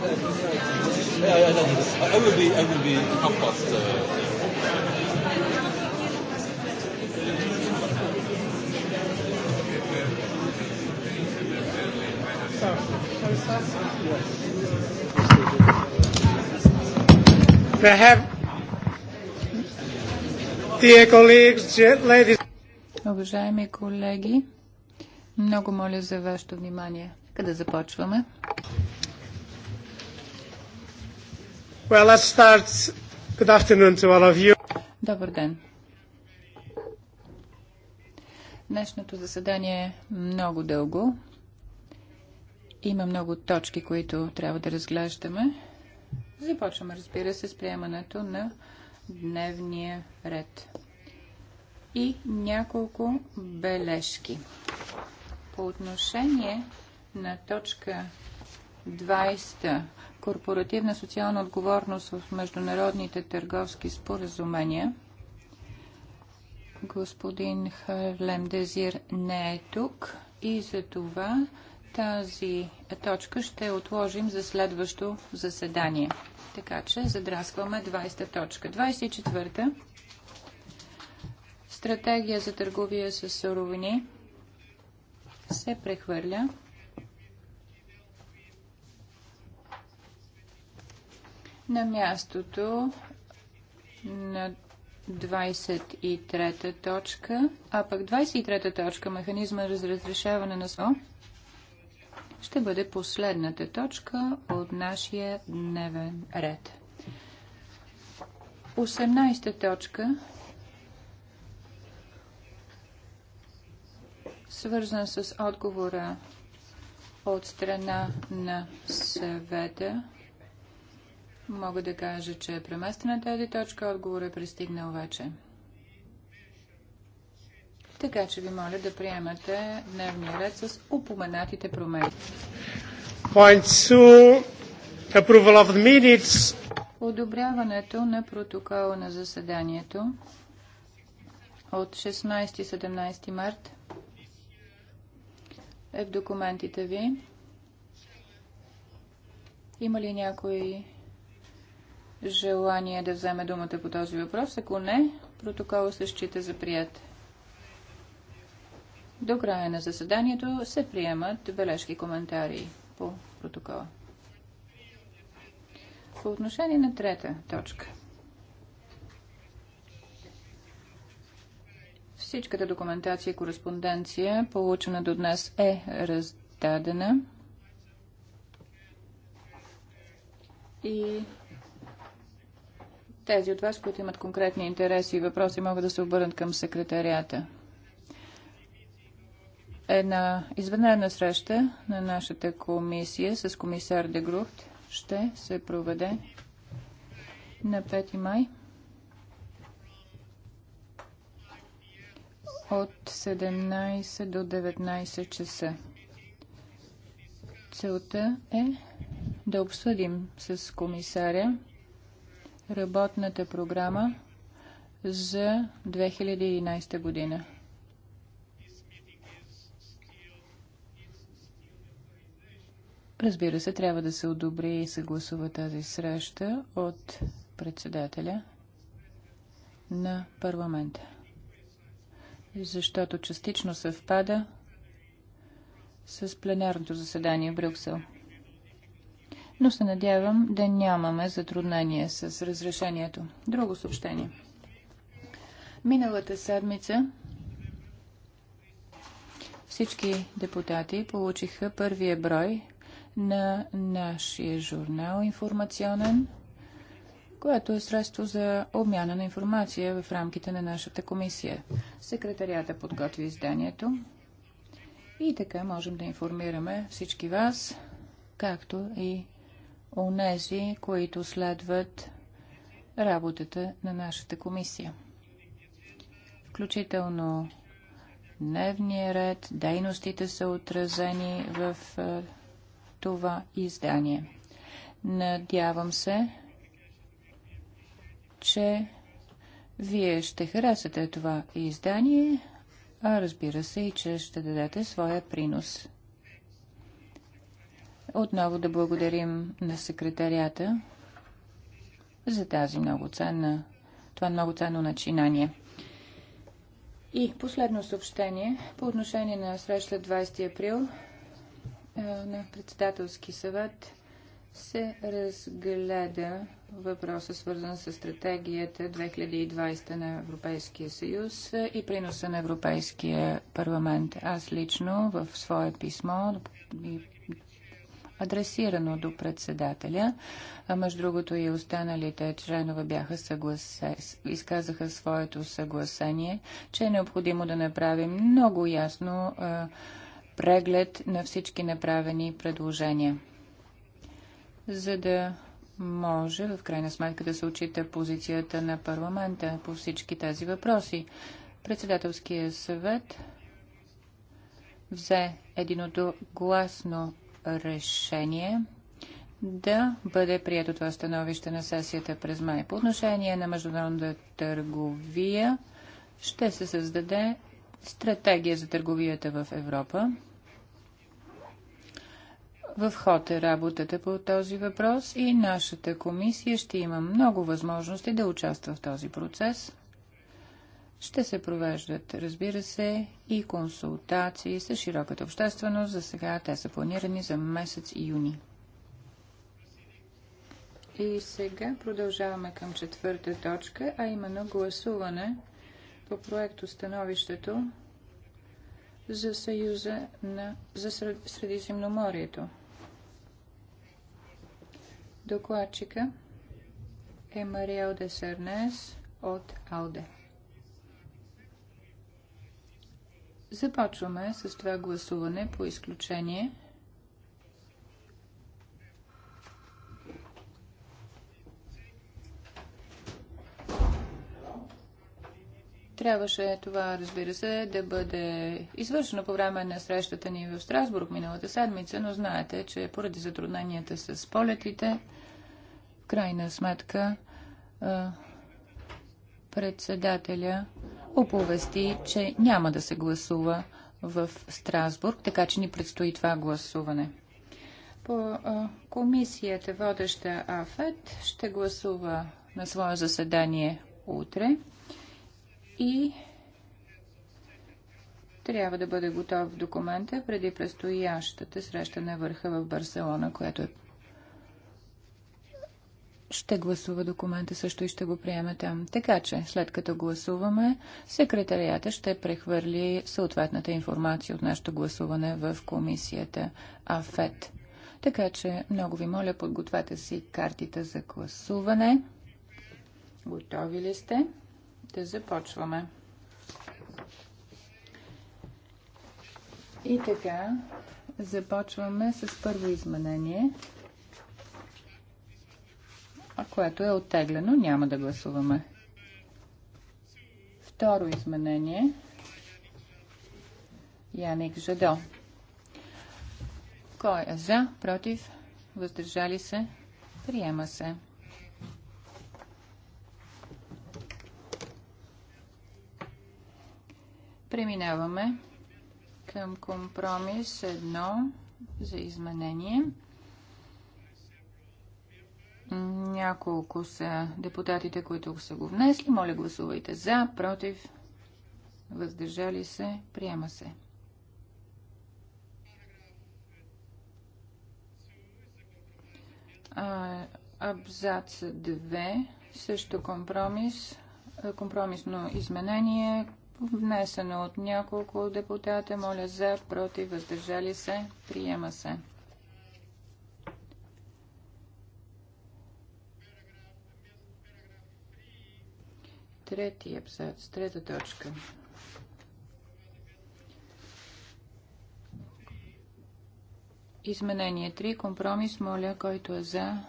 Yeah, yeah, yeah. I will be, I will be half past. Uh... Perhaps, dear colleagues, ladies. Уважаеми колеги, много моля за вашето внимание. Къде започваме? Well, let's start. Good afternoon to all of you. Добър ден. Днешното заседание е много дълго. Има много точки, които трябва да разглеждаме. Започваме, разбира се, с приемането на дневния ред. И няколко бележки. По отношение на точка 20 корпоративна социална отговорност в международните търговски споразумения. Господин Харлем Дезир не е тук и за това тази точка ще отложим за следващо заседание. Така че задрасваме 20-та точка. 24-та. Стратегия за търговия с суровини се прехвърля на мястото на 23-та точка, а пък 23-та точка, механизма за разрешаване на СО, ще бъде последната точка от нашия дневен ред. 18-та точка, свързан с отговора от страна на съвета, Мога да кажа, че е преместена тази точка, отговор е пристигнал вече. Така че ви моля да приемате дневния ред с упоменатите промени. Point 2. Approval of minutes. Одобряването на протокола на заседанието от 16-17 март е в документите ви. Има ли някои желание да вземе думата по този въпрос? Ако не, протокола се счита за прият. До края на заседанието се приемат бележки коментари по протокола. По отношение на трета точка. Всичката документация и кореспонденция, получена до днес, е раздадена. И Тези от вас, които имат конкретни интереси и въпроси, могат да се обърнат към секретарията. Една извънредна среща на нашата комисия с комисар Дегрухт ще се проведе на 5 май от 17 до 19 часа. Целта е да обсъдим с комисаря работната програма за 2011 година. Разбира се, трябва да се одобри и съгласува тази среща от председателя на парламента, защото частично съвпада с пленарното заседание в Брюксел но се надявам да нямаме затруднение с разрешението. Друго съобщение. Миналата седмица всички депутати получиха първия брой на нашия журнал информационен, което е средство за обмяна на информация в рамките на нашата комисия. Секретарията подготви изданието и така можем да информираме всички вас, както и онези, които следват работата на нашата комисия. Включително дневния ред, дейностите са отразени в това издание. Надявам се, че вие ще харесате това издание, а разбира се и, че ще дадете своя принос. Отново да благодарим на секретарията за тази много ценна, това много ценно начинание. И последно съобщение по отношение на среща 20 април на председателски съвет се разгледа въпроса, свързан с стратегията 2020 на Европейския съюз и приноса на Европейския парламент. Аз лично в свое писмо и адресирано до председателя. А между другото и останалите членове бяха съгласе... изказаха своето съгласение, че е необходимо да направим много ясно преглед на всички направени предложения, за да може в крайна сметка да се отчита позицията на парламента по всички тези въпроси. Председателския съвет взе единото гласно решение да бъде прието това становище на сесията през май. По отношение на международната търговия ще се създаде стратегия за търговията в Европа. В ход е работата по този въпрос и нашата комисия ще има много възможности да участва в този процес. Ще се провеждат, разбира се, и консултации с широката общественост. За сега те са планирани за месец юни. И сега продължаваме към четвърта точка, а именно гласуване по проекто становището за Съюза на, за Сред, Средиземноморието. Докладчика е Мариел Десернес от Алде. Започваме с това гласуване по изключение. Трябваше това, разбира се, да бъде извършено по време на срещата ни в Страсбург миналата седмица, но знаете, че поради затрудненията с полетите, в крайна сметка председателя оповести, че няма да се гласува в Страсбург, така че ни предстои това гласуване. По комисията водеща АФЕД ще гласува на свое заседание утре и трябва да бъде готов документа преди предстоящата среща на върха в Барселона, която е ще гласува документа също и ще го приеме там. Така че, след като гласуваме, секретарията ще прехвърли съответната информация от нашето гласуване в комисията АФЕТ. Така че, много ви моля, подгответе си картите за гласуване. Готови ли сте? Да започваме. И така, започваме с първо изменение а което е оттеглено, няма да гласуваме. Второ изменение. Яник Жадо. Кой е за, против, въздържали се, приема се. Преминаваме към компромис едно за изменение. Няколко са депутатите, които са го внесли. Моля, гласувайте за, против, въздържали се, приема се. Абзац 2, също компромис, компромисно изменение, внесено от няколко депутата. Моля за, против, въздържали се, приема се. Трети абзац, трета точка. Изменение 3. Компромис. Моля, който е за,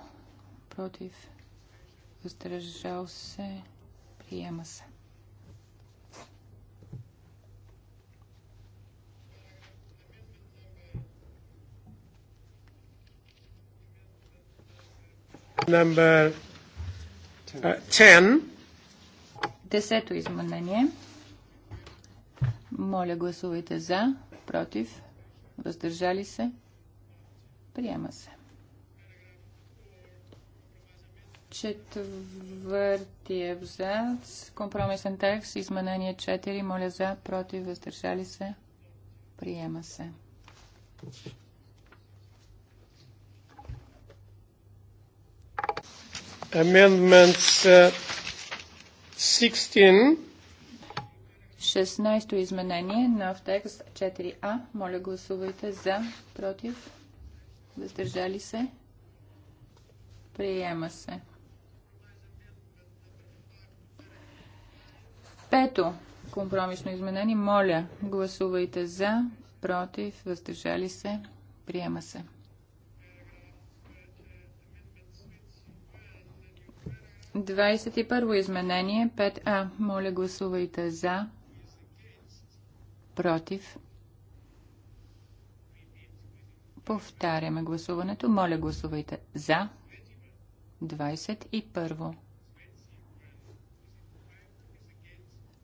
против, въздържал се, приема се. Number 10. Десето изменение. Моля, гласувайте за, против, въздържали се. Приема се. Четвърти абзац. Компромисен текст. Изменение 4. Моля за, против, въздържали се. Приема се. Amendments uh... 16. изменение на текст 4А. Моля гласувайте за, против, въздържали се, приема се. Пето компромисно изменение. Моля гласувайте за, против, въздържали се, приема се. 21 изменение, 5А. Моля гласувайте за, против. Повтаряме гласуването. Моля гласувайте за. 21.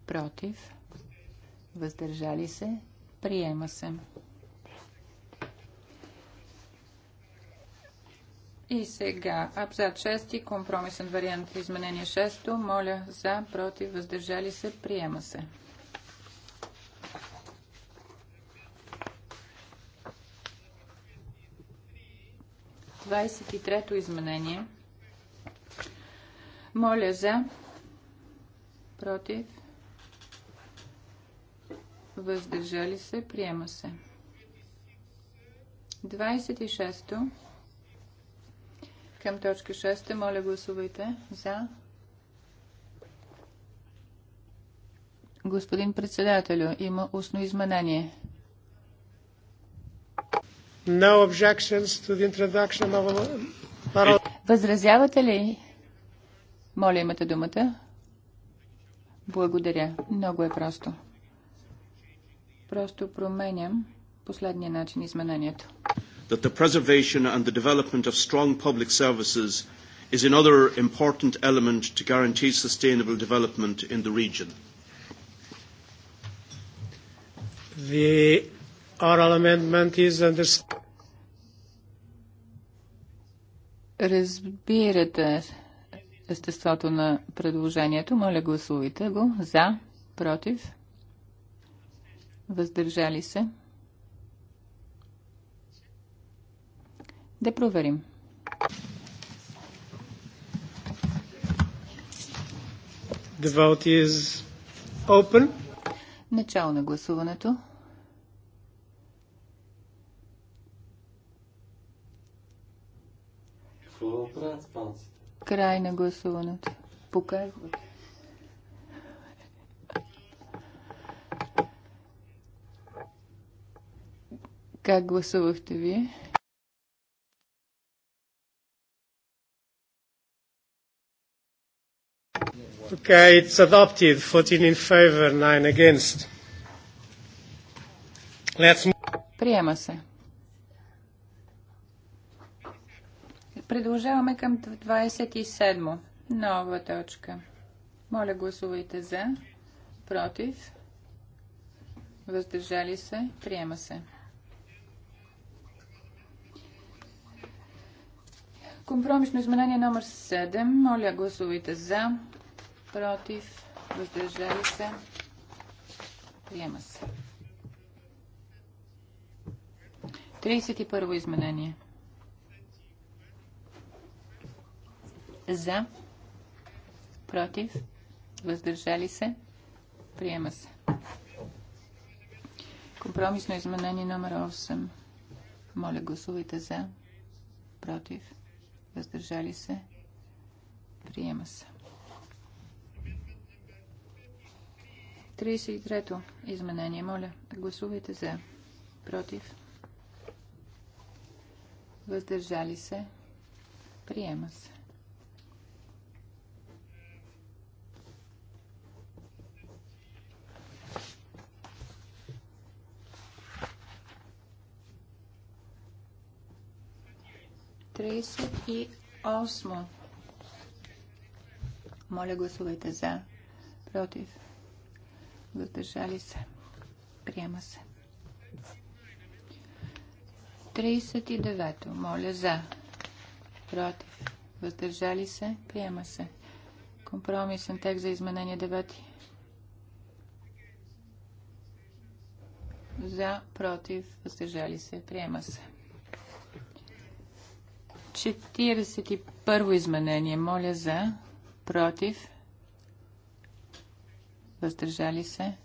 Против. Въздържали се. Приема се. И сега, абзац 6, компромисен вариант, изменение 6, моля за, против, въздържали се, приема се. Двадесет и трето изменение. Моля за, против, въздържали се, приема се. Двадесет и 26. Към точка 6, моля гласувайте за. Господин председателю, има устно изменение. No objections to the introduction of a... Възразявате ли? Моля, имате думата. Благодаря. Много е просто. Просто променям последния начин изменението that the preservation and the development of strong public services is another important element to guarantee sustainable development in the region. The oral amendment is understood. Разбирате естеството на предложението. Моля, гласувайте го. За, против, въздържали се. Да проверим. The vote is open. Начало на гласуването. Край на гласуването. Показва. Как гласувахте вие? Okay, it's adopted. 14 in favor, 9 against. Let's move. Приема се. Продължаваме към 27. Нова точка. Моля, гласувайте за, против, въздържали се, приема се. Компромисно изменение номер 7. Моля, гласувайте за, против, въздържали се, приема се. 31 изменение. За, против, въздържали се, приема се. Компромисно изменение номер 8. Моля, гласувайте за, против, въздържали се, приема се. 33-то изменение. Моля, гласувайте за. Против. Въздържали се. Приема се. Тридесет и осмо. Моля, гласувайте за. Против задержали се, приема се. 39. Моля за. Против. Въздържали се. Приема се. Компромисен текст за изменение 9. За. Против. Въздържали се. Приема се. 41 изменение. Моля за. Против. Въздържали се.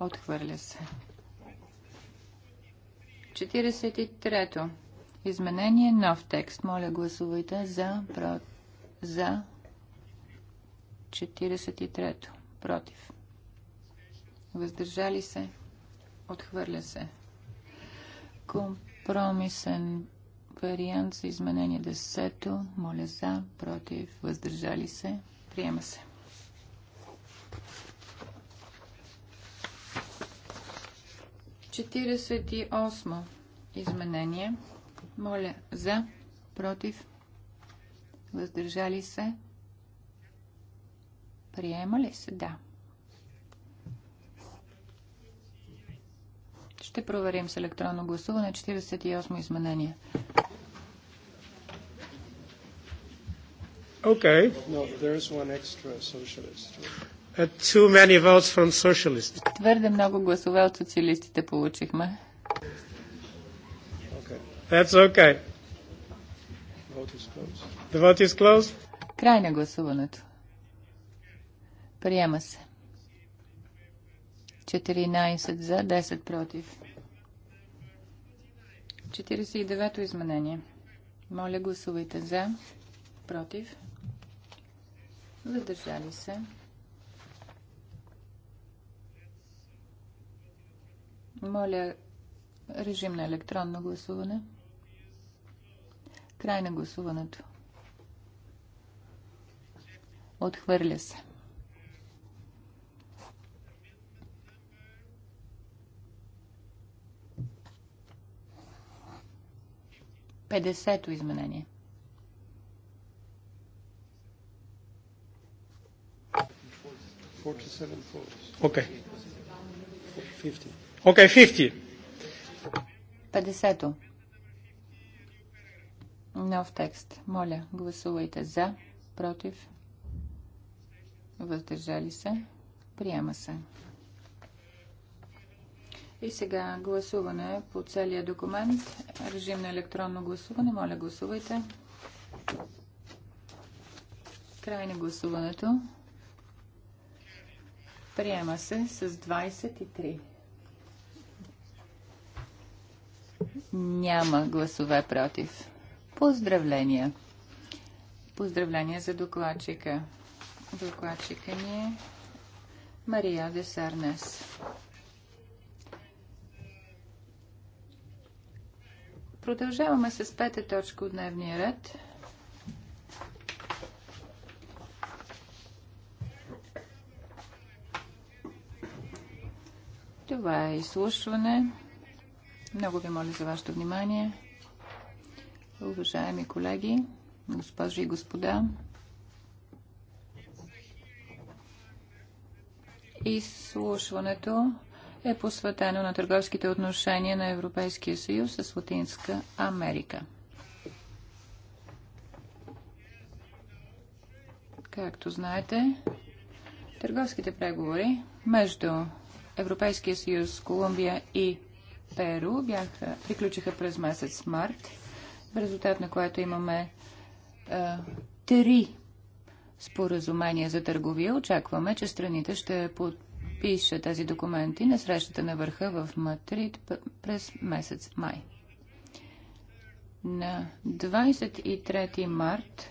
Отхвърля се. 43-то. Изменение нов текст. Моля гласувайте за, про... за 43-то. Против. Въздържали се. Отхвърля се. Компромисен вариант за изменение 10. то Моля за, против, въздържали се. Приема се. 48 изменение. Моля за, против, въздържали се. Приема ли се? Да. Ще проверим с електронно гласуване 48 изменение. Okay. No, there is one extra socialist too many votes from socialists. Твърде много гласове от социалистите получихме. Okay. That's okay. Vote is closed. The vote is closed. Край на гласуването. Приема се. 14 за, 10 против. 49-то изменение. Моля гласувайте за, против, въздържали се. Моля, режим на електронно гласуване. Край на гласуването. Отхвърля се. Педесето изменение. Окей. Okay. 50. Okay, 50. 50 Нов текст. Моля, гласувайте за, против, въздържали се, приема се. И сега гласуване по целия документ. Режим на електронно гласуване. Моля, гласувайте. Край на гласуването. Приема се с 23. Няма гласове против. Поздравления! Поздравления за докладчика. Докладчика ни е Мария Десарнес. Продължаваме с пета точка от дневния ред. Това е изслушване Много ви моля за вашето внимание. Уважаеми колеги, госпожи и господа, изслушването е посветено на търговските отношения на Европейския съюз с Латинска Америка. Както знаете, търговските преговори между Европейския съюз, Колумбия и Перу бяха, приключиха през месец март, в резултат на което имаме три споразумения за търговия. Очакваме, че страните ще подпише тези документи на срещата на върха в Мадрид през месец май. На 23 март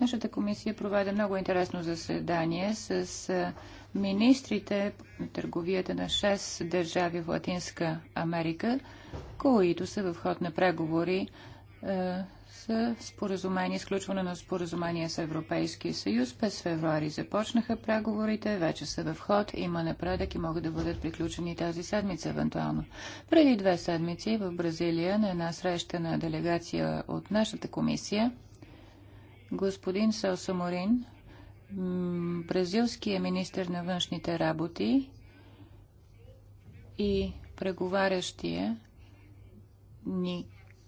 нашата комисия проведе много интересно заседание с министрите на търговията на 6 държави в Латинска Америка, които са в ход на преговори с споразумение, изключване на споразумение с Европейския съюз. През февруари започнаха преговорите, вече са в ход, има напредък и могат да бъдат приключени тази седмица евентуално. Преди две седмици в Бразилия на една среща на делегация от нашата комисия господин Селсаморин бразилския министр на външните работи и преговарящия ни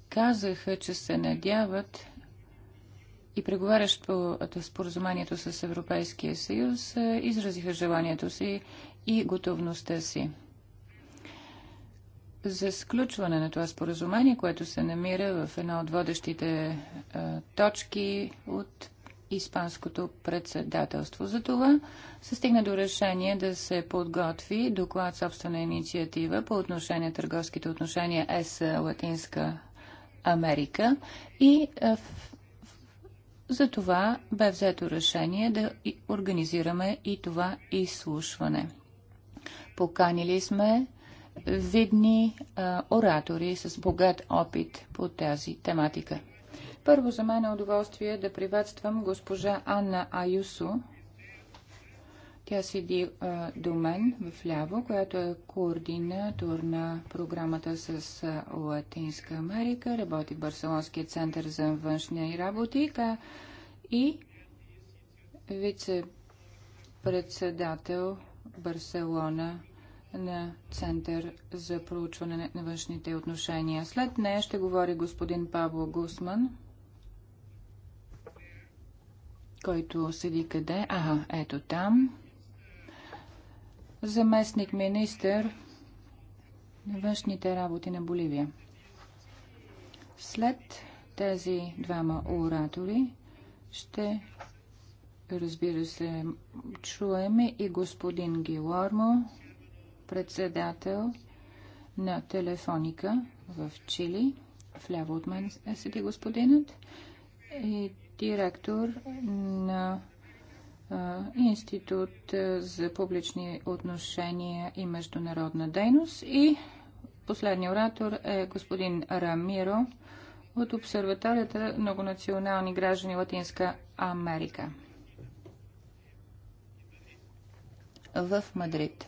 казаха, че се надяват и преговарящ по споразумението с Европейския съюз изразиха желанието си и готовността си за сключване на това споразумение, което се намира в една от водещите а, точки от Испанското председателство. За това се стигна до решение да се подготви доклад собствена инициатива по отношение търговските отношения ЕС Латинска Америка и за това бе взето решение да организираме и това изслушване. Поканили сме видни а, оратори с богат опит по тази тематика. Първо за мен е удоволствие да приветствам госпожа Анна Аюсо. Тя седи а, до мен в ляво, която е координатор на програмата с Латинска Америка, работи в Барселонския център за външни работи и вице-председател Барселона на Център за проучване на външните отношения. След нея ще говори господин Павло Гусман който седи къде. Ага, ето там. Заместник министър на външните работи на Боливия. След тези двама оратори ще, разбира се, чуеме и господин Гилормо, председател на Телефоника в Чили. Вляво от мен седи господинът. И директор на Институт за публични отношения и международна дейност. И последният оратор е господин Рамиро от обсерваторията Многонационални граждани Латинска Америка в Мадрид.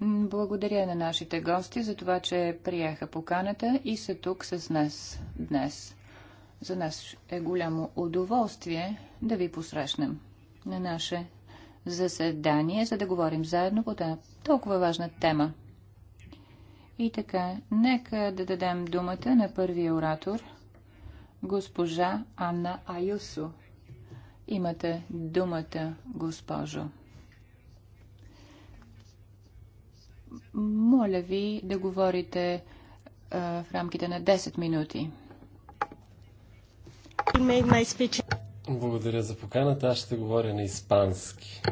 Благодаря на нашите гости за това, че приеха поканата и са тук с нас днес. За нас е голямо удоволствие да ви посрещнем на наше заседание, за да говорим заедно по тази толкова важна тема. И така, нека да дадем думата на първия оратор, госпожа Анна Аюсо. Имате думата, госпожо. моля ви да говорите в рамките на 10 минути. Благодаря за поканата. Аз ще говоря на испански.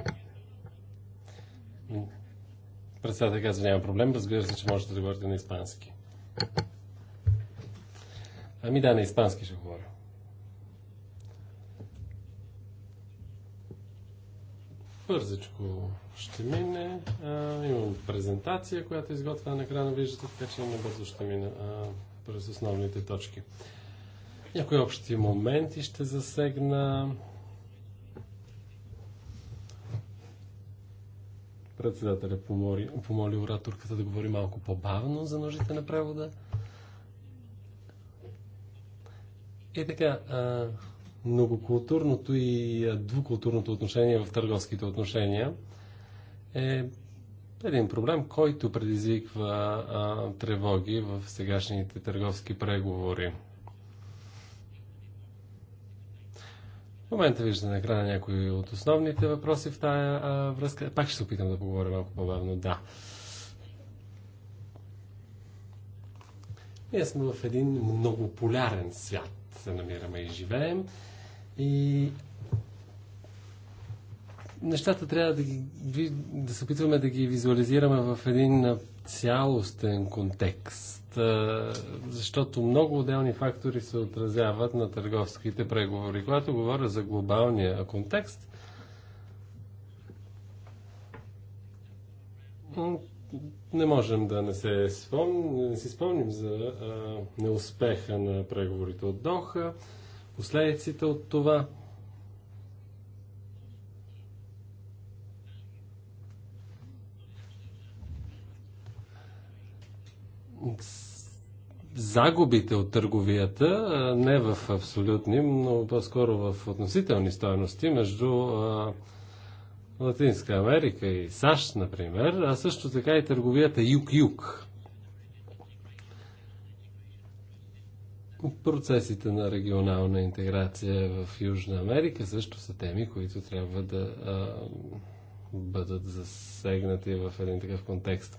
Председател казва, няма проблем. Разбира се, че можете да говорите на испански. Ами да, на испански ще говоря. Бързичко ще мине. А, имам презентация, която е изготвена на екрана, виждате, така че не бързо ще мина а, през основните точки. Някои общи моменти ще засегна. Председателя помоли, помоли ораторката да говори малко по-бавно за нуждите на превода. И така, а, многокултурното и двукултурното отношение в търговските отношения – е един проблем, който предизвиква а, тревоги в сегашните търговски преговори. В момента виждате на екрана някои от основните въпроси в тая а, връзка. Пак ще се опитам да поговоря малко по-бавно. Да. Ние сме в един многополярен свят, се намираме и живеем. И нещата трябва да, ги, да се опитваме да ги визуализираме в един цялостен контекст, защото много отделни фактори се отразяват на търговските преговори. Когато говоря за глобалния контекст, не можем да не, се спомним, не си спомним за а, неуспеха на преговорите от Доха, последиците от това – загубите от търговията, не в абсолютни, но по-скоро в относителни стоености между Латинска Америка и САЩ, например, а също така и търговията юг-юг. Процесите на регионална интеграция в Южна Америка също са теми, които трябва да а, бъдат засегнати в един такъв контекст.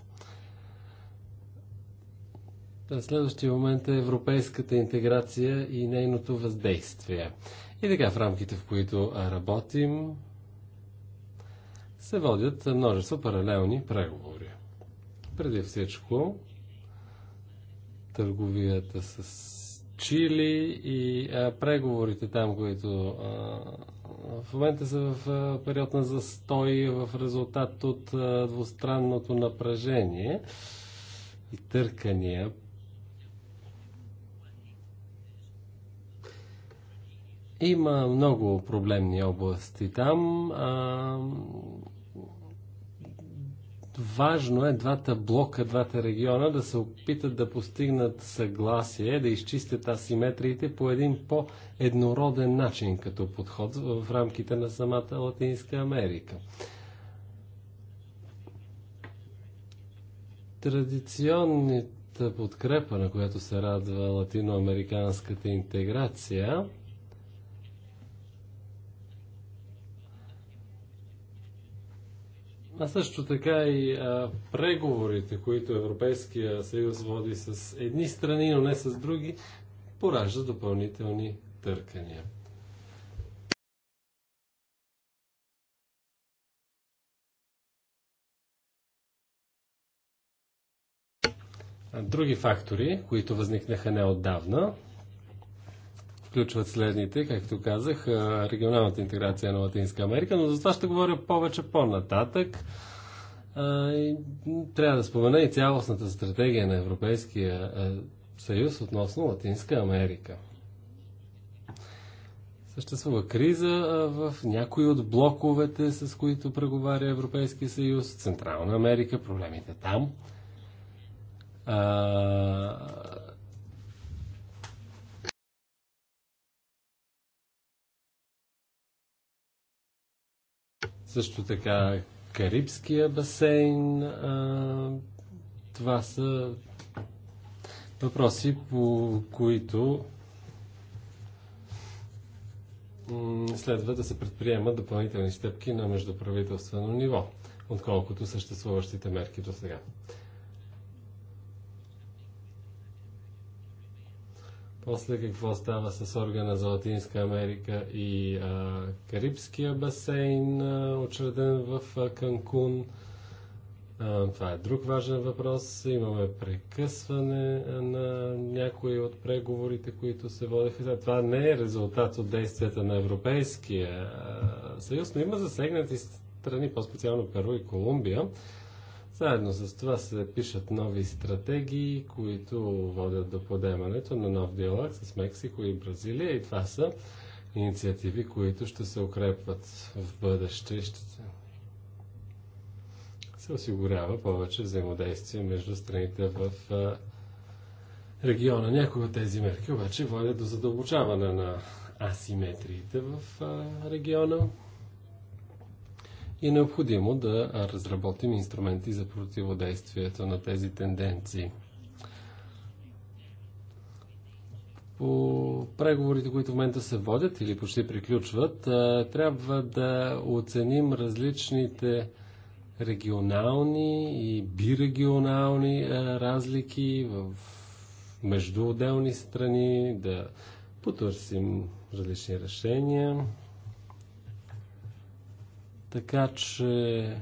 Следващия момент е европейската интеграция и нейното въздействие. И така, в рамките, в които работим, се водят множество паралелни преговори. Преди всичко, търговията с Чили и а, преговорите там, които а, в момента са в а, период на застой в резултат от а, двустранното напрежение и търкания Има много проблемни области там. А, важно е двата блока, двата региона да се опитат да постигнат съгласие, да изчистят асиметриите по един по-еднороден начин като подход в рамките на самата Латинска Америка. Традиционната подкрепа, на която се радва латиноамериканската интеграция, А също така и а, преговорите, които Европейския съюз води с едни страни, но не с други, поражда допълнителни търкания. Други фактори, които възникнаха неотдавна, включват следните, както казах, регионалната интеграция на Латинска Америка, но за това ще говоря повече по-нататък. Трябва да спомена и цялостната стратегия на Европейския съюз относно Латинска Америка. Съществува криза в някои от блоковете, с които преговаря Европейския съюз, Централна Америка, проблемите там. Също така Карибския басейн. А, това са въпроси, по които следва да се предприемат допълнителни стъпки на междуправителствено ниво, отколкото съществуващите мерки до сега. После какво става с органа за Латинска Америка и а, Карибския басейн, а, учреден в а, Канкун. А, това е друг важен въпрос. Имаме прекъсване на някои от преговорите, които се водеха. Това не е резултат от действията на Европейския съюз, но има засегнати страни, по-специално Перу и Колумбия Заедно с това се пишат нови стратегии, които водят до подемането на нов диалог с Мексико и Бразилия и това са инициативи, които ще се укрепват в бъдеще. Ще се осигурява повече взаимодействие между страните в региона. Някои от тези мерки обаче водят до задълбочаване на асиметриите в региона е необходимо да разработим инструменти за противодействието на тези тенденции. по преговорите, които в момента се водят или почти приключват, трябва да оценим различните регионални и бирегионални разлики в между отделни страни, да потърсим различни решения. Така че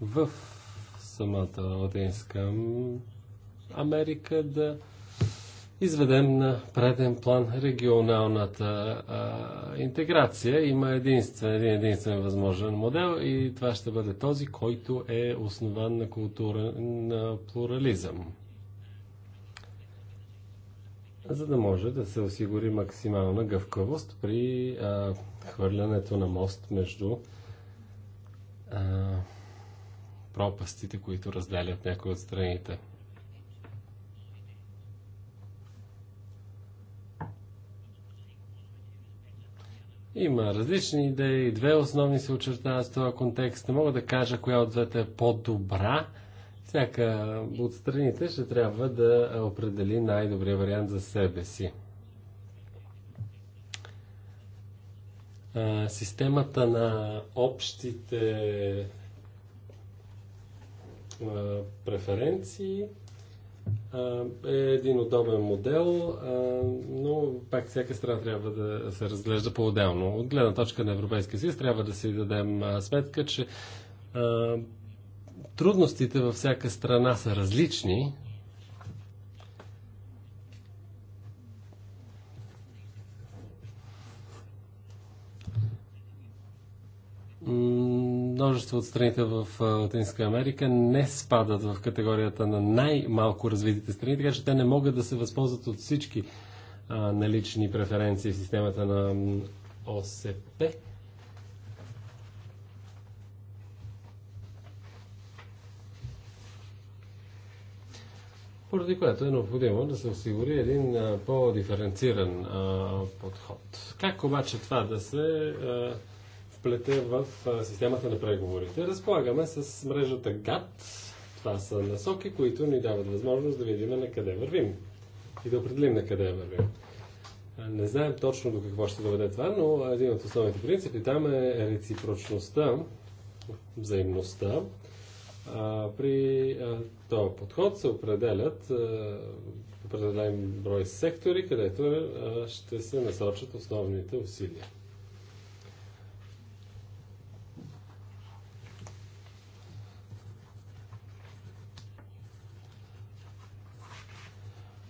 в самата Латинска Америка да изведем на преден план регионалната а, интеграция. Има единствен, един единствен възможен модел и това ще бъде този, който е основан на културен на плурализъм за да може да се осигури максимална гъвкавост при а, хвърлянето на мост между а, пропастите, които разделят някои от страните. Има различни идеи, две основни се очертават в този контекст. Не мога да кажа коя от двете е по-добра, Всяка от страните ще трябва да определи най-добрия вариант за себе си. системата на общите преференции е един удобен модел, но пак всяка страна трябва да се разглежда по-отделно. От гледна точка на Европейския съюз трябва да си дадем сметка, че Трудностите във всяка страна са различни. Множество от страните в Латинска Америка не спадат в категорията на най-малко развитите страни, така че те не могат да се възползват от всички налични преференции в системата на ОСП. поради което е необходимо да се осигури един по-диференциран подход. Как обаче това да се вплете в системата на преговорите? Разполагаме с мрежата GATT. Това са насоки, които ни дават възможност да видим на къде вървим и да определим на къде вървим. Не знаем точно до какво ще доведе това, но един от основните принципи там е реципрочността, взаимността, При този подход се определят определен брой сектори, където ще се насочат основните усилия.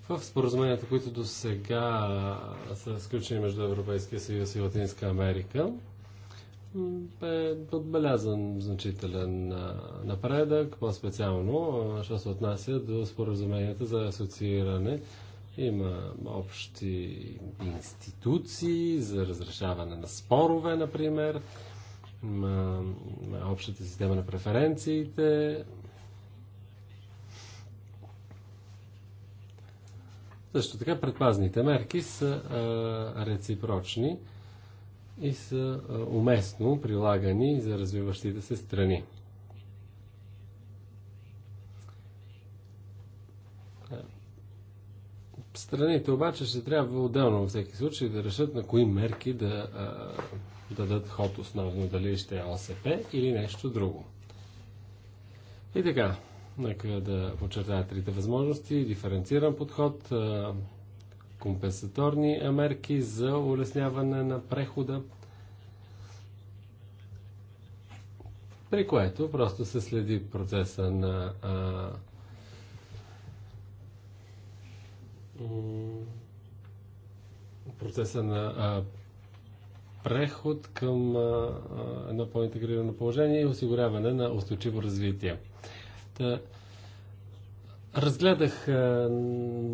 В споразуменията, които до сега са сключени между Европейския съюз и Латинска Америка, бе отбелязан значителен напредък, по-специално, що се отнася до споразуменията за асоцииране. Има общи институции за разрешаване на спорове, например, има общата система на преференциите, Също така предпазните мерки са а, реципрочни и са уместно прилагани за развиващите се страни. Страните обаче ще трябва отделно във всеки случай да решат на кои мерки да, дадат ход основно, дали ще е ОСП или нещо друго. И така, нека да подчертая трите възможности, диференциран подход, компенсаторни мерки за улесняване на прехода, при което просто се следи процеса на а, процеса на а, преход към а, едно по-интегрирано положение и осигуряване на устойчиво развитие. Та, Разгледах,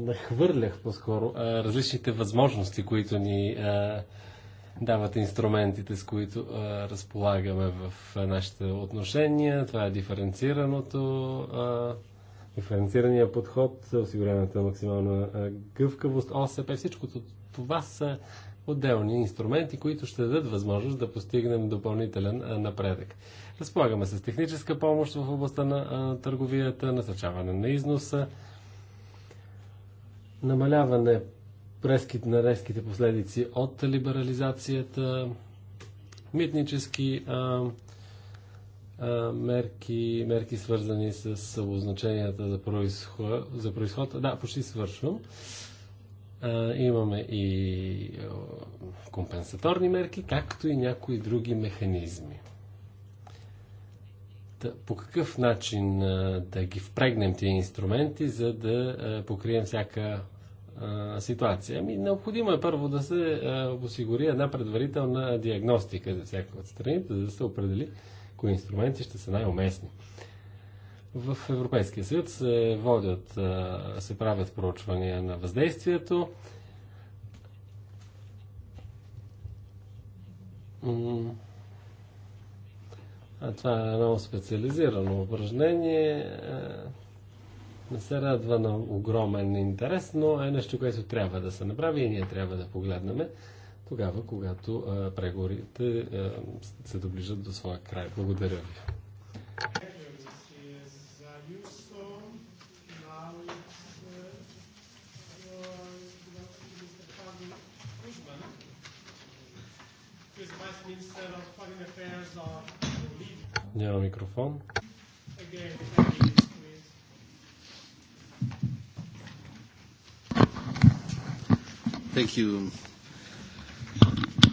нахвърлях по-скоро различните възможности, които ни дават инструментите, с които разполагаме в нашите отношения. Това е диференцираното, диференцирания подход, осигуряването на максимална гъвкавост, ОСП. Всичкото това са отделни инструменти, които ще дадат възможност да постигнем допълнителен напредък. Разполагаме с техническа помощ в областта на а, търговията, насърчаване на износа, намаляване резките, на резките последици от либерализацията, митнически а, а, мерки, мерки свързани с обозначенията за происход. За происход. Да, почти свършвам. А, имаме и компенсаторни мерки, както и някои други механизми по какъв начин да ги впрегнем тези инструменти, за да покрием всяка ситуация. Ами, необходимо е първо да се осигури една предварителна диагностика за всяка от страните, за да се определи кои инструменти ще са най-уместни. В Европейския съюз се водят, се правят проучвания на въздействието. М- Това е едно специализирано упражнение. Не се радва на огромен интерес, но е нещо, което трябва да се направи и ние трябва да погледнем тогава, когато преговорите се доближат до своя край. Благодаря ви. Minister of Foreign Affairs of Няма mikrofon. Thank you.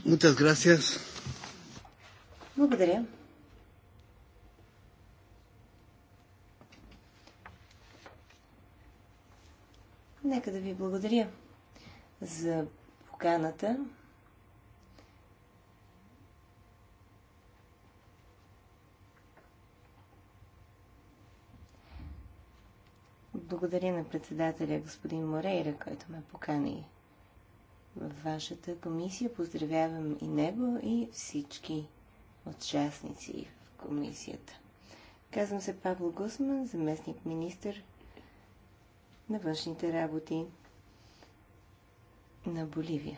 Muchas gracias. Благодаря. Нека да ви благодаря за поканата Благодаря на председателя господин Морейра, който ме покани в вашата комисия. Поздравявам и него и всички участници в комисията. Казвам се Павло Гусман, заместник министр на външните работи на Боливия.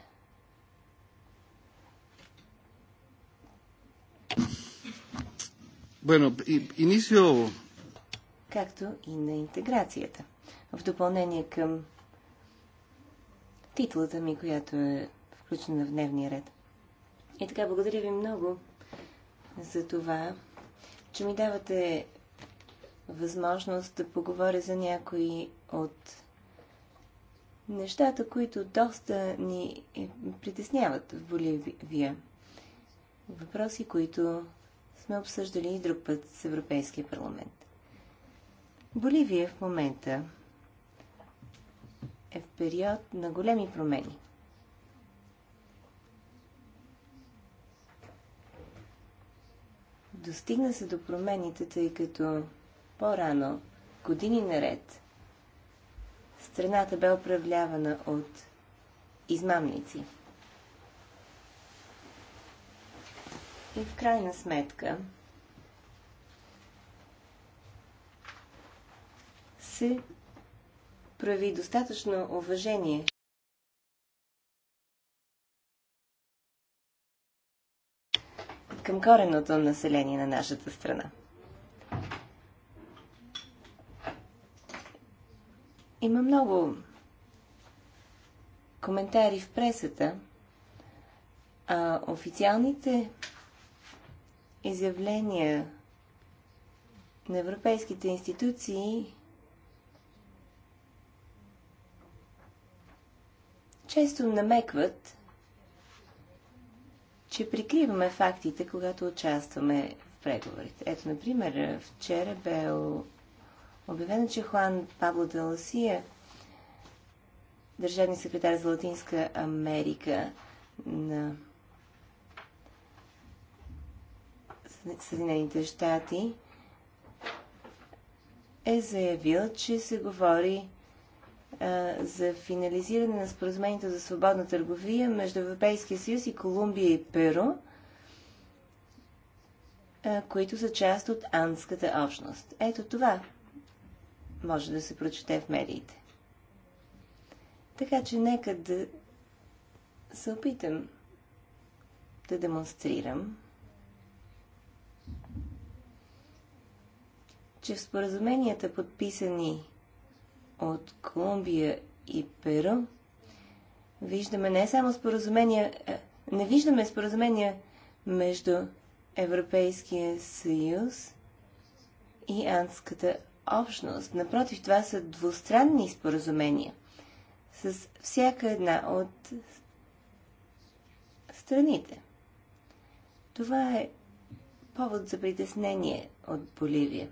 Bueno, inicio както и на интеграцията. В допълнение към титлата ми, която е включена в дневния ред. И така, благодаря ви много за това, че ми давате възможност да поговоря за някои от нещата, които доста ни притесняват в Боливия. Въпроси, които сме обсъждали и друг път с Европейския парламент. Боливия в момента е в период на големи промени. Достигна се до промените, тъй като по-рано, години наред, страната бе управлявана от измамници. И в крайна сметка, се прояви достатъчно уважение. към кореното население на нашата страна. Има много коментари в пресата, а официалните изявления на европейските институции често намекват, че прикриваме фактите, когато участваме в преговорите. Ето, например, вчера бе обявено, че Хуан Пабло Даласия, държавни секретар за Латинска Америка на Съединените щати, е заявил, че се говори за финализиране на споразумението за свободна търговия между Европейския съюз и Колумбия и Перу, които са част от анската общност. Ето това може да се прочете в медиите. Така че нека да се опитам да демонстрирам, че в споразуменията подписани от Колумбия и Перу, виждаме не само споразумения, не виждаме споразумения между Европейския съюз и Анската общност. Напротив, това са двустранни споразумения с всяка една от страните. Това е повод за притеснение от Боливия.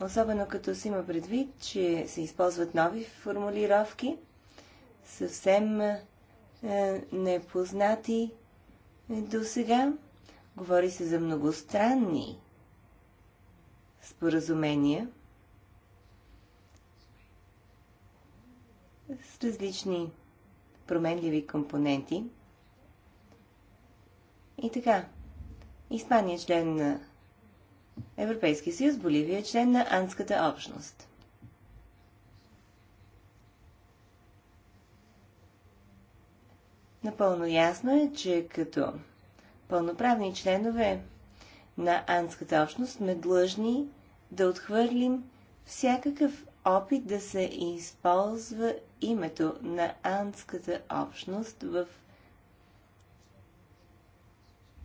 Особено като си има предвид, че се използват нови формулировки, съвсем е, непознати до сега. Говори се за многостранни споразумения с различни променливи компоненти. И така, Испания е член на Европейски съюз, Боливия е член на Анската общност. Напълно ясно е, че като пълноправни членове на Анската общност сме длъжни да отхвърлим всякакъв опит да се използва името на Анската общност в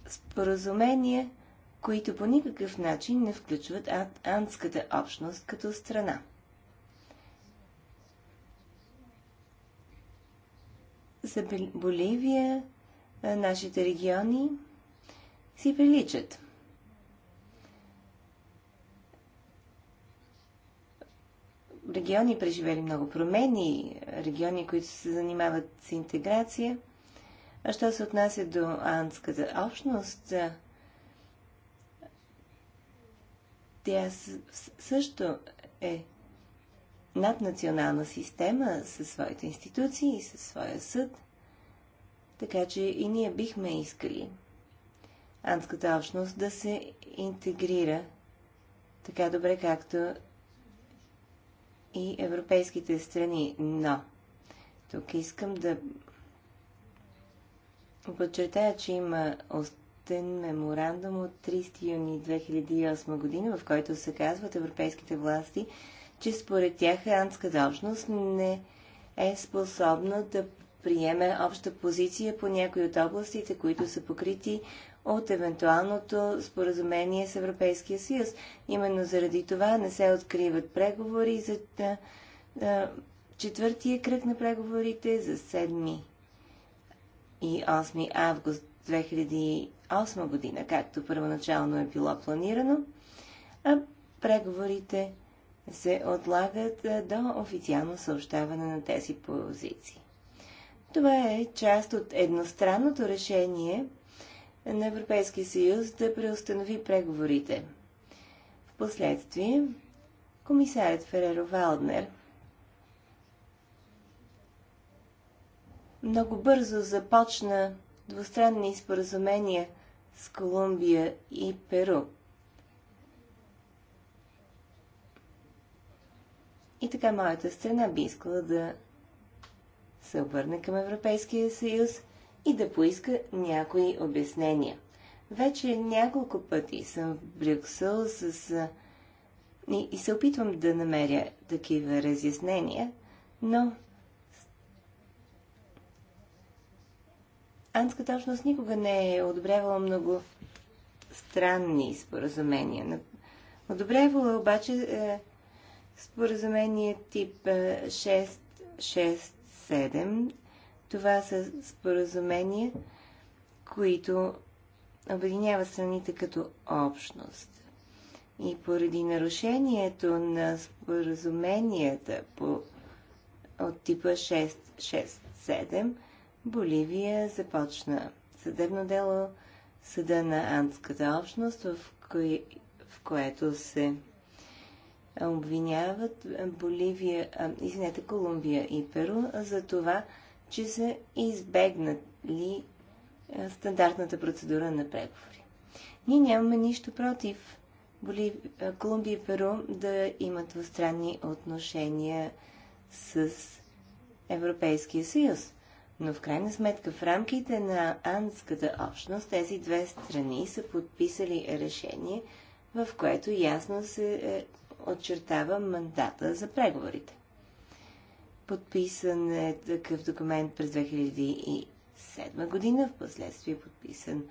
споразумение които по никакъв начин не включват антската общност като страна. За Боливия нашите региони си приличат. Региони преживели много промени, региони, които се занимават с интеграция. А що се отнася до анската общност, Тя също е наднационална система със своите институции и със своя съд, така че и ние бихме искали анската общност да се интегрира така добре, както и европейските страни. Но тук искам да подчертая, че има меморандум от 30 юни 2008 година, в който се казват европейските власти, че според тях иранската общност не е способна да приеме обща позиция по някои от областите, които са покрити от евентуалното споразумение с Европейския съюз. Именно заради това не се откриват преговори за четвъртия кръг на преговорите за 7 и 8 август 2008 година, както първоначално е било планирано, а преговорите се отлагат до официално съобщаване на тези позиции. Това е част от едностранното решение на Европейския съюз да преустанови преговорите. Впоследствие комисарят Фереро Валднер много бързо започна двустранни споразумения с Колумбия и Перу. И така моята страна би искала да се обърне към Европейския съюз и да поиска някои обяснения. Вече няколко пъти съм в Брюксел с, и, се опитвам да намеря такива разяснения, но Анска точност никога не е одобрявала много странни споразумения. Одобрявала обаче е, споразумение тип е, 667. Това са споразумения, които обединяват страните като общност. И поради нарушението на споразуменията по, от типа 667, Боливия започна съдебно дело съда на Андската общност, в, кое, в което се обвиняват Боливия, извинете, Колумбия и Перу за това, че са избегнали стандартната процедура на преговори. Ние нямаме нищо против Болив... Колумбия и Перу да имат двустранни отношения с Европейския съюз. Но в крайна сметка в рамките на анската общност тези две страни са подписали решение, в което ясно се отчертава мандата за преговорите. Подписан е такъв документ през 2007 година, в последствие подписан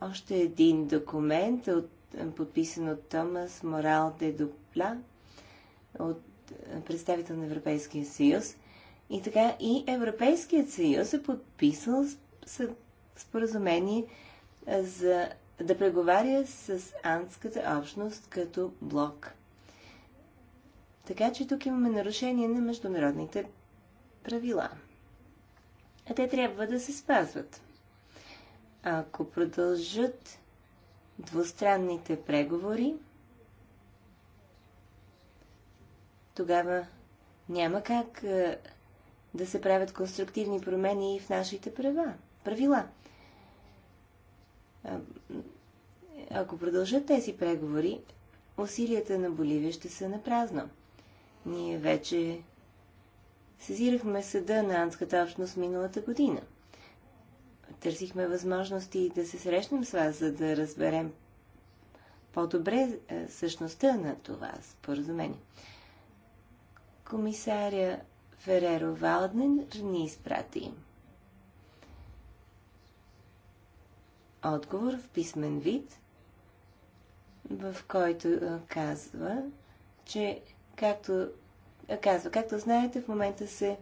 още един документ, от, подписан от Томас Морал де Дупла, от представител на Европейския съюз – И така и Европейският съюз е подписал споразумение за да преговаря с антската общност като блок. Така че тук имаме нарушение на международните правила. А те трябва да се спазват. Ако продължат двустранните преговори, тогава няма как да се правят конструктивни промени в нашите права, правила. А, ако продължат тези преговори, усилията на Боливия ще са напразно. Ние вече сезирахме съда на Анската общност миналата година. Търсихме възможности да се срещнем с вас, за да разберем по-добре същността на това споразумение. Комисаря Фереро Валднер ни изпрати отговор в писмен вид, в който казва, че както казва, както знаете, в момента се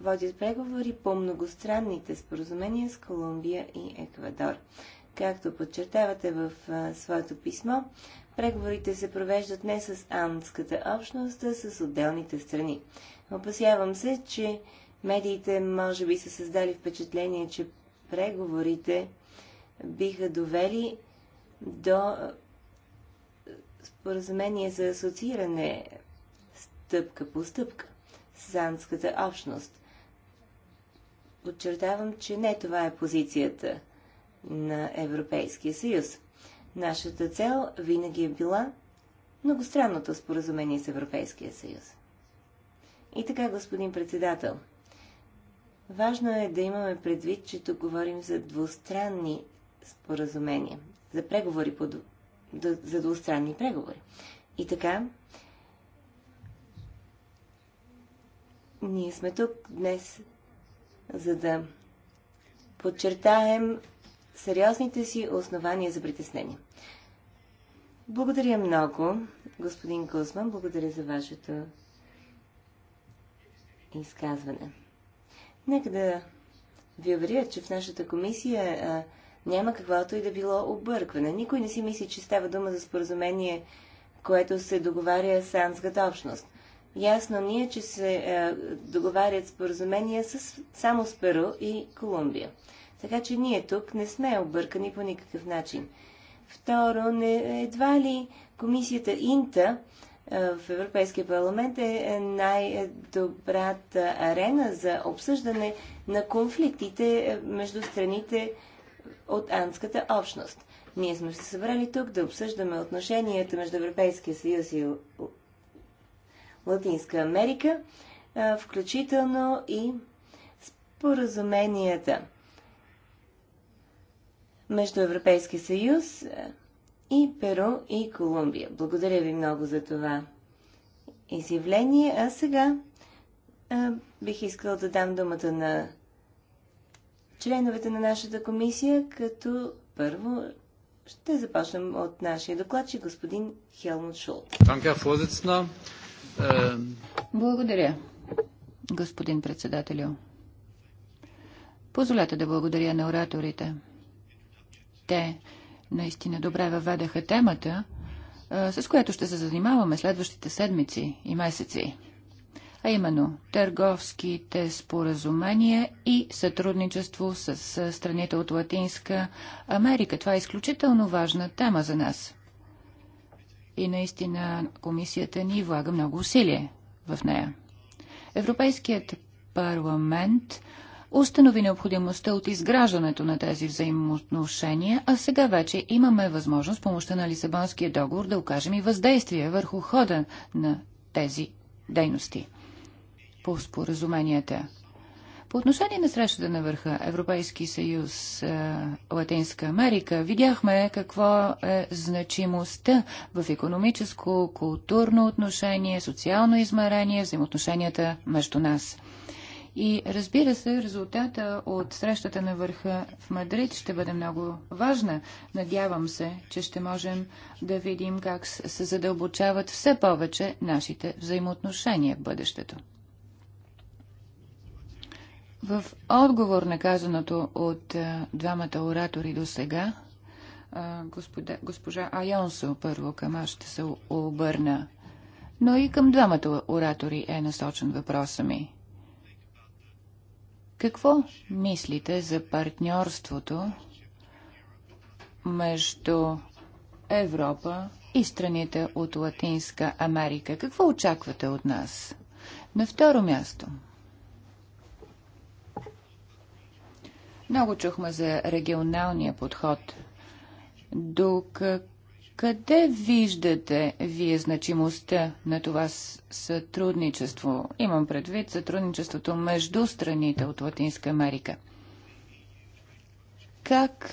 водят преговори по многостранните споразумения с Колумбия и Еквадор. Както подчертавате в своето писмо, Преговорите се провеждат не с андската общност, а с отделните страни. Опасявам се, че медиите може би са създали впечатление, че преговорите биха довели до споразумение за асоцииране стъпка по стъпка с андската общност. Подчертавам, че не това е позицията на Европейския съюз. Нашата цел винаги е била многостранното споразумение с Европейския съюз. И така, господин председател, важно е да имаме предвид, че тук говорим за двустранни споразумения, за преговори по за двустранни преговори. И така, ние сме тук днес, за да подчертаем сериозните си основания за притеснение. Благодаря много, господин Кузман. Благодаря за вашето изказване. Нека да ви уверя, че в нашата комисия а, няма каквото и да било объркване. Никой не си мисли, че става дума за споразумение, което се договаря с анската общност. Ясно ни е, че се а, договарят споразумения с, само с Перу и Колумбия. Така че ние тук не сме объркани по никакъв начин. Второ, не, едва ли комисията Инта в Европейския парламент е най-добрата арена за обсъждане на конфликтите между страните от анската общност. Ние сме се събрали тук да обсъждаме отношенията между Европейския съюз и Латинска Америка, включително и споразуменията – между Европейски съюз и Перу и Колумбия. Благодаря ви много за това изявление. А сега а, бих искал да дам думата на членовете на нашата комисия, като първо ще започнем от нашия докладчик, господин Хелмут Шулт. Благодаря, господин председателю. Позволете да благодаря на ораторите те наистина добре въведаха темата, с която ще се занимаваме следващите седмици и месеци, а именно търговските споразумения и сътрудничество с страните от Латинска Америка. Това е изключително важна тема за нас. И наистина комисията ни влага много усилие в нея. Европейският парламент установи необходимостта от изграждането на тези взаимоотношения, а сега вече имаме възможност с помощта на Лисабонския договор да окажем и въздействие върху хода на тези дейности по споразуменията. По отношение на срещата на върха Европейски съюз Латинска Америка, видяхме какво е значимостта в економическо, културно отношение, социално измерение, взаимоотношенията между нас. И разбира се, резултата от срещата на върха в Мадрид ще бъде много важна. Надявам се, че ще можем да видим как се задълбочават все повече нашите взаимоотношения в бъдещето. В отговор на казаното от двамата оратори до сега, госпожа Айонсо първо към аз ще се обърна, но и към двамата оратори е насочен въпроса ми. Какво мислите за партньорството между Европа и страните от Латинска Америка? Какво очаквате от нас? На второ място. Много чухме за регионалния подход. До как Къде виждате вие значимостта на това сътрудничество? Имам предвид сътрудничеството между страните от Латинска Америка. Как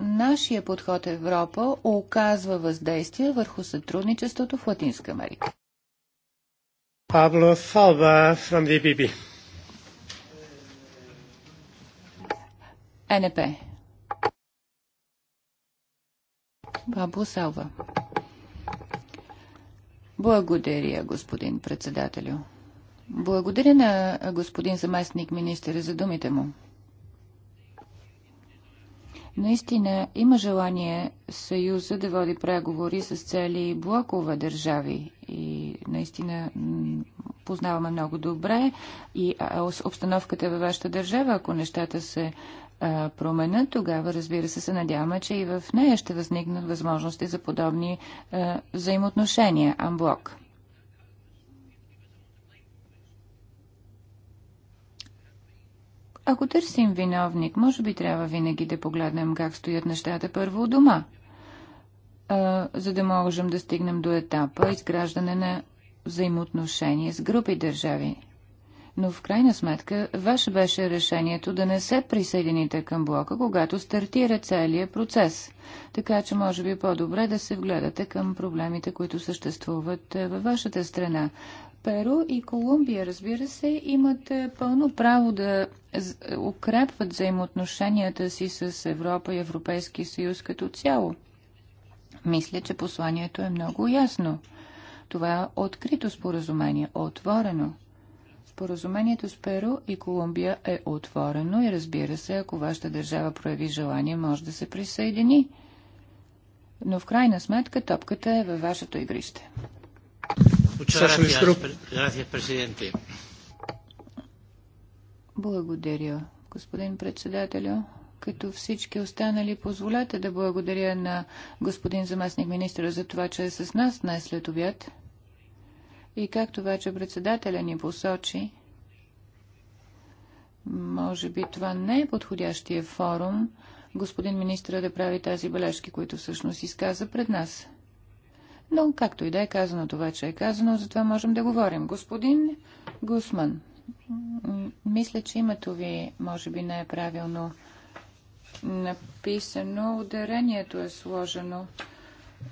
нашия подход Европа оказва въздействие върху сътрудничеството в Латинска Америка? Пабло Салва from the EPP. НП. Бабо Салва. Благодаря, господин председателю. Благодаря на господин заместник министър за думите му. Наистина има желание Съюза да води преговори с цели блокове държави и наистина познаваме много добре и обстановката във вашата държава, ако нещата се променят, тогава, разбира се, се надяваме, че и в нея ще възникнат възможности за подобни взаимоотношения. Амблок. Ако търсим виновник, може би трябва винаги да погледнем как стоят нещата първо у дома, за да можем да стигнем до етапа изграждане на взаимоотношения с групи държави но в крайна сметка ваше беше решението да не се присъедините към блока, когато стартира целият процес. Така че може би по-добре да се вгледате към проблемите, които съществуват във вашата страна. Перу и Колумбия, разбира се, имат пълно право да укрепват взаимоотношенията си с Европа и Европейски съюз като цяло. Мисля, че посланието е много ясно. Това е открито споразумение, отворено – Споразумението с Перу и Колумбия е отворено и разбира се, ако вашата държава прояви желание, може да се присъедини. Но в крайна сметка топката е във вашето игрище. Благодаря, господин председателю. Като всички останали, позволете да благодаря на господин заместник министра за това, че е с нас днес след обяд. И както вече председателя ни посочи, може би това не е подходящия форум, господин министра да прави тази бележки, които всъщност изказа пред нас. Но, както и да е казано, това, че е казано, затова можем да говорим. Господин Гусман, мисля, че името ви може би не е правилно написано, ударението е сложено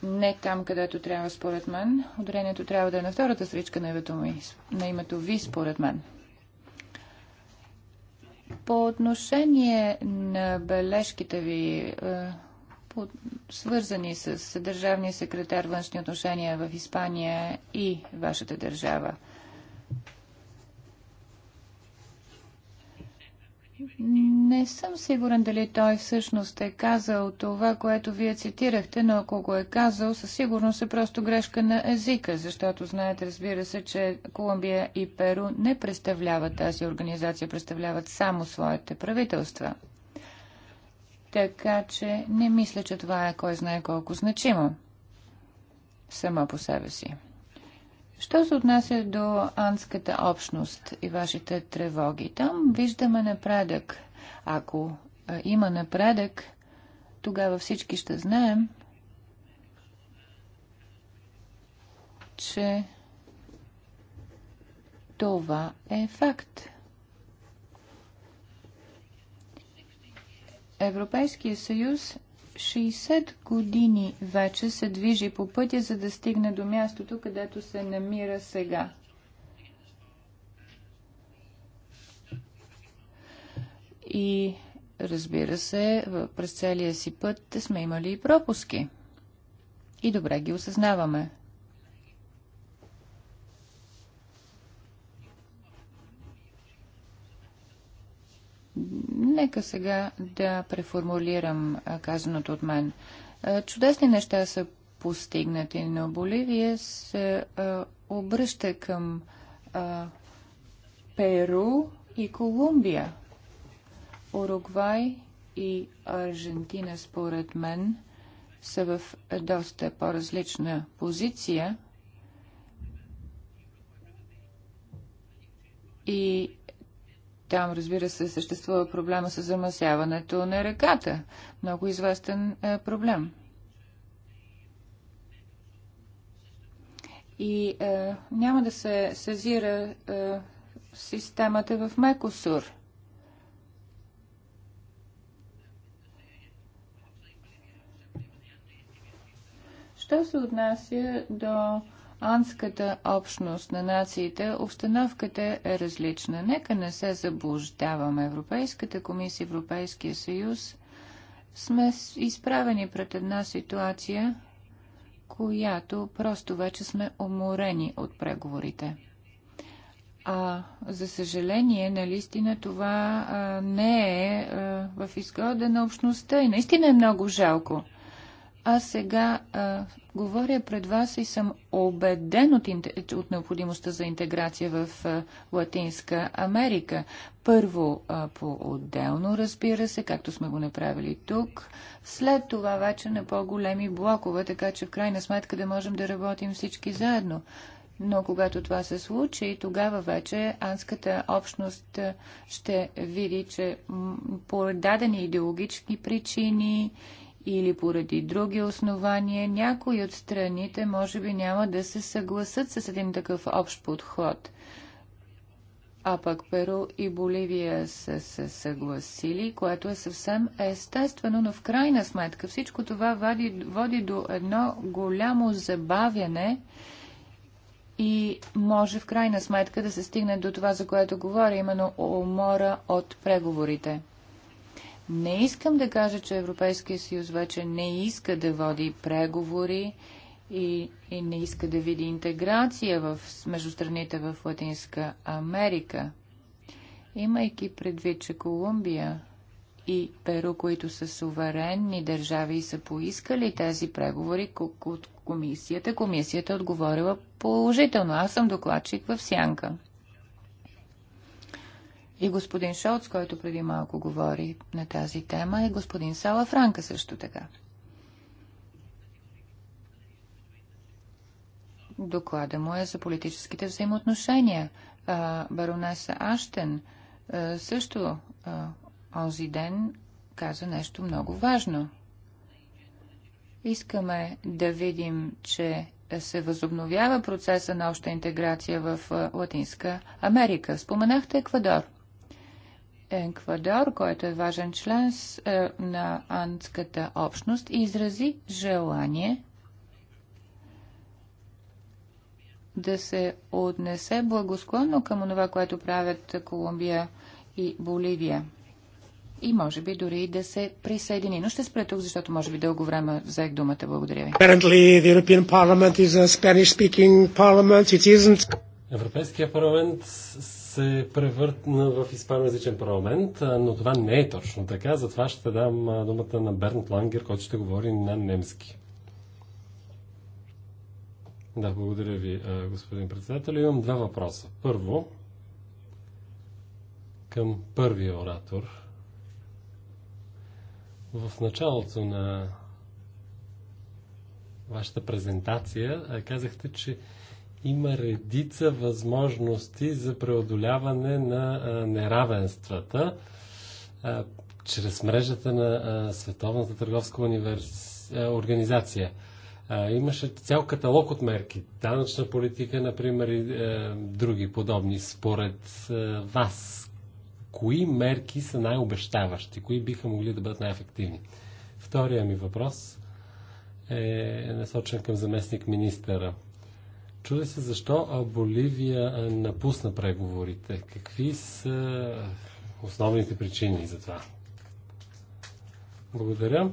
не там, където трябва, според мен. Ударението трябва да е на втората стричка на името, ми, на името ви, според мен. По отношение на бележките ви, свързани с държавния секретар външни отношения в Испания и вашата държава. Не съм сигурен дали той всъщност е казал това, което вие цитирахте, но ако го е казал, със сигурност е просто грешка на езика, защото знаете, разбира се, че Колумбия и Перу не представляват тази организация, представляват само своите правителства. Така че не мисля, че това е кой знае колко значимо само по себе си. Що се отнася до анската общност и вашите тревоги? Там виждаме напредък. Ако има напредък, тогава всички ще знаем, че това е факт. Европейския съюз 60 години вече се движи по пътя, за да стигне до мястото, където се намира сега. И разбира се, през целия си път сме имали и пропуски. И добре ги осъзнаваме. Нека сега да преформулирам казаното от мен. Чудесни неща са постигнати, но Боливия се обръща към Перу и Колумбия. Уругвай и Аржентина, според мен, са в доста по-различна позиция. И Там, разбира се, съществува проблема с замасяването на реката. Много известен е, проблем. И е, няма да се сезира е, системата в Мекосур. Що се отнася до анската общност на нациите, обстановката е различна. Нека не се заблуждаваме. Европейската комисия, Европейския съюз сме изправени пред една ситуация, която просто вече сме уморени от преговорите. А, за съжаление, наистина това а, не е а, в изгода на общността и наистина е много жалко аз сега а, говоря пред вас и съм убеден от, от необходимостта за интеграция в а, Латинска Америка. Първо а, по-отделно, разбира се, както сме го направили тук. След това вече на по-големи блокове, така че в крайна сметка да можем да работим всички заедно. Но когато това се случи, тогава вече анската общност ще види, че по дадени идеологически причини или поради други основания, някои от страните може би няма да се съгласат с един такъв общ подход. А пък Перу и Боливия са се съгласили, което е съвсем естествено, но в крайна сметка всичко това води, води до едно голямо забавяне и може в крайна сметка да се стигне до това, за което говоря, именно умора от преговорите. Не искам да кажа, че Европейския съюз вече не иска да води преговори и, и не иска да види интеграция в, между страните в Латинска Америка. Имайки предвид, че Колумбия и Перу, които са суверенни държави и са поискали тези преговори от комисията, комисията отговорила положително. Аз съм докладчик в Сянка и господин Шоц, който преди малко говори на тази тема, и господин Сала Франка също така. Доклада му е за политическите взаимоотношения. Баронеса Аштен също онзи ден каза нещо много важно. Искаме да видим, че се възобновява процеса на обща интеграция в Латинска Америка. Споменахте Еквадор – Еквадор, който е важен член на андската общност, изрази желание да се отнесе благосклонно към това, което правят Колумбия и Боливия. И може би дори да се присъедини. Но ще спре тук, защото може би дълго време взех думата. Благодаря ви. Европейския парламент се превъртна в испаноязичен парламент, но това не е точно така. Затова ще дам думата на Бернт Лангер, който ще говори на немски. Да, благодаря ви, господин председател. Имам два въпроса. Първо, към първия оратор. В началото на вашата презентация казахте, че има редица възможности за преодоляване на неравенствата чрез мрежата на Световната търговска организация. Имаше цял каталог от мерки, данъчна политика, например, и други подобни. Според вас, кои мерки са най-обещаващи, кои биха могли да бъдат най-ефективни? Втория ми въпрос е насочен към заместник министъра Чуди се защо Боливия напусна преговорите. Какви са основните причини за това? Благодаря.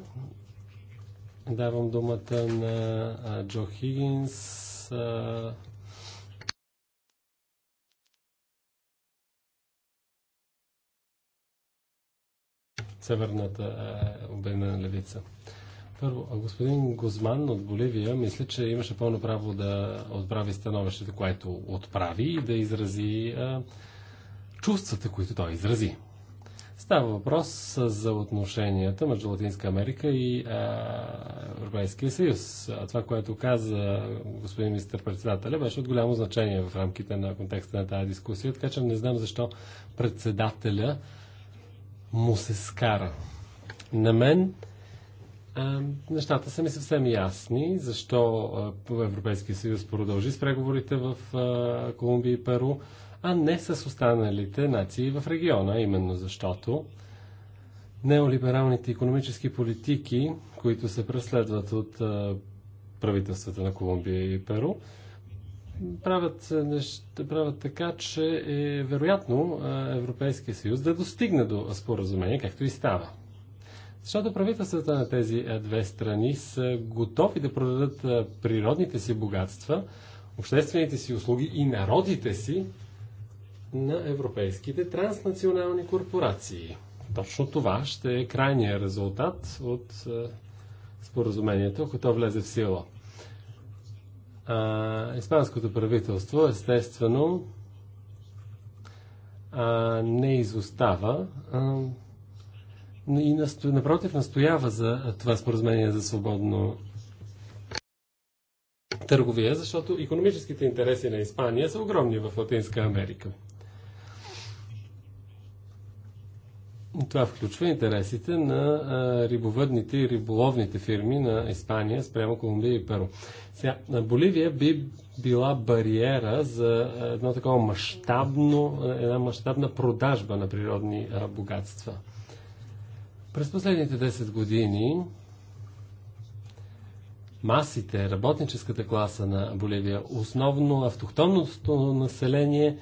Давам думата на Джо Хигинс. Северната обедна левица. Първо, а господин Гозман от Боливия мисля, че имаше пълно право да отправи становището, което отправи и да изрази а, чувствата, които той изрази. Става въпрос за отношенията между Латинска Америка и а, Европейския съюз. А това, което каза господин министър-председателя, беше от голямо значение в рамките на контекста на тази дискусия, така че не знам защо председателя му се скара. На мен Нещата са ми съвсем ясни, защо Европейския съюз продължи с преговорите в Колумбия и Перу, а не с останалите нации в региона, именно защото неолибералните економически политики, които се преследват от правителствата на Колумбия и Перу, правят, неща, правят така, че е вероятно Европейския съюз да достигне до споразумение, както и става. Защото правителствата на тези две страни са готови да продадат природните си богатства, обществените си услуги и народите си на европейските транснационални корпорации. Точно това ще е крайния резултат от споразумението, ако то влезе в сила. А, испанското правителство, естествено, а, не изостава. А, и напротив настоява за това споразумение за свободно търговия, защото економическите интереси на Испания са огромни в Латинска Америка. Това включва интересите на рибовъдните и риболовните фирми на Испания спрямо Колумбия и Перу. Сега, на Боливия би била бариера за едно такова мащабно, една мащабна продажба на природни богатства. През последните 10 години масите, работническата класа на Боливия, основно автохтонното население,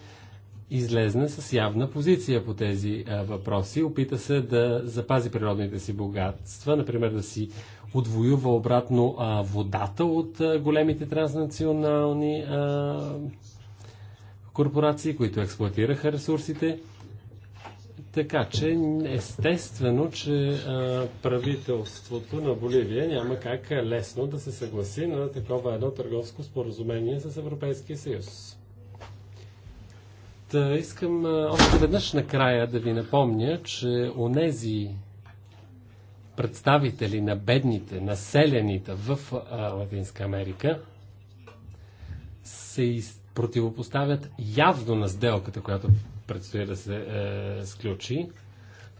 излезне с явна позиция по тези въпроси. Опита се да запази природните си богатства, например да си отвоюва обратно водата от големите транснационални корпорации, които експлуатираха ресурсите Така че естествено, че а, правителството на Боливия няма как лесно да се съгласи на такова едно търговско споразумение с Европейския съюз. Та искам а, още веднъж накрая да ви напомня, че онези представители на бедните, населените в а, Латинска Америка се противопоставят явно на сделката, която предстои да се е, сключи,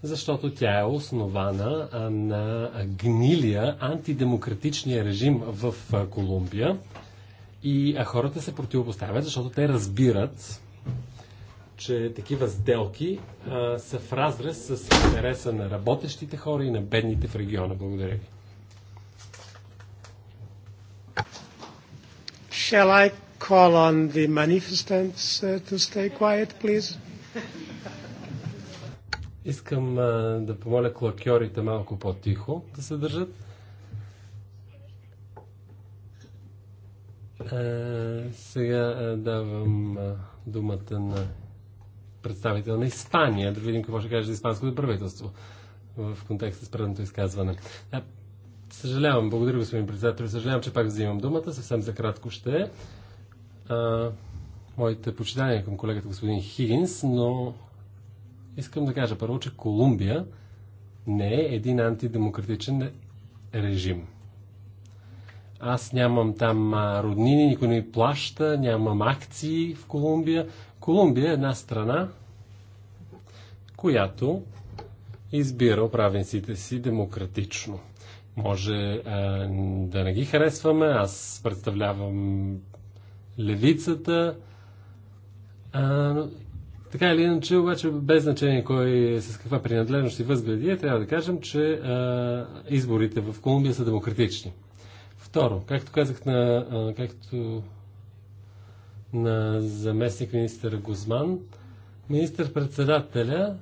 защото тя е основана на гнилия антидемократичния режим в Колумбия и хората се противопоставят, защото те разбират, че такива сделки а, са в разрез с интереса на работещите хора и на бедните в региона. Благодаря ви. Shall I call on the manifestants uh, to stay quiet, please? Искам а, да помоля клакьорите малко по-тихо да се държат. А, сега а, давам а, думата на представител на Испания, да видим какво ще каже за испанското правителство в контекста с предното изказване. А, съжалявам, благодаря господин председател, съжалявам, че пак взимам думата, съвсем за кратко ще е. моите почитания към колегата господин Хигинс, но Искам да кажа първо, че Колумбия не е един антидемократичен режим. Аз нямам там роднини, никой не ми плаща, нямам акции в Колумбия. Колумбия е една страна, която избира управенците си демократично. Може а, да не ги харесваме, аз представлявам левицата, а, Така или иначе, обаче, без значение кой с каква принадлежност и възгледи е, трябва да кажем, че а, изборите в Колумбия са демократични. Второ, както казах на, а, както на заместник министър Гузман, министър-председателя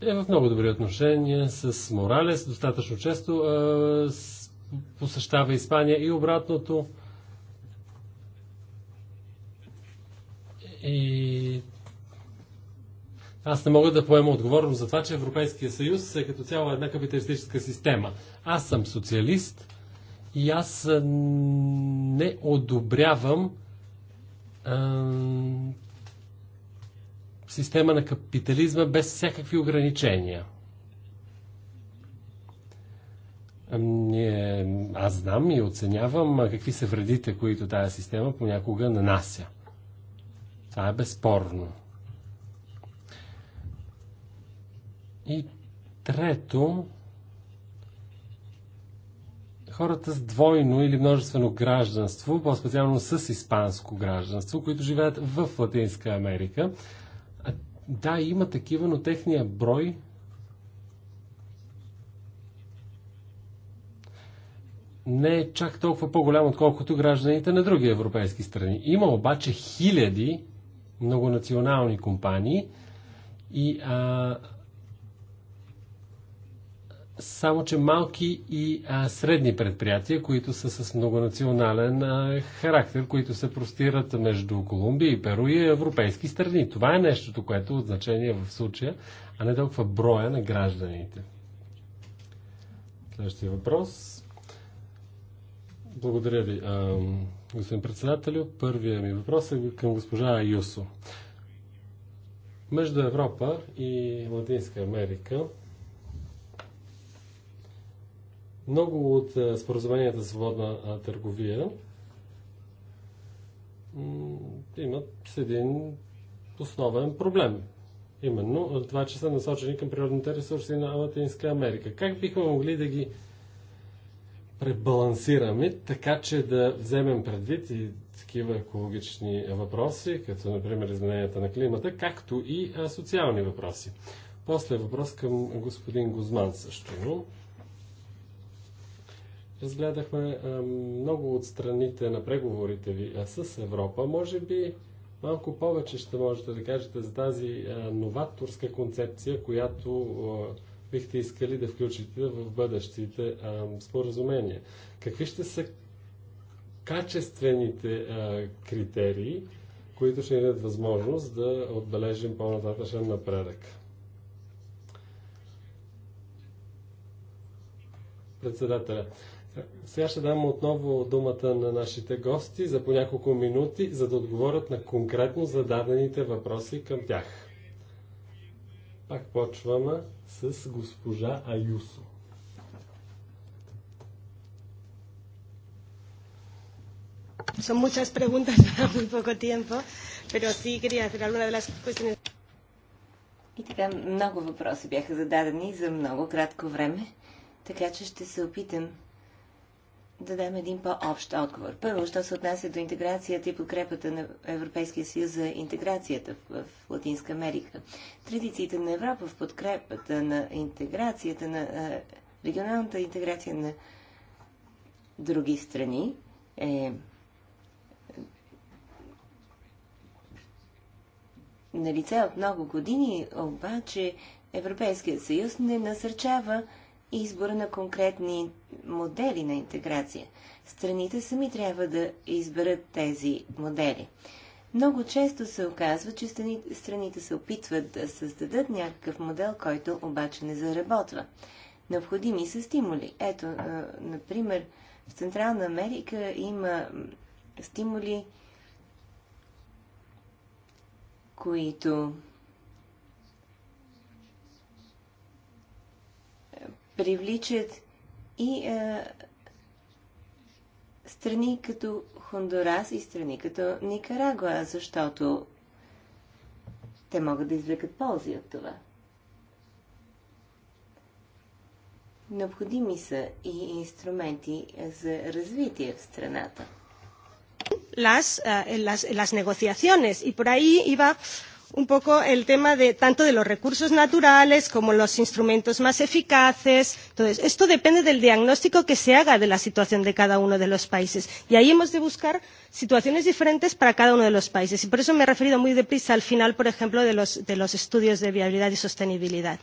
е в много добри отношения с Моралес. Достатъчно често а, посещава Испания и обратното. И аз не мога да поема отговорност за това, че Европейския съюз е като цяло една капиталистическа система. Аз съм социалист и аз не одобрявам а, система на капитализма без всякакви ограничения. Аз знам и оценявам какви са вредите, които тази система понякога нанася. Това е bezporno. И трето, хората с двойно или множествено гражданство, по-специално с испанско гражданство, които живеят в Латинска Америка. А, да, има такива, но техния брой не е чак толкова по-голям, отколкото гражданите на други европейски страни. Има обаче хиляди многонационални компании и а, само, че малки и а, средни предприятия, които са с многонационален а, характер, които се простират между Колумбия и Перу и европейски страни. Това е нещото, което е от значение в случая, а не толкова броя на гражданите. Следващия въпрос. Благодаря ви. А, Господин председателю, първия ми въпрос е към госпожа Юсо. Между Европа и Латинска Америка много от споразуменията за свободна търговия имат с един основен проблем. Именно това, че са насочени към природните ресурси на Латинска Америка. Как бихме могли да ги пребалансираме, така че да вземем предвид и такива екологични въпроси, като например измененията на климата, както и социални въпроси. После въпрос към господин Гузман също. Разгледахме много от страните на преговорите ви с Европа. Може би малко повече ще можете да кажете за тази новаторска концепция, която бихте искали да включите в бъдещите а, споразумения? Какви ще са качествените а, критерии, които ще ни дадат възможност да отбележим по-нататъчен напредък? Председателя. Сега ще дам отново думата на нашите гости за по няколко минути, за да отговорят на конкретно зададените въпроси към тях. Pak počvame s gospoža Ayuso. Son muchas preguntas para muy poco tiempo, pero sí quería hacer alguna de las cuestiones. И така, много въпроси бяха зададени за много кратко време, така че ще се опитам да дадем един по-общ отговор. Първо, що се отнася до интеграцията и подкрепата на Европейския съюз за интеграцията в, Латинска Америка. Традициите на Европа в подкрепата на интеграцията, на е, регионалната интеграция на други страни е на лице от много години, обаче Европейският съюз не насърчава избора на конкретни модели на интеграция. Страните сами трябва да изберат тези модели. Много често се оказва, че страните се опитват да създадат някакъв модел, който обаче не заработва. Необходими са стимули. Ето, например, в Централна Америка има стимули, които привличат и а, страни като Хондурас и страни като Никарагуа, защото те могат да извлекат ползи от това. Необходими са и инструменти за развитие в страната. Las, uh, las, las negociaciones y por ahí iba un poco el tema de tanto de los recursos naturales como los instrumentos más eficaces. Entonces, esto depende del diagnóstico que se haga de la situación de cada uno de los países. Y ahí hemos de buscar situaciones diferentes para cada uno de los países. Y por eso me he referido muy deprisa al final, por ejemplo, de los, de los estudios de viabilidad y sostenibilidad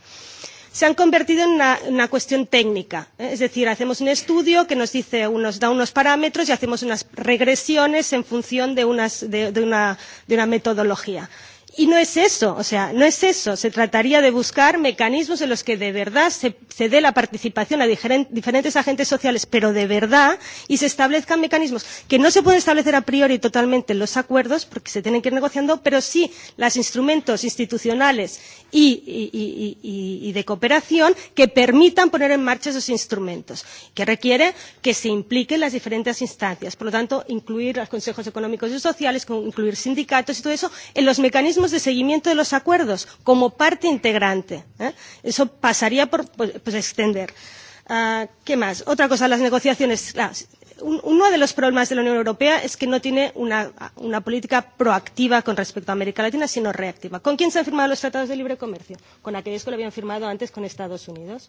se han convertido en una, una cuestión técnica. ¿eh? Es decir, hacemos un estudio que nos dice, unos, da unos parámetros y hacemos unas regresiones en función de, unas, de, de, una, de una metodología. Y no es eso, o sea, no es eso. Se trataría de buscar mecanismos en los que de verdad se, se dé la participación a diferent, diferentes agentes sociales, pero de verdad, y se establezcan mecanismos que no se pueden establecer a priori totalmente en los acuerdos, porque se tienen que ir negociando, pero sí los instrumentos institucionales y, y, y, y de cooperación que permitan poner en marcha esos instrumentos, que requiere que se impliquen las diferentes instancias. Por lo tanto, incluir los consejos económicos y sociales, incluir sindicatos y todo eso en los mecanismos mecanismos de seguimiento de los acuerdos como parte integrante. ¿eh? Eso pasaría por pues, pues extender. Uh, ¿Qué más? Otra cosa, las negociaciones. uno de los problemas de la Unión Europea es que no tiene una, una política proactiva con respecto a América Latina, sino reactiva. ¿Con quién se han firmado los tratados de libre comercio? Con aquellos que lo habían firmado antes con Estados Unidos.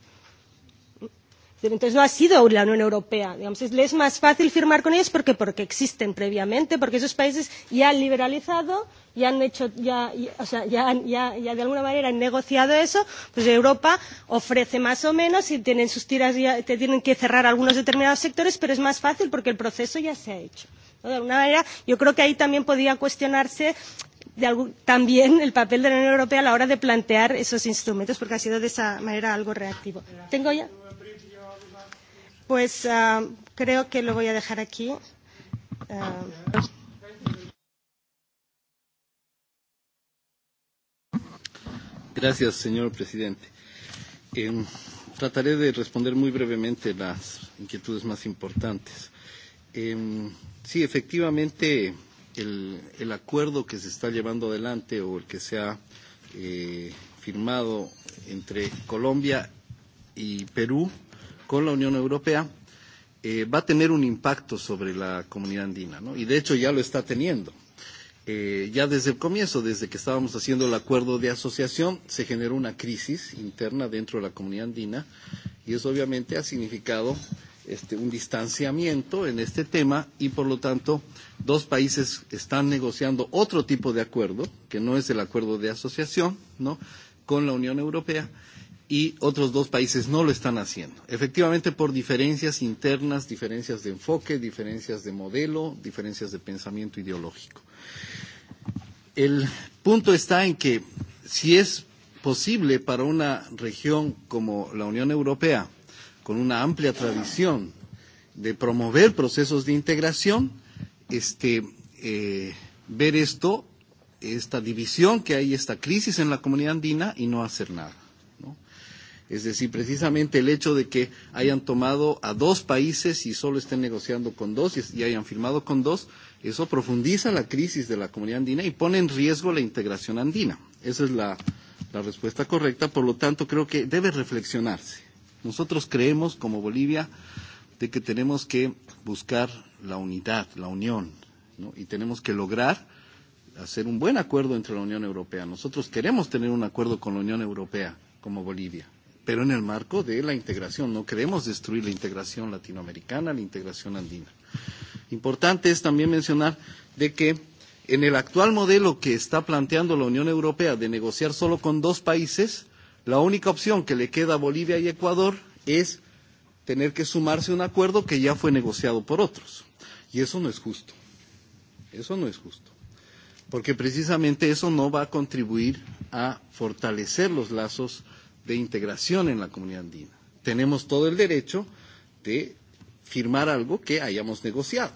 Entonces no ha sido la Unión Europea. Digamos, es, más fácil firmar con ellos porque, porque existen previamente, porque esos países ya han liberalizado, ya han hecho, ya, ya, o sea, ya, ya, ya de alguna manera han negociado eso, pues Europa ofrece más o menos y tienen sus tiras, ya, te tienen que cerrar algunos determinados sectores, pero es más fácil porque el proceso ya se ha hecho. ¿no? De alguna manera, yo creo que ahí también podría cuestionarse de algún, también el papel de la Unión Europea a la hora de plantear esos instrumentos, porque ha sido de esa manera algo reactivo. ¿Tengo ya? Pues uh, creo que lo voy a dejar aquí. Uh... Gracias, señor presidente. Eh, trataré de responder muy brevemente las inquietudes más importantes. Eh, sí, efectivamente, el, el acuerdo que se está llevando adelante o el que se ha eh, firmado entre Colombia y Perú con la Unión Europea eh, va a tener un impacto sobre la comunidad andina, ¿no? y de hecho ya lo está teniendo. Eh, ya desde el comienzo, desde que estábamos haciendo el acuerdo de asociación, se generó una crisis interna dentro de la comunidad andina y eso obviamente ha significado este, un distanciamiento en este tema y por lo tanto dos países están negociando otro tipo de acuerdo, que no es el acuerdo de asociación, ¿no? con la Unión Europea y otros dos países no lo están haciendo. Efectivamente, por diferencias internas, diferencias de enfoque, diferencias de modelo, diferencias de pensamiento ideológico. El punto está en que si es posible para una región como la Unión Europea, con una amplia tradición de promover procesos de integración, este, eh, ver esto, esta división que hay, esta crisis en la comunidad andina y no hacer nada. Es decir, precisamente el hecho de que hayan tomado a dos países y solo estén negociando con dos y, y hayan firmado con dos, eso profundiza la crisis de la comunidad andina y pone en riesgo la integración andina. Esa es la, la respuesta correcta. Por lo tanto, creo que debe reflexionarse. Nosotros creemos, como Bolivia, de que tenemos que buscar la unidad, la unión, ¿no? y tenemos que lograr hacer un buen acuerdo entre la Unión Europea. Nosotros queremos tener un acuerdo con la Unión Europea como Bolivia pero en el marco de la integración. No queremos destruir la integración latinoamericana, la integración andina. Importante es también mencionar de que en el actual modelo que está planteando la Unión Europea de negociar solo con dos países, la única opción que le queda a Bolivia y Ecuador es tener que sumarse a un acuerdo que ya fue negociado por otros. Y eso no es justo. Eso no es justo. Porque precisamente eso no va a contribuir a fortalecer los lazos de integración en la comunidad andina. Tenemos todo el derecho de firmar algo que hayamos negociado,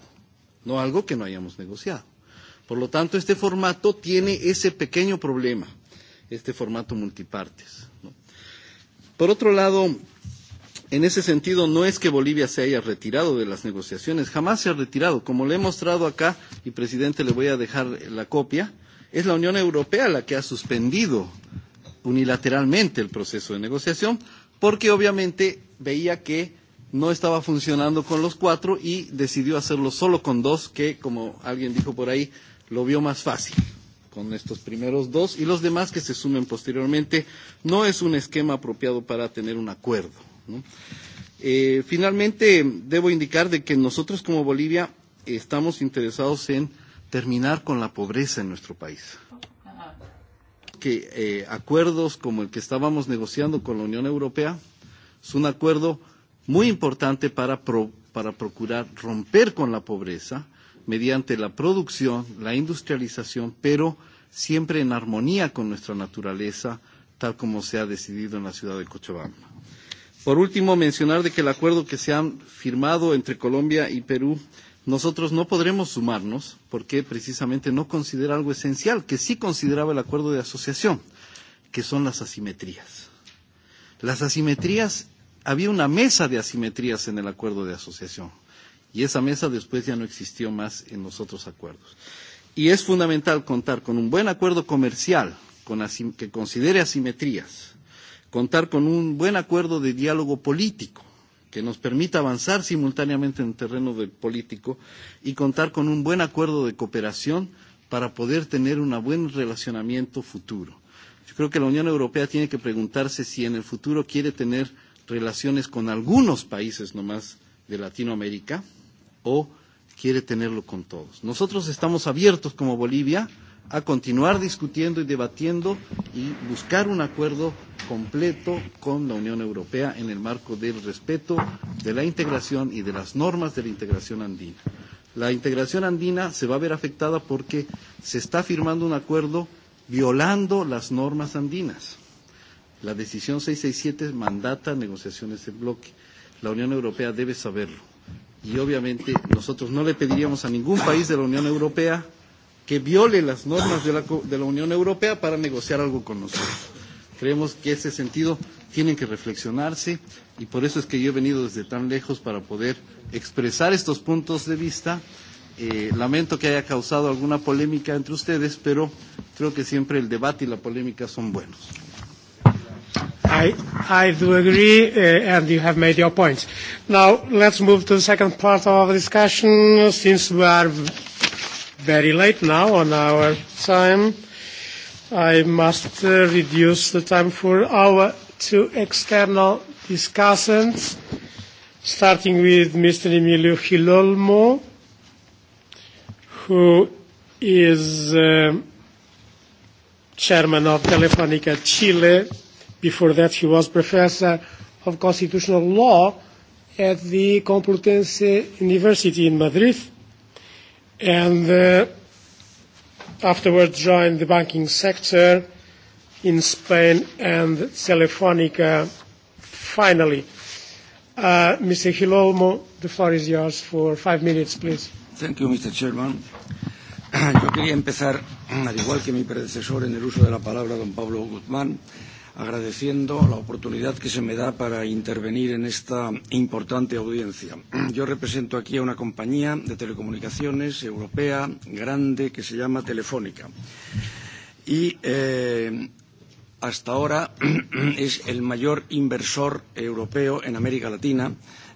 no algo que no hayamos negociado. Por lo tanto, este formato tiene ese pequeño problema, este formato multipartes. ¿no? Por otro lado, en ese sentido, no es que Bolivia se haya retirado de las negociaciones, jamás se ha retirado. Como le he mostrado acá, y presidente, le voy a dejar la copia, es la Unión Europea la que ha suspendido unilateralmente el proceso de negociación, porque obviamente veía que no estaba funcionando con los cuatro y decidió hacerlo solo con dos, que como alguien dijo por ahí, lo vio más fácil con estos primeros dos y los demás que se sumen posteriormente. No es un esquema apropiado para tener un acuerdo. ¿no? Eh, finalmente, debo indicar de que nosotros como Bolivia estamos interesados en terminar con la pobreza en nuestro país que eh, acuerdos como el que estábamos negociando con la Unión Europea es un acuerdo muy importante para, pro, para procurar romper con la pobreza mediante la producción, la industrialización, pero siempre en armonía con nuestra naturaleza, tal como se ha decidido en la ciudad de Cochabamba. Por último, mencionar de que el acuerdo que se ha firmado entre Colombia y Perú eh, nosotros no podremos sumarnos porque precisamente no considera algo esencial, que sí consideraba el acuerdo de asociación, que son las asimetrías. Las asimetrías, había una mesa de asimetrías en el acuerdo de asociación y esa mesa después ya no existió más en los otros acuerdos. Y es fundamental contar con un buen acuerdo comercial con que considere asimetrías, contar con un buen acuerdo de diálogo político, que nos permita avanzar simultáneamente en el terreno de político y contar con un buen acuerdo de cooperación para poder tener un buen relacionamiento futuro. Yo creo que la Unión Europea tiene que preguntarse si en el futuro quiere tener relaciones con algunos países nomás de Latinoamérica o quiere tenerlo con todos. Nosotros estamos abiertos como Bolivia a continuar discutiendo y debatiendo y buscar un acuerdo completo con la Unión Europea en el marco del respeto de la integración y de las normas de la integración andina. La integración andina se va a ver afectada porque se está firmando un acuerdo violando las normas andinas. La decisión 667 mandata negociaciones en bloque. La Unión Europea debe saberlo. Y obviamente nosotros no le pediríamos a ningún país de la Unión Europea que viole las normas de la, de la Unión Europea para negociar algo con nosotros. Creemos que ese sentido tiene que reflexionarse y por eso es que yo he venido desde tan lejos para poder expresar estos puntos de vista. Eh, lamento que haya causado alguna polémica entre ustedes, pero creo que siempre el debate y la polémica son buenos. I, I do agree, uh, and you have made your point. Now, let's move to the second part of our discussion, since we are very late now on our time. I must uh, reduce the time for our two external discussants, starting with Mr. Emilio Hilolmo, who is uh, chairman of Telefonica Chile. Before that, he was professor of constitutional law at the Complutense University in Madrid and uh, afterwards joined the banking sector in Spain and Telefonica finally. Uh, Mr. Hilolmo, the floor is yours for five minutes, please. Thank you, Mr. Chairman. Yo quería empezar, al igual que mi predecesor en el uso de la palabra, don Pablo Guzmán, agradeciendo la oportunidad que se me da para intervenir en esta importante audiencia. Yo represento aquí a una compañía de telecomunicaciones europea grande que se llama Telefónica. Y eh, hasta ahora es el mayor inversor europeo en América Latina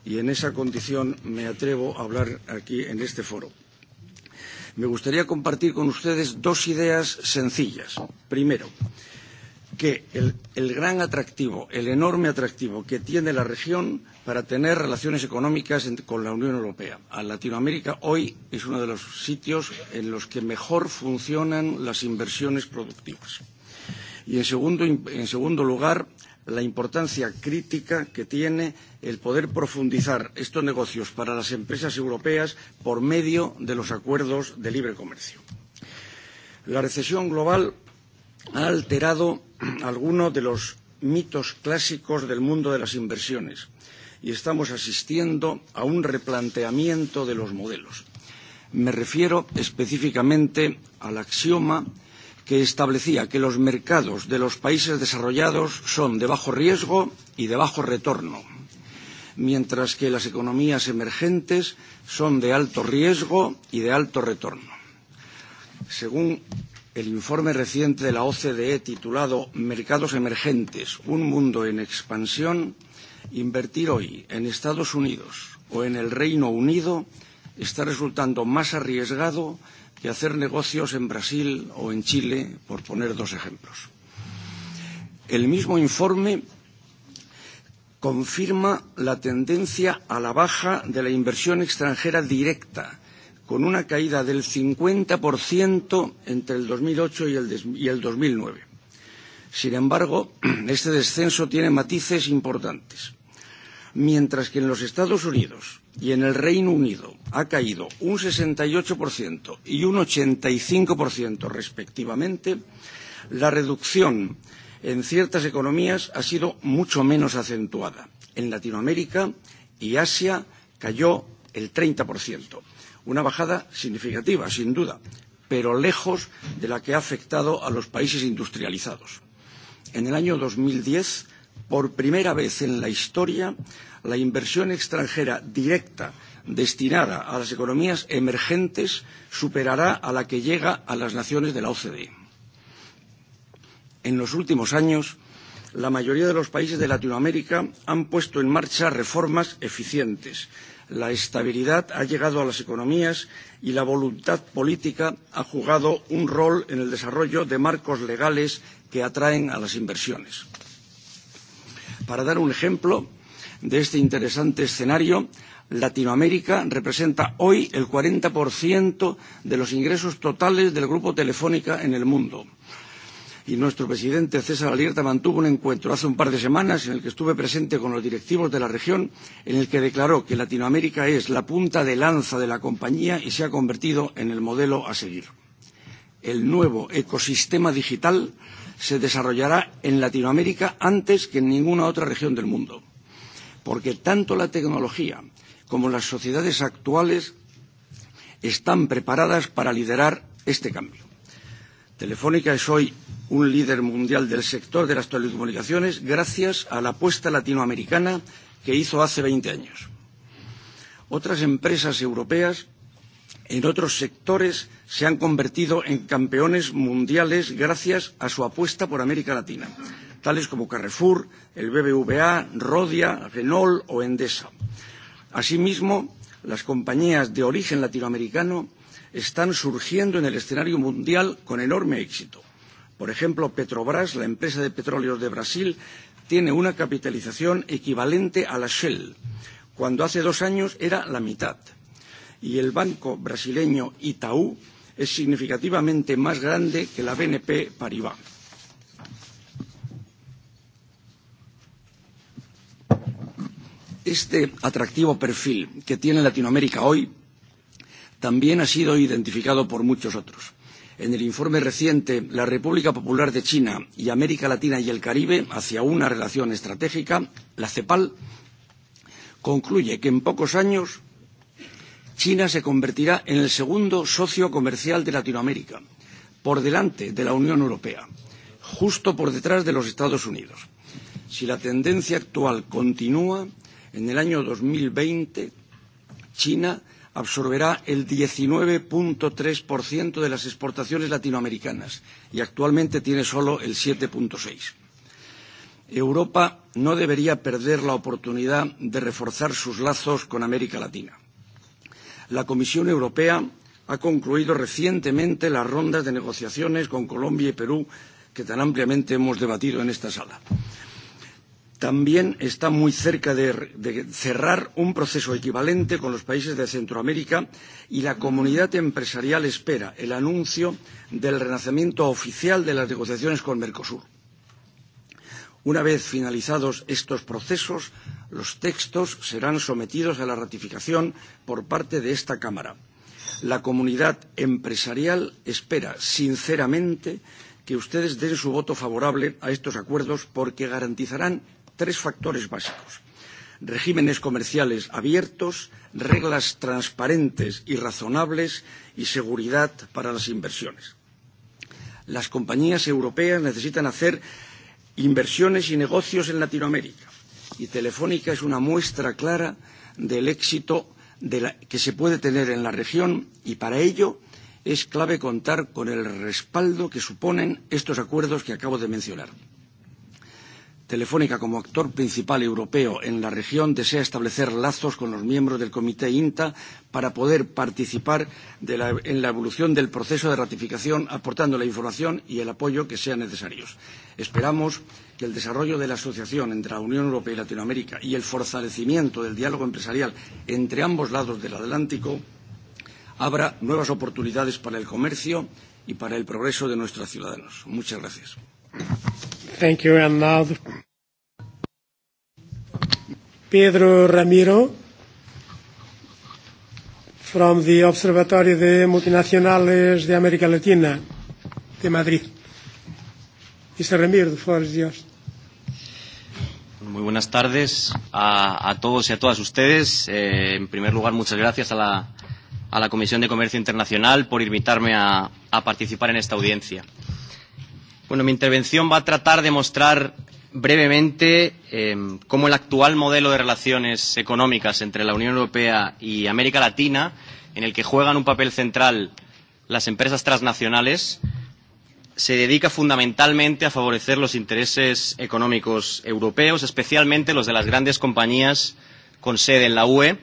y en esa condición me atrevo a hablar aquí en este foro. Me gustaría compartir con ustedes dos ideas sencillas. Primero, que el, el gran atractivo, el enorme atractivo que tiene la región para tener relaciones económicas en, con la Unión Europea. A Latinoamérica hoy es uno de los sitios en los que mejor funcionan las inversiones productivas. Y en segundo, en segundo lugar, la importancia crítica que tiene el poder profundizar estos negocios para las empresas europeas por medio de los acuerdos de libre comercio. La recesión global ha alterado algunos de los mitos clásicos del mundo de las inversiones y estamos asistiendo a un replanteamiento de los modelos. Me refiero específicamente al axioma que establecía que los mercados de los países desarrollados son de bajo riesgo y de bajo retorno, mientras que las economías emergentes son de alto riesgo y de alto retorno. Según el informe reciente de la OCDE titulado Mercados Emergentes, un mundo en expansión, invertir hoy en Estados Unidos o en el Reino Unido está resultando más arriesgado que hacer negocios en Brasil o en Chile, por poner dos ejemplos. El mismo informe confirma la tendencia a la baja de la inversión extranjera directa con una caída del 50% entre el 2008 y el, y el 2009. Sin embargo, este descenso tiene matices importantes. Mientras que en los Estados Unidos y en el Reino Unido ha caído un 68% y un 85% respectivamente, la reducción en ciertas economías ha sido mucho menos acentuada. En Latinoamérica y Asia cayó el 30%. Una bajada significativa, sin duda, pero lejos de la que ha afectado a los países industrializados. En el año 2010, por primera vez en la historia, la inversión extranjera directa destinada a las economías emergentes superará a la que llega a las naciones de la OCDE. En los últimos años, la mayoría de los países de Latinoamérica han puesto en marcha reformas eficientes la estabilidad ha llegado a las economías y la voluntad política ha jugado un rol en el desarrollo de marcos legales que atraen a las inversiones. Para dar un ejemplo de este interesante escenario, Latinoamérica representa hoy el 40% de los ingresos totales del grupo Telefónica en el mundo y nuestro presidente César Alierta mantuvo un encuentro hace un par de semanas en el que estuve presente con los directivos de la región, en el que declaró que Latinoamérica es la punta de lanza de la compañía y se ha convertido en el modelo a seguir. El nuevo ecosistema digital se desarrollará en Latinoamérica antes que en ninguna otra región del mundo, porque tanto la tecnología como las sociedades actuales están preparadas para liderar este cambio. Telefónica es hoy un líder mundial del sector de las telecomunicaciones gracias a la apuesta latinoamericana que hizo hace 20 años. Otras empresas europeas en otros sectores se han convertido en campeones mundiales gracias a su apuesta por América Latina, tales como Carrefour, el BBVA, Rodia, Renault o Endesa. Asimismo, las compañías de origen latinoamericano están surgiendo en el escenario mundial con enorme éxito. Por ejemplo, Petrobras, la empresa de petróleos de Brasil, tiene una capitalización equivalente a la Shell, cuando hace dos años era la mitad. Y el banco brasileño Itaú es significativamente más grande que la BNP Paribas. Este atractivo perfil que tiene Latinoamérica hoy también ha sido identificado por muchos otros. En el informe reciente La República Popular de China y América Latina y el Caribe hacia una relación estratégica, la CEPAL concluye que en pocos años China se convertirá en el segundo socio comercial de Latinoamérica, por delante de la Unión Europea, justo por detrás de los Estados Unidos. Si la tendencia actual continúa, en el año 2020 China absorberá el 19.3% de las exportaciones latinoamericanas y actualmente tiene solo el 7.6%. Europa no debería perder la oportunidad de reforzar sus lazos con América Latina. La Comisión Europea ha concluido recientemente las rondas de negociaciones con Colombia y Perú que tan ampliamente hemos debatido en esta sala también está muy cerca de, de cerrar un proceso equivalente con los países de Centroamérica y la comunidad empresarial espera el anuncio del renacimiento oficial de las negociaciones con Mercosur. Una vez finalizados estos procesos, los textos serán sometidos a la ratificación por parte de esta Cámara. La comunidad empresarial espera sinceramente que ustedes den su voto favorable a estos acuerdos porque garantizarán tres factores básicos regímenes comerciales abiertos, reglas transparentes y razonables y seguridad para las inversiones. Las compañías europeas necesitan hacer inversiones y negocios en Latinoamérica y Telefónica es una muestra clara del éxito de la, que se puede tener en la región y para ello es clave contar con el respaldo que suponen estos acuerdos que acabo de mencionar. Telefónica como actor principal europeo en la región desea establecer lazos con los miembros del Comité INTA para poder participar de la, en la evolución del proceso de ratificación, aportando la información y el apoyo que sean necesarios. Esperamos que el desarrollo de la asociación entre la Unión Europea y Latinoamérica y el fortalecimiento del diálogo empresarial entre ambos lados del Atlántico abra nuevas oportunidades para el comercio y para el progreso de nuestros ciudadanos. Muchas gracias. Thank you. And now the... Pedro Ramiro from the Observatory de Multinacionales de América Latina de Madrid. Mr. Ramiro, the floor is yours. Muy buenas tardes a, a todos y a todas ustedes. Eh, en primer lugar, muchas gracias a la, a la Comisión de Comercio Internacional por invitarme a, a participar en esta audiencia. Eh, Bueno, mi intervención va a tratar de mostrar brevemente eh, cómo el actual modelo de relaciones económicas entre la Unión Europea y América Latina, en el que juegan un papel central las empresas transnacionales, se dedica fundamentalmente a favorecer los intereses económicos europeos, especialmente los de las grandes compañías con sede en la UE,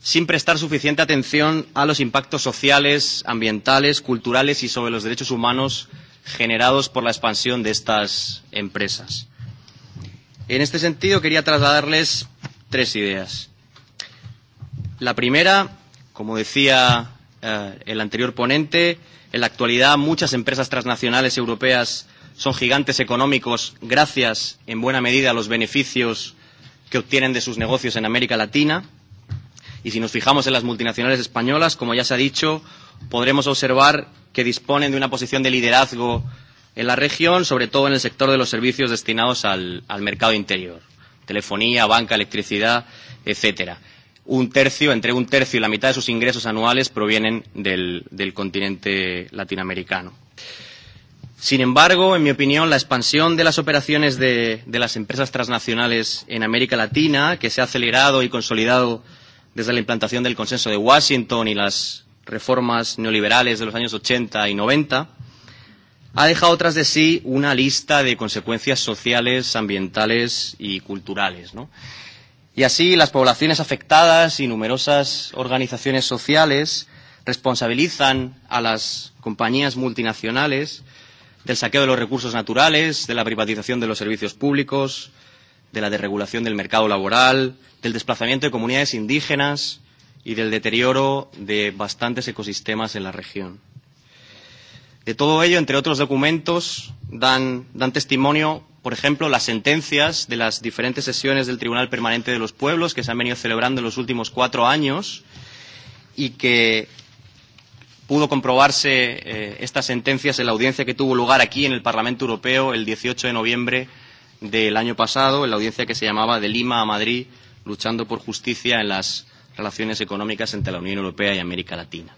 sin prestar suficiente atención a los impactos sociales, ambientales, culturales y sobre los derechos humanos generados por la expansión de estas empresas. En este sentido, quería trasladarles tres ideas. La primera, como decía eh, el anterior ponente, en la actualidad muchas empresas transnacionales europeas son gigantes económicos gracias, en buena medida, a los beneficios que obtienen de sus negocios en América Latina Y si nos fijamos en las multinacionales españolas, como ya se ha dicho, podremos observar que disponen de una posición de liderazgo en la región, sobre todo en el sector de los servicios destinados al, al mercado interior, telefonía, banca, electricidad, etcétera. Un tercio, entre un tercio y la mitad de sus ingresos anuales provienen del, del continente latinoamericano. Sin embargo, en mi opinión, la expansión de las operaciones de, de las empresas transnacionales en América Latina, que se ha acelerado y consolidado desde la implantación del consenso de Washington y las reformas neoliberales de los años 80 y 90, ha dejado tras de sí una lista de consecuencias sociales, ambientales y culturales. ¿no? Y así las poblaciones afectadas y numerosas organizaciones sociales responsabilizan a las compañías multinacionales del saqueo de los recursos naturales, de la privatización de los servicios públicos, de la desregulación del mercado laboral, del desplazamiento de comunidades indígenas y del deterioro de bastantes ecosistemas en la región. De todo ello, entre otros documentos, dan, dan testimonio, por ejemplo, las sentencias de las diferentes sesiones del Tribunal Permanente de los Pueblos que se han venido celebrando en los últimos cuatro años y que pudo comprobarse eh, estas sentencias en la audiencia que tuvo lugar aquí en el Parlamento Europeo el 18 de noviembre del año pasado, en la audiencia que se llamaba De Lima a Madrid, luchando por justicia en las relaciones económicas entre la Unión Europea y América Latina.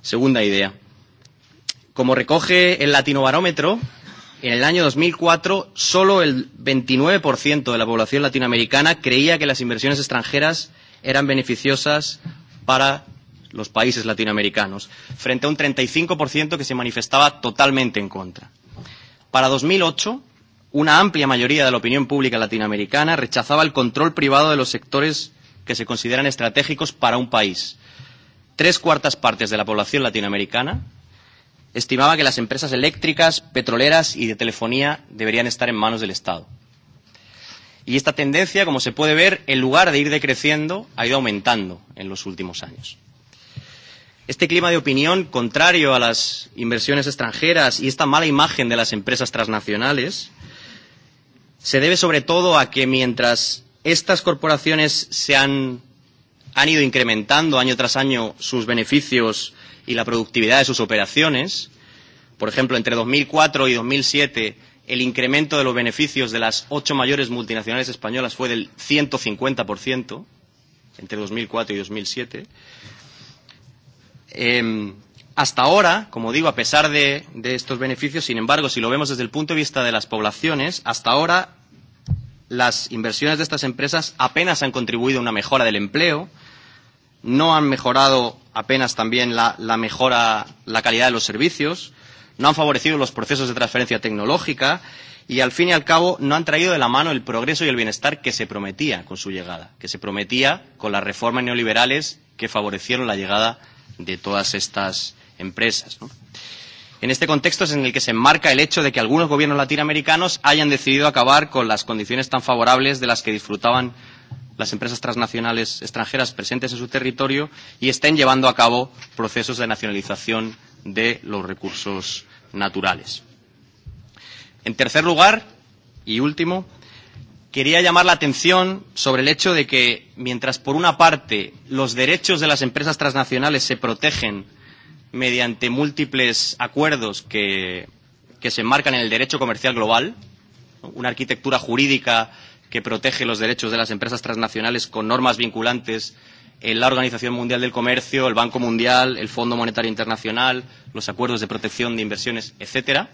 Segunda idea. Como recoge el Latinobarómetro, en el año 2004 solo el 29% de la población latinoamericana creía que las inversiones extranjeras eran beneficiosas para los países latinoamericanos, frente a un 35% que se manifestaba totalmente en contra. Para 2008, una amplia mayoría de la opinión pública latinoamericana rechazaba el control privado de los sectores que se consideran estratégicos para un país. Tres cuartas partes de la población latinoamericana estimaba que las empresas eléctricas, petroleras y de telefonía deberían estar en manos del Estado. Y esta tendencia, como se puede ver, en lugar de ir decreciendo, ha ido aumentando en los últimos años. Este clima de opinión, contrario a las inversiones extranjeras y esta mala imagen de las empresas transnacionales, se debe sobre todo a que mientras estas corporaciones se han, han ido incrementando año tras año sus beneficios y la productividad de sus operaciones, por ejemplo, entre 2004 y 2007 el incremento de los beneficios de las ocho mayores multinacionales españolas fue del 150% entre 2004 y 2007. Eh, hasta ahora, como digo, a pesar de, de estos beneficios, sin embargo, si lo vemos desde el punto de vista de las poblaciones, hasta ahora las inversiones de estas empresas apenas han contribuido a una mejora del empleo, no han mejorado apenas también la, la mejora, la calidad de los servicios, no han favorecido los procesos de transferencia tecnológica y, al fin y al cabo, no han traído de la mano el progreso y el bienestar que se prometía con su llegada, que se prometía con las reformas neoliberales que favorecieron la llegada de todas estas empresas. ¿no? En este contexto es en el que se enmarca el hecho de que algunos gobiernos latinoamericanos hayan decidido acabar con las condiciones tan favorables de las que disfrutaban las empresas transnacionales extranjeras presentes en su territorio y estén llevando a cabo procesos de nacionalización de los recursos naturales. En tercer lugar y último, quería llamar la atención sobre el hecho de que, mientras por una parte los derechos de las empresas transnacionales se protegen mediante múltiples acuerdos que, que se enmarcan en el derecho comercial global, ¿no? una arquitectura jurídica que protege los derechos de las empresas transnacionales con normas vinculantes en la Organización Mundial del Comercio, el Banco Mundial, el Fondo Monetario Internacional, los acuerdos de protección de inversiones, etcétera.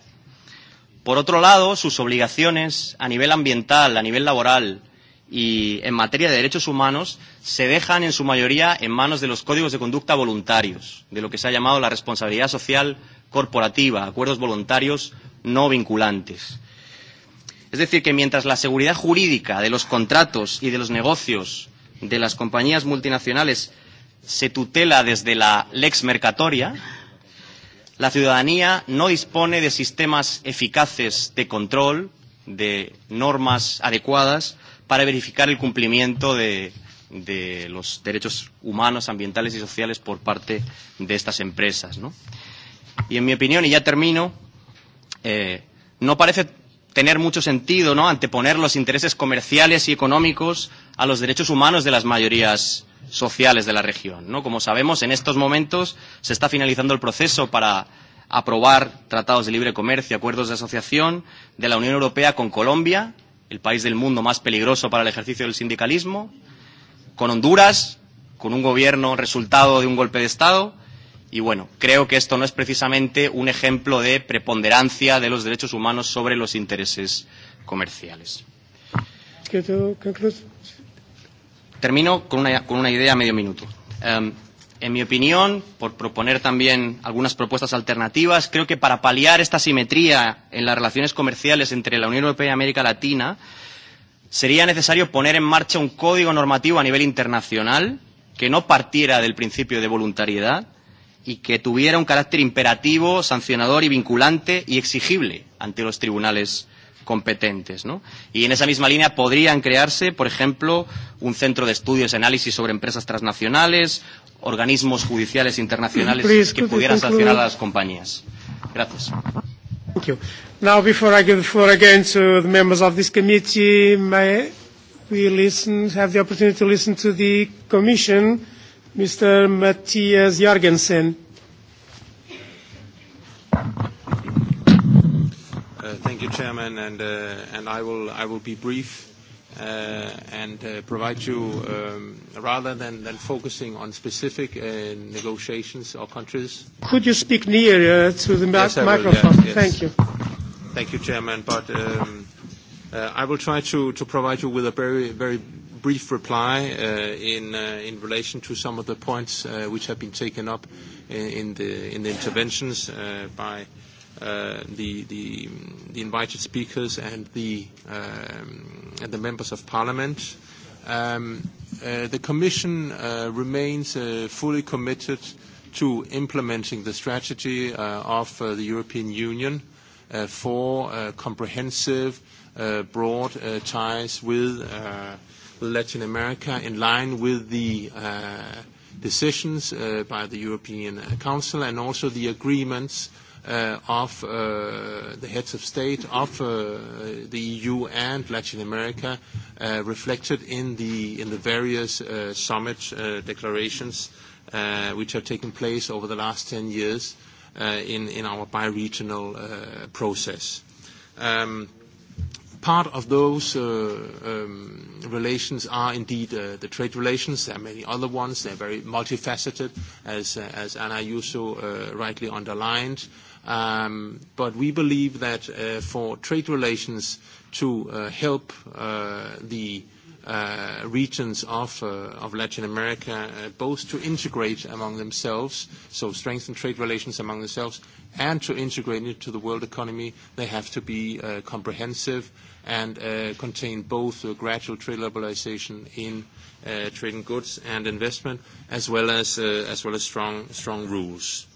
Por otro lado, sus obligaciones a nivel ambiental, a nivel laboral y en materia de derechos humanos se dejan en su mayoría en manos de los códigos de conducta voluntarios, de lo que se ha llamado la responsabilidad social corporativa, acuerdos voluntarios no vinculantes. Es decir, que mientras la seguridad jurídica de los contratos y de los negocios de las compañías multinacionales se tutela desde la lex mercatoria, La ciudadanía no dispone de sistemas eficaces de control, de normas adecuadas para verificar el cumplimiento de, de los derechos humanos, ambientales y sociales por parte de estas empresas. ¿no? Y en mi opinión, y ya termino, eh, no parece tener mucho sentido ¿no? anteponer los intereses comerciales y económicos a los derechos humanos de las mayorías sociales de la región. ¿no? Como sabemos, en estos momentos se está finalizando el proceso para aprobar tratados de libre comercio, acuerdos de asociación de la Unión Europea con Colombia, el país del mundo más peligroso para el ejercicio del sindicalismo, con Honduras, con un gobierno resultado de un golpe de Estado. Y bueno, creo que esto no es precisamente un ejemplo de preponderancia de los derechos humanos sobre los intereses comerciales. Termino con una, con una idea a medio minuto. Um, en mi opinión, por proponer también algunas propuestas alternativas, creo que para paliar esta simetría en las relaciones comerciales entre la Unión Europea y América Latina, sería necesario poner en marcha un código normativo a nivel internacional que no partiera del principio de voluntariedad y que tuviera un carácter imperativo, sancionador y vinculante y exigible ante los tribunales competentes. ¿no? Y en esa misma línea podrían crearse, por ejemplo, un centro de estudios y análisis sobre empresas transnacionales, organismos judiciales internacionales Please, que pudieran sancionar a las compañías. Gracias. Thank you. Now, before I give the floor again to the members of this committee, may we listen, have the opportunity to listen to the Commission, Mr. Matthias Jorgensen. Uh, thank you, Chairman, and, uh, I, will, be brief uh, and provide you, um, rather than, focusing on specific negotiations or countries. Could you speak nearer to the yes, will, microphone? Yes, Thank you. Thank you, Chairman. But um, I will try to, provide you with a very, very brief reply in, relation to some of the points which have been taken up in the interventions by Uh, the, the, the invited speakers and the, um, and the members of parliament. Um, uh, the Commission uh, remains uh, fully committed to implementing the strategy uh, of uh, the European Union uh, for uh, comprehensive, uh, broad uh, ties with uh, Latin America in line with the uh, decisions uh, by the European Council and also the agreements uh, Uh, of uh, the heads of state of uh, the EU and Latin America uh, reflected in the, in the various uh, summit uh, declarations uh, which have taken place over the last 10 years uh, in, in our bi-regional uh, process. Um, part of those uh, um, relations are indeed uh, the trade relations. There are many other ones. They're very multifaceted, as, uh, as Ana Ayuso uh, rightly underlined. Um, but we believe that uh, for trade relations to uh, help uh, the uh, regions of, uh, of Latin America uh, both to integrate among themselves, so strengthen trade relations among themselves, and to integrate into the world economy, they have to be comprehensive and contain both gradual trade liberalization in trading goods and investment, as well as, as, well as strong, strong rules.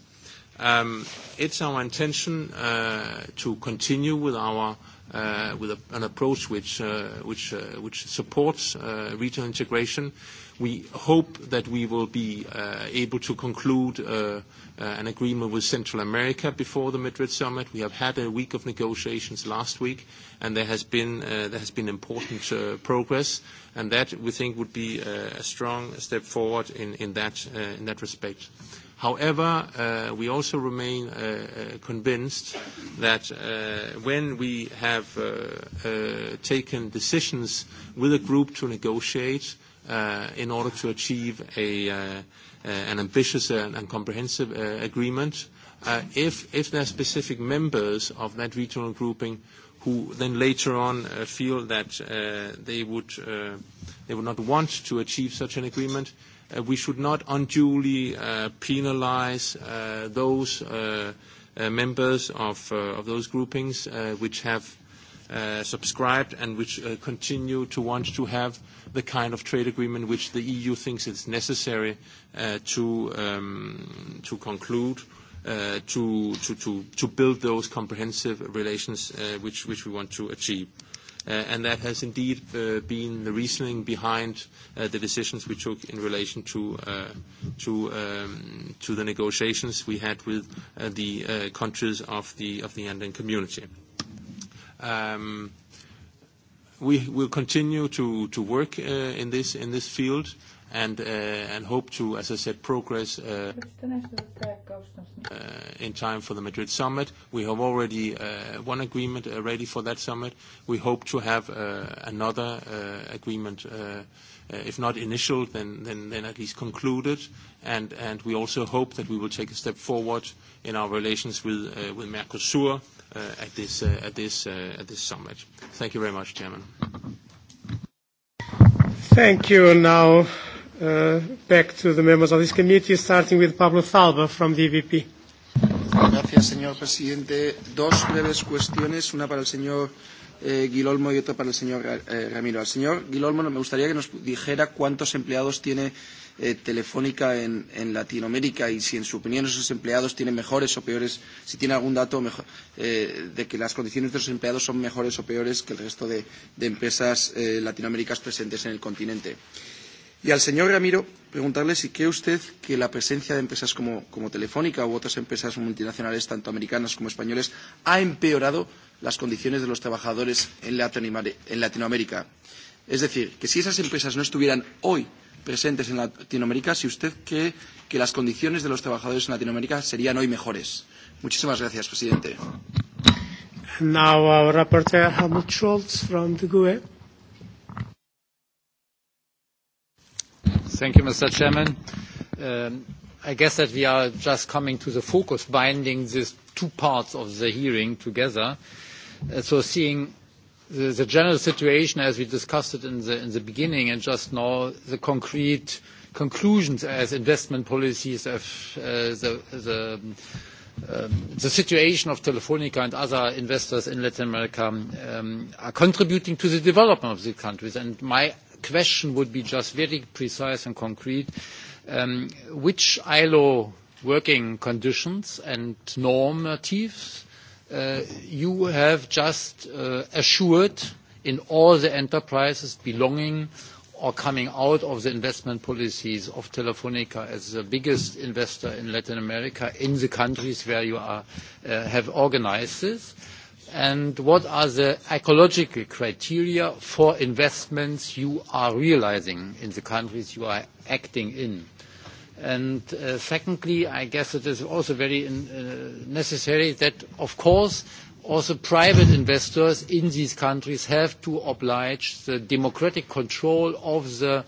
Um, it's our intention uh, to continue with our uh, with an approach which uh, supports regional integration. We hope that we will be able to conclude an agreement with Central America before the Madrid summit. We have had a week of negotiations last week, and there has been important progress, and that we think would be a strong step forward in that respect. However, uh, we also remain uh, uh, convinced that when we have taken decisions with a group to negotiate in order to achieve an ambitious and comprehensive agreement, if, there are specific members of that regional grouping who then later on feel that they would not want to achieve such an agreement, Uh, we should not unduly uh, penalize uh, those members of, those groupings which have subscribed and which continue to want to have the kind of trade agreement which the EU thinks is necessary to, um, to conclude, to, to, to build those comprehensive relations which, which we want to achieve. Uh, and that has indeed uh, been the reasoning behind uh, the decisions we took in relation to, um, the negotiations we had with the countries of the, Andean community. Um, we will continue to, work in this field. Uh, and, hope to, as I said, progress uh, uh, in time for the Madrid summit. We have already one agreement ready for that summit. We hope to have another agreement if not initial, then, then, at least concluded. And, and we also hope that we will take a step forward in our relations with, with Mercosur at, this, at, this, at this summit. Thank you very much, Chairman. Thank you. Now Uh, back to the members of this committee, starting with Pablo Zalba from the EVP. Gracias, señor presidente. Dos breves cuestiones, una para el señor eh, Guilolmo y otra para el señor eh, Ramiro. Al señor Guilolmo no, me gustaría que nos dijera cuántos empleados tiene eh, Telefónica en, en Latinoamérica y si en su opinión esos empleados tienen mejores o peores, si tiene algún dato mejor, eh, de que las condiciones de sus empleados son mejores o peores que el resto de, de empresas eh, latinoamericanas presentes en el continente. Eh, Y al señor Ramiro, preguntarle si cree usted que la presencia de empresas como, como Telefónica u otras empresas multinacionales, tanto americanas como españoles, ha empeorado las condiciones de los trabajadores en, Latinoam en Latinoamérica. Es decir, que si esas empresas no estuvieran hoy presentes en Latinoamérica, si usted cree que las condiciones de los trabajadores en Latinoamérica serían hoy mejores. Muchísimas gracias, presidente. Now our rapporteur Helmut Scholz from the GUE. Thank you, Mr. Chairman. Um, I guess that we are just coming to the focus, binding these two parts of the hearing together. Uh, so seeing the, general situation as we discussed it in the, beginning and just now, the concrete conclusions as investment policies, of, uh, um, the, situation of Telefónica and other investors in Latin America um, are contributing to the development of the countries. And my question would be just very precise and concrete. Um, which ILO working conditions and normatives uh, you have just uh, assured in all the enterprises belonging or coming out of the investment policies of Telefónica as the biggest investor in Latin America in the countries where you uh, have organized this? and what are the ecological criteria for investments you are realizing in the countries you are acting in? And uh, Secondly, I guess it is also very uh, necessary that, of course, also private investors in these countries have to oblige the democratic control of the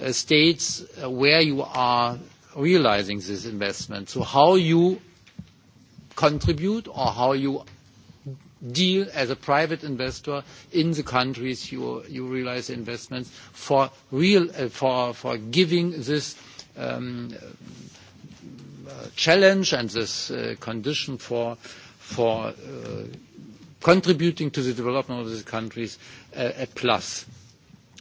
uh, states where you are realizing this investment. So How you contribute or how you deal as a private investor in the countries you, you realize investments for real uh, for, for giving this um, uh, challenge and this uh, condition for for uh, contributing to the development of these countries uh, a plus.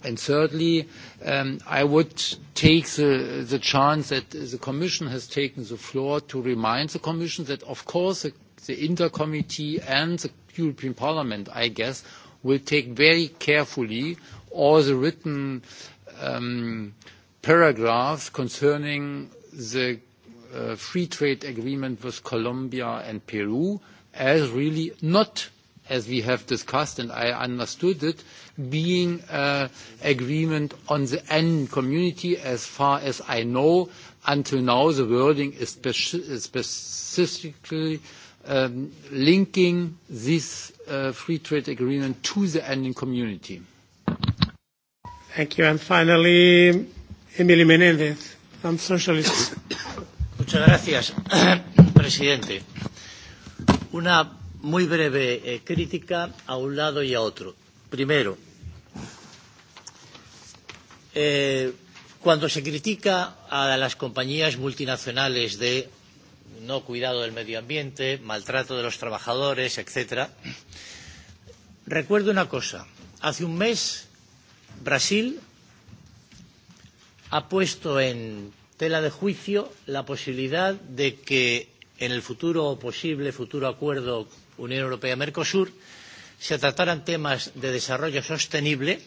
And thirdly, um, I would take the, the chance that the Commission has taken the floor to remind the Commission that, of course, the the inter committee and the european parliament i guess will take very carefully all the written um, paragraphs concerning the uh, free trade agreement with colombia and peru as really not as we have discussed and I understood it, being an uh, agreement on the end community as far as I know. Until now, the wording is speci specifically Um, linking this uh, free trade agreement to the Andean community. Thank you. And finally, Emily Menéndez from Socialists. Muchas gracias, presidente. Una muy breve eh, crítica a un lado y a otro. Primero, eh, cuando se critica a las compañías multinacionales de no cuidado del medio ambiente, maltrato de los trabajadores, etc. Recuerdo una cosa. Hace un mes, Brasil ha puesto en tela de juicio la posibilidad de que en el futuro posible futuro acuerdo Unión Europea-Mercosur se trataran temas de desarrollo sostenible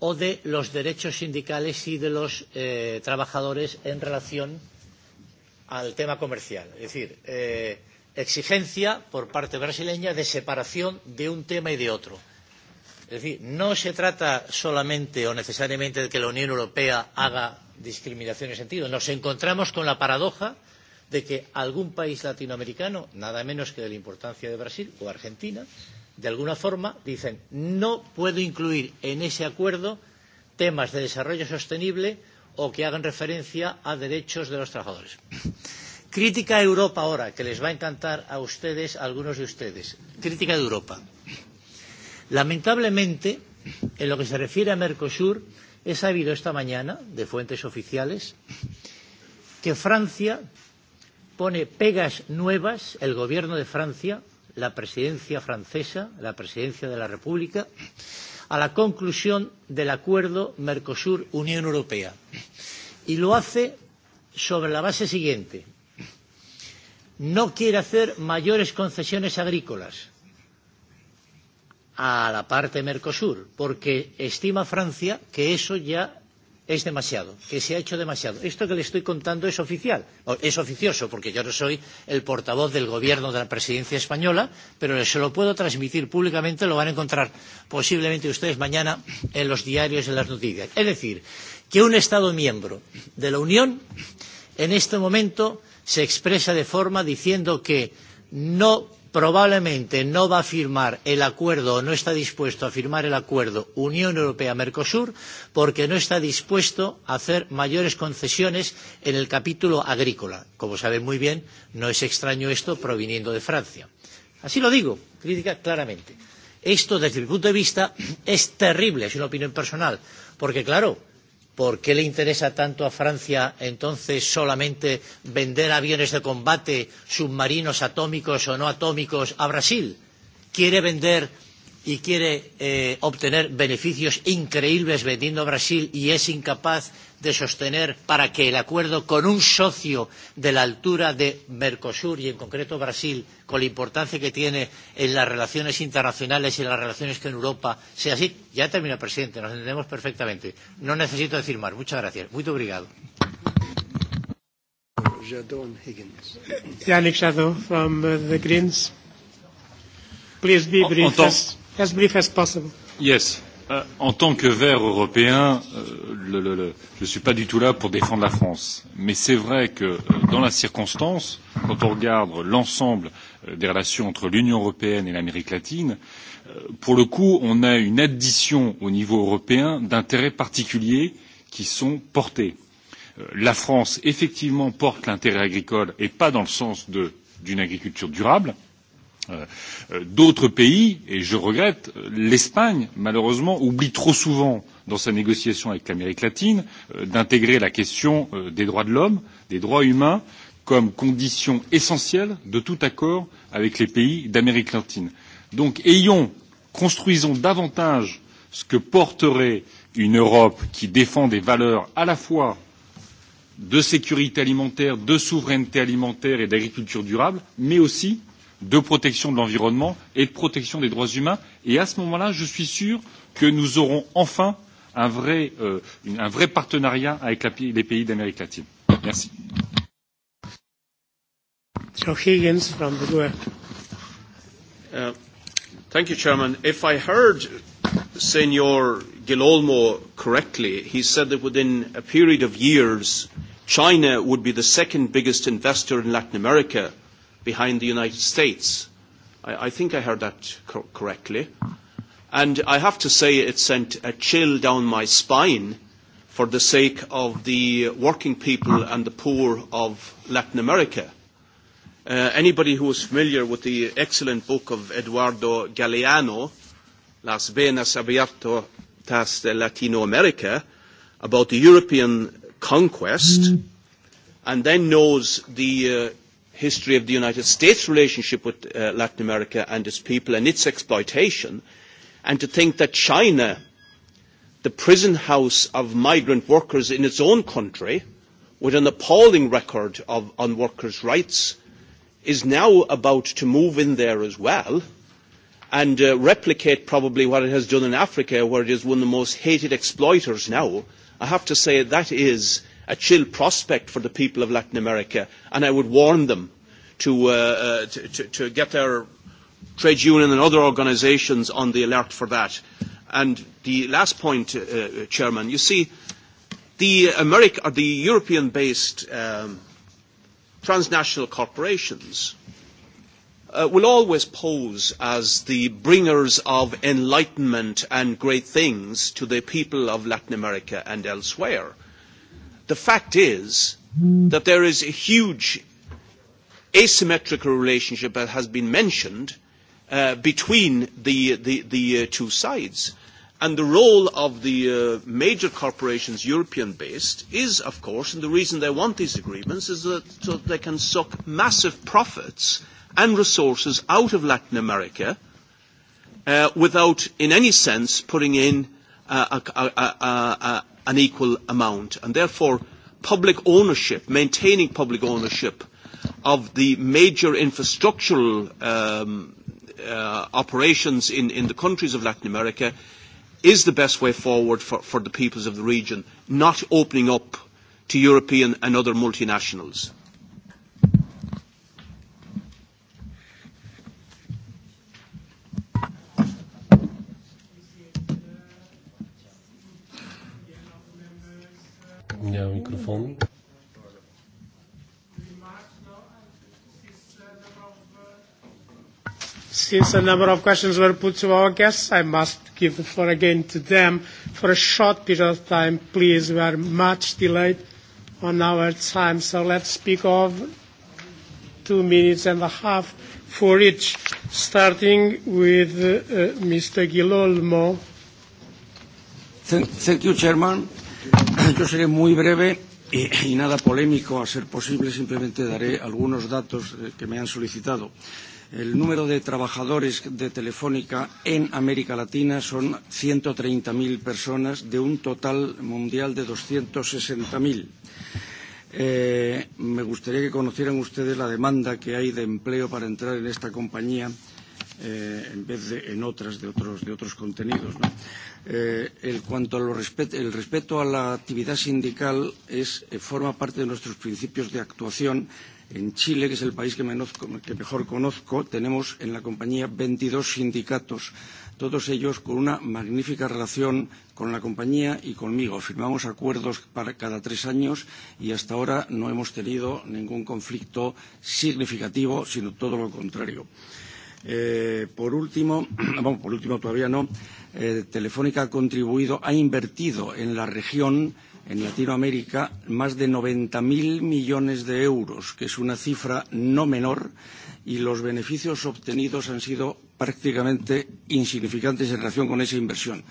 o de los derechos sindicales y de los eh, trabajadores en relación al tema comercial. Es decir, eh, exigencia por parte brasileña de separación de un tema y de otro. Es decir, no se trata solamente o necesariamente de que la Unión Europea haga discriminación en sentido. Nos encontramos con la paradoja de que algún país latinoamericano, nada menos que de la importancia de Brasil o Argentina, de alguna forma dicen no puedo incluir en ese acuerdo temas de desarrollo sostenible o que hagan referencia a derechos de los trabajadores. Crítica a Europa ahora, que les va a encantar a ustedes, a algunos de ustedes. Crítica de Europa. Lamentablemente, en lo que se refiere a Mercosur, he sabido esta mañana, de fuentes oficiales, que Francia pone pegas nuevas, el gobierno de Francia, la presidencia francesa, la presidencia de la República, a la conclusión del acuerdo Mercosur-Unión Europea. Y lo hace sobre la base siguiente. No quiere hacer mayores concesiones agrícolas a la parte Mercosur, porque estima Francia que eso ya es demasiado, que se ha hecho demasiado. Esto que le estoy contando es oficial, es oficioso, porque yo no soy el portavoz del gobierno de la presidencia española, pero se lo puedo transmitir públicamente, lo van a encontrar posiblemente ustedes mañana en los diarios, en las noticias. Es decir, que un Estado miembro de la Unión en este momento se expresa de forma diciendo que no probablemente no va a firmar el acuerdo o no está dispuesto a firmar el acuerdo Unión Europea-Mercosur porque no está dispuesto a hacer mayores concesiones en el capítulo agrícola. Como saben muy bien, no es extraño esto proviniendo de Francia. Así lo digo, crítica claramente. Esto, desde mi punto de vista, es terrible, es una opinión personal, porque claro, ¿Por qué le interesa tanto a Francia entonces solamente vender aviones de combate, submarinos atómicos o no atómicos a Brasil? ¿Quiere vender y quiere eh, obtener beneficios increíbles vendiendo a Brasil y es incapaz de sostener para que el acuerdo con un socio de la altura de Mercosur y en concreto Brasil, con la importancia que tiene en las relaciones internacionales y en las relaciones con Europa, sea así. Ya termina, presidente, nos entendemos perfectamente. No necesito decir más. Muchas gracias. Muy obrigado. Jadon Higgins. Yannick Jadot from uh, the Greens. Please be brief. On, on, as brief as possible. Yes. Uh, en tant que vert européen, uh, le, le, le, je ne suis pas du tout là pour défendre la France. Mais c'est vrai que uh, dans la circonstance, quand on regarde l'ensemble uh, des relations entre l'Union européenne et l'Amérique latine, uh, pour le coup, on a une addition au niveau européen d'intérêts particuliers qui sont portés. Uh, la France, effectivement, porte l'intérêt agricole et pas dans le sens d'une agriculture durable. Euh, Euh, d'autres pays, et je regrette, l'Espagne, malheureusement, oublie trop souvent dans sa négociation avec l'Amérique latine euh, d'intégrer la question euh, des droits de l'homme, des droits humains, comme condition essentielle de tout accord avec les pays d'Amérique latine. Donc ayons, construisons davantage ce que porterait une Europe qui défend des valeurs à la fois de sécurité alimentaire, de souveraineté alimentaire et d'agriculture durable, mais aussi de protection de l'environnement et de protection des droits humains et à ce moment là je suis sûr que nous aurons enfin un vrai, euh, une, un vrai partenariat avec la, les pays d'amérique latine. merci. E. Uh, thank you, Chairman. If I heard Senor Gilolmo correctly, he said that within a period of years, China would be the second biggest investor in Latin America behind the United States. I, I think I heard that cor correctly. And I have to say it sent a chill down my spine for the sake of the working people and the poor of Latin America. Uh, anybody who is familiar with the excellent book of Eduardo Galeano, Las Venas Abiertas de Latino America, about the European conquest, mm. and then knows the uh, history of the United States' relationship with uh, Latin America and its people and its exploitation, and to think that China, the prison house of migrant workers in its own country, with an appalling record of, on workers' rights, is now about to move in there as well and uh, replicate probably what it has done in Africa, where it is one of the most hated exploiters now. I have to say that is a chill prospect for the people of Latin America, and I would warn them to, uh, uh to, to, to get their trade union and other organisations on the alert for that. And the last point, uh, uh Chairman, you see, the, America, the European-based um, transnational corporations uh, will always pose as the bringers of enlightenment and great things to the people of Latin America and elsewhere. The fact is that there is a huge asymmetrical relationship that has been mentioned uh, between the, the, the uh, two sides. And the role of the uh, major corporations, European based, is, of course, and the reason they want these agreements is that so they can suck massive profits and resources out of Latin America uh, without, in any sense, putting in uh, a, a, a, an equal amount. And therefore, public ownership, maintaining public ownership of the major infrastructural um, uh, operations in, in the countries of Latin America is the best way forward for, for the peoples of the region, not opening up to European and other multinationals. měl mikrofon. Since a number of questions were put to our guests, I must give the floor again to them for a short period of time, please. We are much delayed on our time, so let's speak of two minutes and a half for each, starting with uh, Mr. Gilolmo. Thank, thank you, Chairman. Yo seré muy breve y, y nada polémico a ser posible. Simplemente daré algunos datos eh, que me han solicitado. El número de trabajadores de Telefónica en América Latina son 130.000 personas de un total mundial de 260.000. Eh, me gustaría que conocieran ustedes la demanda que hay de empleo para entrar en esta compañía eh, en vez de en otras de otros, de otros contenidos. ¿no? Eh, el, cuanto a lo respet el respeto a la actividad sindical es, eh, forma parte de nuestros principios de actuación. En Chile, que es el país que, menozco, que mejor conozco, tenemos en la compañía 22 sindicatos, todos ellos con una magnífica relación con la compañía y conmigo. Firmamos acuerdos para cada tres años y hasta ahora no hemos tenido ningún conflicto significativo, sino todo lo contrario. Eh, Eh, por último, bueno, por último todavía no, eh, Telefónica ha contribuido, ha invertido en la región, en Latinoamérica, más de 90.000 millones de euros, que es una cifra no menor, y los beneficios obtenidos han sido prácticamente insignificantes en relación con esa inversión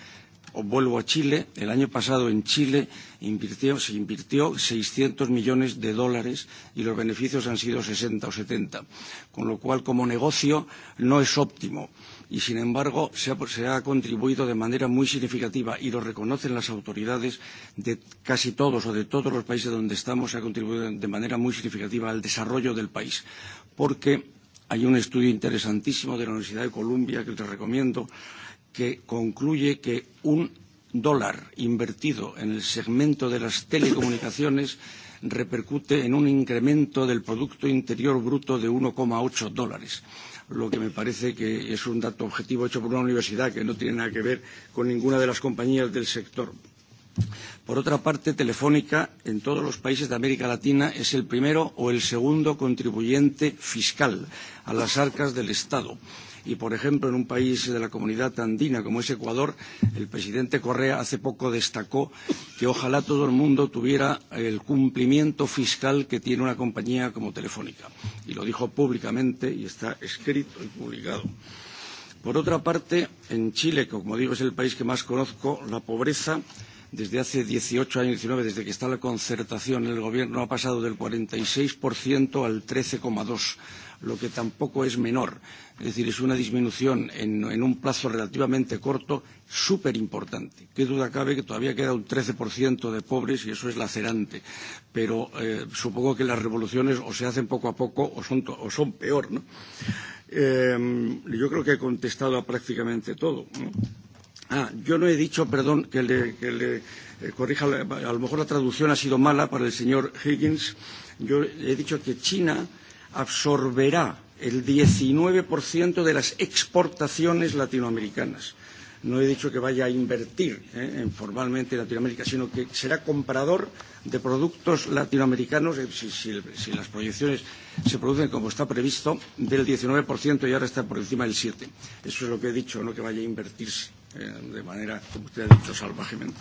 vuelvo a Chile, el año pasado en Chile invirtió, se invirtió 600 millones de dólares y los beneficios han sido 60 o 70, con lo cual como negocio no es óptimo y sin embargo se ha, se ha contribuido de manera muy significativa y lo reconocen las autoridades de casi todos o de todos los países donde estamos, se ha contribuido de manera muy significativa al desarrollo del país, porque hay un estudio interesantísimo de la Universidad de Columbia que les recomiendo que concluye que un dólar invertido en el segmento de las telecomunicaciones repercute en un incremento del Producto Interior Bruto de 1,8 dólares, lo que me parece que es un dato objetivo hecho por una universidad que no tiene nada que ver con ninguna de las compañías del sector. Por otra parte, Telefónica en todos los países de América Latina es el primero o el segundo contribuyente fiscal a las arcas del Estado Y, por ejemplo, en un país de la comunidad andina como es Ecuador, el presidente Correa hace poco destacó que ojalá todo el mundo tuviera el cumplimiento fiscal que tiene una compañía como Telefónica. Y lo dijo públicamente y está escrito y publicado. Por otra parte, en Chile, que como digo es el país que más conozco, la pobreza desde hace 18 años, 19, desde que está la concertación en el gobierno, ha pasado del 46% al 13,2%, lo que tampoco es menor. Es decir, es una disminución en, en un plazo relativamente corto súper importante. Qué duda cabe que todavía queda un 13% de pobres y eso es lacerante. Pero eh, supongo que las revoluciones o se hacen poco a poco o son, o son peor. ¿no? Eh, yo creo que he contestado a prácticamente todo. ¿no? Ah, yo no he dicho, perdón, que le, que le eh, corrija, a lo mejor la traducción ha sido mala para el señor Higgins. Yo he dicho que China absorberá el 19% de las exportaciones latinoamericanas. No he dicho que vaya a invertir eh, en formalmente en Latinoamérica, sino que será comprador de productos latinoamericanos, eh, si, si, si las proyecciones se producen como está previsto, del 19% y ahora está por encima del 7%. Eso es lo que he dicho, no que vaya a invertirse eh, de manera, como usted ha dicho, salvajemente.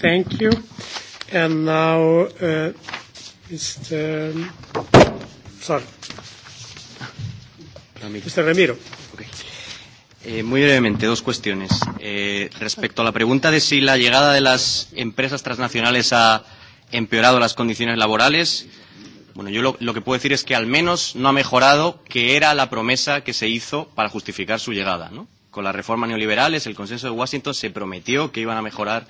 Thank you. And now, uh, Mr. Sorry. Ramiro. Mr. Ramiro. Okay. Eh, muy brevemente, dos cuestiones. Eh, respecto a la pregunta de si la llegada de las empresas transnacionales ha empeorado las condiciones laborales, bueno, yo lo, lo que puedo decir es que al menos no ha mejorado, que era la promesa que se hizo para justificar su llegada. ¿no? Con las reformas neoliberales, el consenso de Washington se prometió que iban a mejorar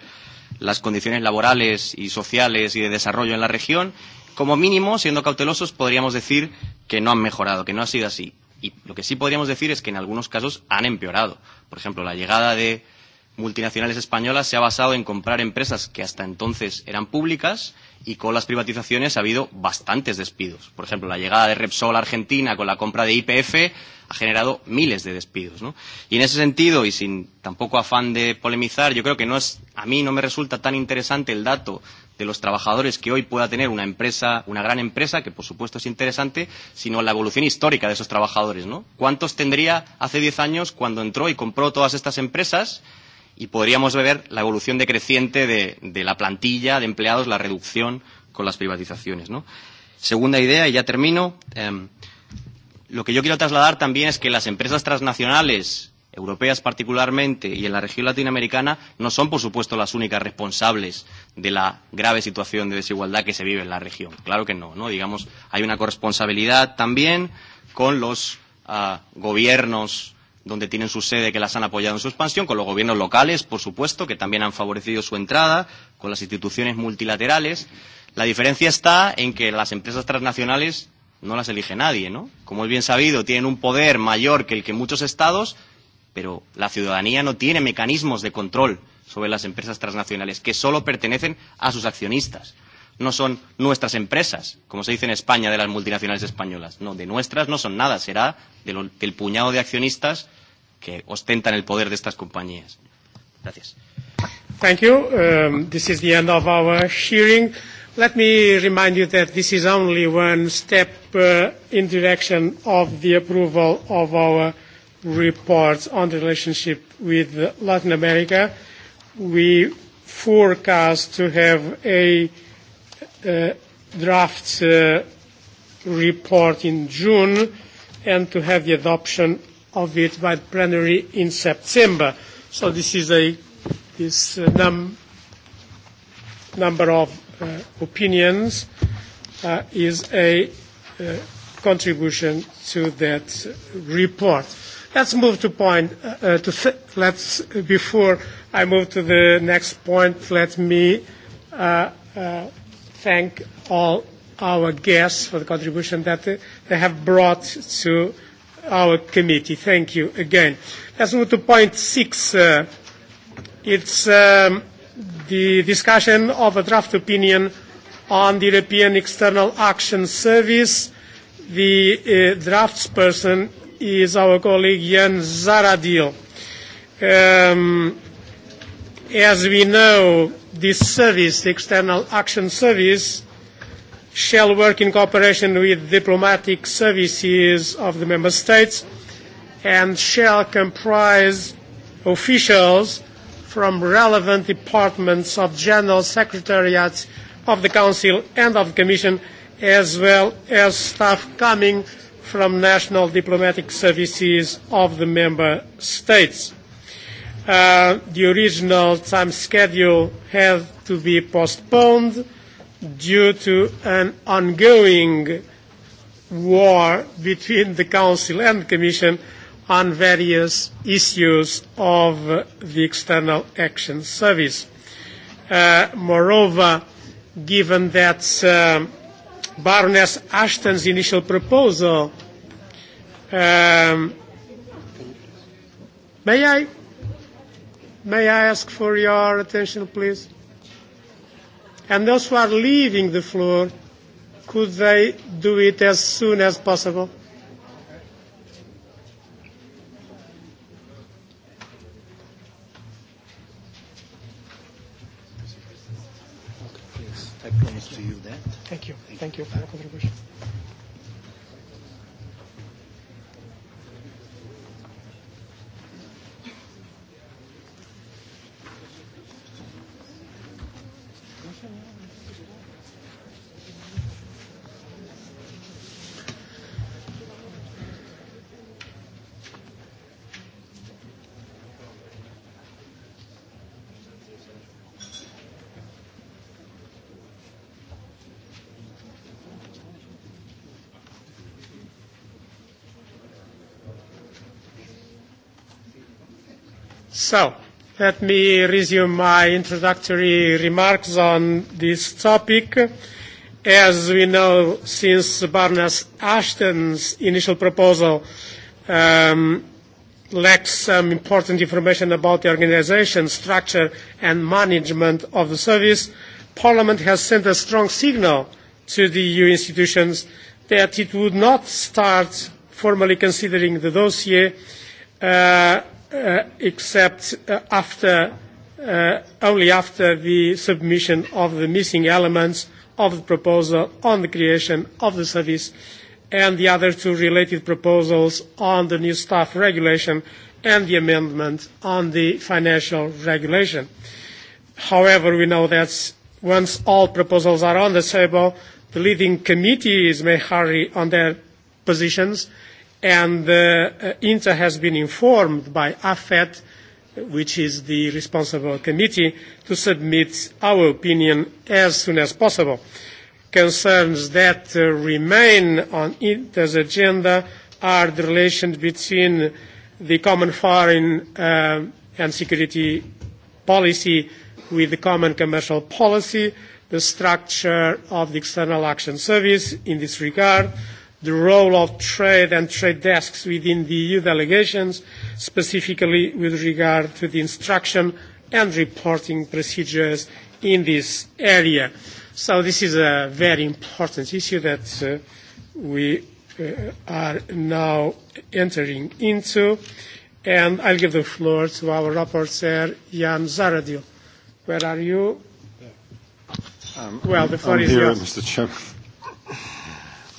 las condiciones laborales y sociales y de desarrollo en la región. Como mínimo, siendo cautelosos, podríamos decir que no han mejorado, que no ha sido así. Y lo que sí podríamos decir es que en algunos casos han empeorado. Por ejemplo, la llegada de multinacionales españolas se ha basado en comprar empresas que hasta entonces eran públicas y con las privatizaciones ha habido bastantes despidos. Por ejemplo, la llegada de Repsol a Argentina con la compra de IPF ha generado miles de despidos. ¿no? Y en ese sentido, y sin tampoco afán de polemizar, yo creo que no es, a mí no me resulta tan interesante el dato de los trabajadores que hoy pueda tener una empresa, una gran empresa, que por supuesto es interesante, sino la evolución histórica de esos trabajadores, ¿no? ¿Cuántos tendría hace 10 años cuando entró y compró todas estas empresas? Y podríamos ver la evolución decreciente de, de la plantilla de empleados, la reducción con las privatizaciones, ¿no? Segunda idea, y ya termino. Eh, lo que yo quiero trasladar también es que las empresas transnacionales europeas particularmente y en la región latinoamericana no son, por supuesto, las únicas responsables de la grave situación de desigualdad que se vive en la región. Claro que no, ¿no? Digamos, hay una corresponsabilidad también con los uh, gobiernos donde tienen su sede que las han apoyado en su expansión, con los gobiernos locales, por supuesto, que también han favorecido su entrada, con las instituciones multilaterales. La diferencia está en que las empresas transnacionales no las elige nadie, ¿no? Como es bien sabido, tienen un poder mayor que el que muchos estados, pero la ciudadanía no tiene mecanismos de control sobre las empresas transnacionales que solo pertenecen a sus accionistas. No son nuestras empresas, como se dice en España de las multinacionales españolas. No, de nuestras no son nada, será de lo, del puñado de accionistas que ostentan el poder de estas compañías. Gracias. Thank you. Um, this is the end of our hearing. Let me remind you that this is only one step uh, in direction of the approval of our reports on the relationship with Latin America. We forecast to have a draft uh, report in June and to have the adoption of it by plenary in September. So this is a this uh, num, number of uh, opinions uh, is a uh, contribution to that report. Let's move to point, uh, uh to th- let's, before I move to the next point, let me uh, uh, thank all our guests for the contribution that they have brought to our committee. Thank you again. Let's move to point six. Uh, it's um, the discussion of a draft opinion on the European External Action Service. The uh, draftsperson is our colleague Jan Zaradil. Um, as we know, this service, the External Action Service, shall work in cooperation with diplomatic services of the member states and shall comprise officials from relevant departments of general secretariats of the council and of the commission as well as staff coming from national diplomatic services of the member states. Uh, the original time schedule had to be postponed due to an ongoing war between the Council and the Commission on various issues of the External Action Service. Uh, moreover, given that uh, Baroness Ashton's initial proposal Um, may I may I ask for your attention, please? And those who are leaving the floor, could they do it as soon as possible? Thank you. Thank you for your contribution. So, let me resume my introductory remarks on this topic. As we know, since Barnes Ashton's initial proposal um, lacks some important information about the organization, structure, and management of the service, Parliament has sent a strong signal to the EU institutions that it would not start formally considering the dossier uh, Uh, except uh, after, uh, only after the submission of the missing elements of the proposal on the creation of the service and the other two related proposals on the new staff regulation and the amendment on the financial regulation. However, we know that once all proposals are on the table, the leading committees may hurry on their positions and uh, INTA has been informed by AFET, which is the responsible committee, to submit our opinion as soon as possible. Concerns that uh, remain on INTA's agenda are the relations between the common foreign uh, and security policy with the common commercial policy, the structure of the external action service in this regard, the role of trade and trade desks within the EU delegations, specifically with regard to the instruction and reporting procedures in this area. So this is a very important issue that uh, we uh, are now entering into. And I'll give the floor to our rapporteur, Jan Zaradil. Where are you? Um, well, the floor I'm is here, yours. Mr. Chairman.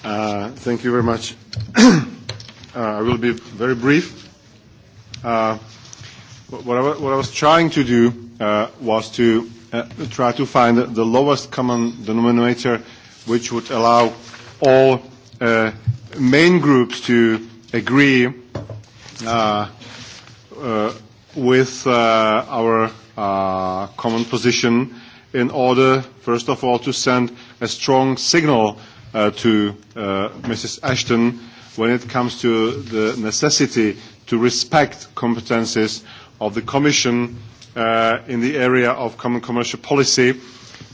Uh, thank you very much. Uh, I will be very brief. Uh, what, I, was trying to do was to try to find the lowest common denominator which would allow all main groups to agree with our common position in order, first of all, to send a strong signal uh, to uh, Mrs. Ashton when it comes to the necessity to respect competences of the Commission uh, in the area of common commercial policy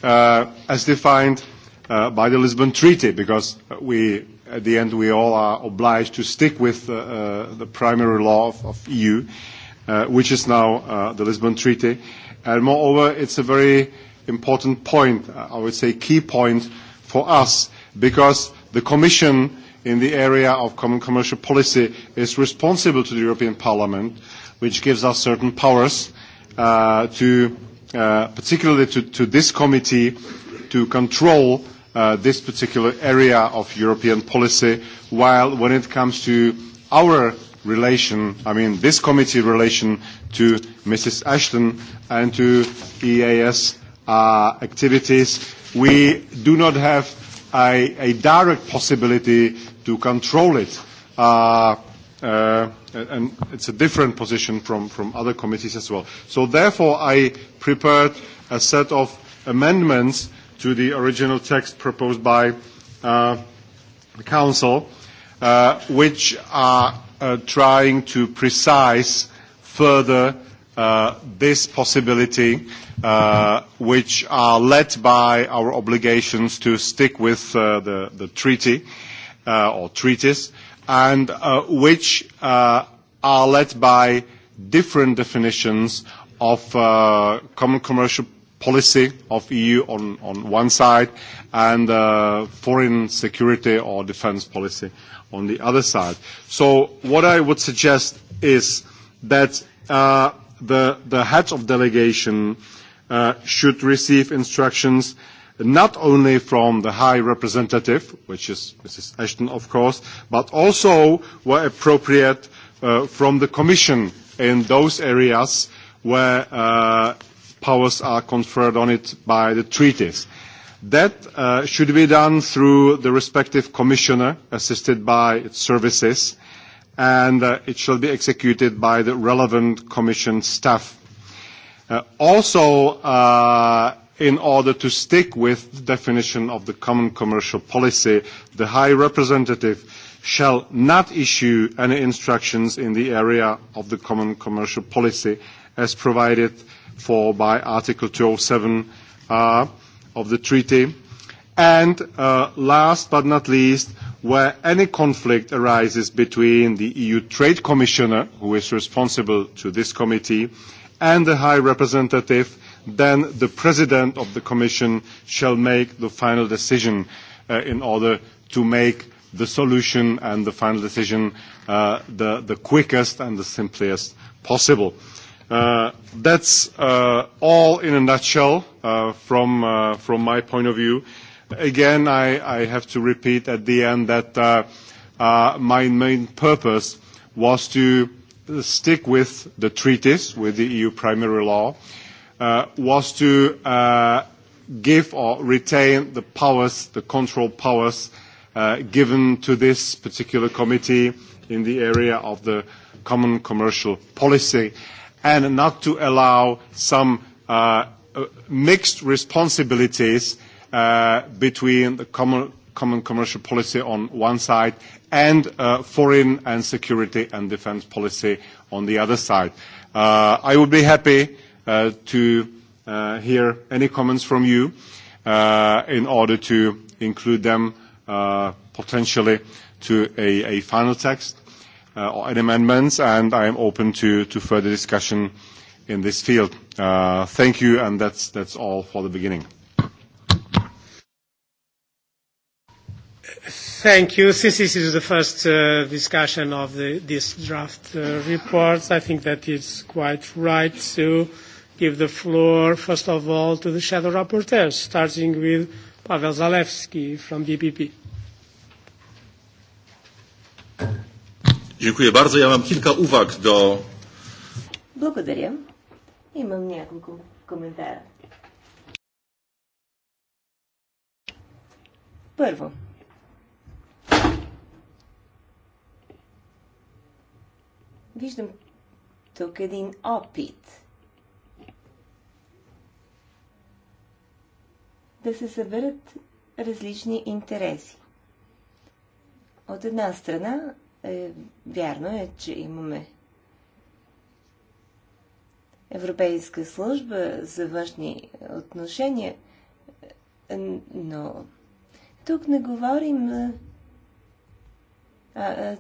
uh, as defined uh, by the Lisbon Treaty, because we, at the end, we all are obliged to stick with uh, uh, the primary law of, of EU, uh, which is now uh, the Lisbon Treaty. And moreover, it's a very important point, uh, I would say key point for us because the Commission in the area of common commercial policy is responsible to the European Parliament, which gives us certain powers uh, to, uh, particularly to, to this committee, to control uh, this particular area of European policy, while when it comes to our relation, I mean this committee relation to Mrs. Ashton and to EAS uh, activities, we do not have a, direct possibility to control it. Uh, uh, and it's a different position from, from other committees as well. So therefore, I prepared a set of amendments to the original text proposed by uh, the Council, uh, which are uh, trying to precise further Uh, this possibility, uh, which are led by our obligations to stick with uh, the, treaty or treaties, and which are led by different definitions of common commercial policy of EU on, one side and foreign security or defense policy on the other side. So what I would suggest is that the, the heads of delegation uh, should receive instructions not only from the High Representative, which is Mrs. Ashton, of course, but also, where appropriate, uh, from the Commission in those areas where uh, powers are conferred on it by the treaties. That uh, should be done through the respective commissioner, assisted by its services, and uh, it shall be executed by the relevant commission staff. Uh, also, uh, in order to stick with the definition of the common commercial policy, the High Representative shall not issue any instructions in the area of the common commercial policy as provided for by Article 207 uh, of the treaty. And uh, last but not least, where any conflict arises between the EU Trade Commissioner, who is responsible to this committee, and the High Representative, then the President of the Commission shall make the final decision uh, in order to make the solution and the final decision uh, the, the quickest and the simplest possible. Uh, that's uh, all in a nutshell uh, from, uh, from my point of view. Uh, Again, I, I have to repeat at the end that uh, uh, my main purpose was to stick with the treaties, with the EU primary law, uh, was to uh, give or retain the powers, the control powers uh, given to this particular committee in the area of the common commercial policy, and not to allow some uh, mixed responsibilities Uh, between the common, commercial policy on one side and uh, foreign and security and defense policy on the other side. Uh, I would be happy to hear any comments from you in order to include them potentially to a, final text or any amendments, and I am open to, further discussion in this field. thank you, and that's all for the beginning. Thank you. Since this is the first uh, discussion of the, this draft uh, report, I think that it's quite right to give the floor, first of all, to the shadow rapporteurs, starting with Pavel Zalewski from DPP. Dziękuję bardzo. Ja mam kilka uwag do... Благодаря. Имам няколко коментара. Първо, Виждам тук един опит да се съберат различни интереси. От една страна, е, вярно е, че имаме Европейска служба за външни отношения, но тук не говорим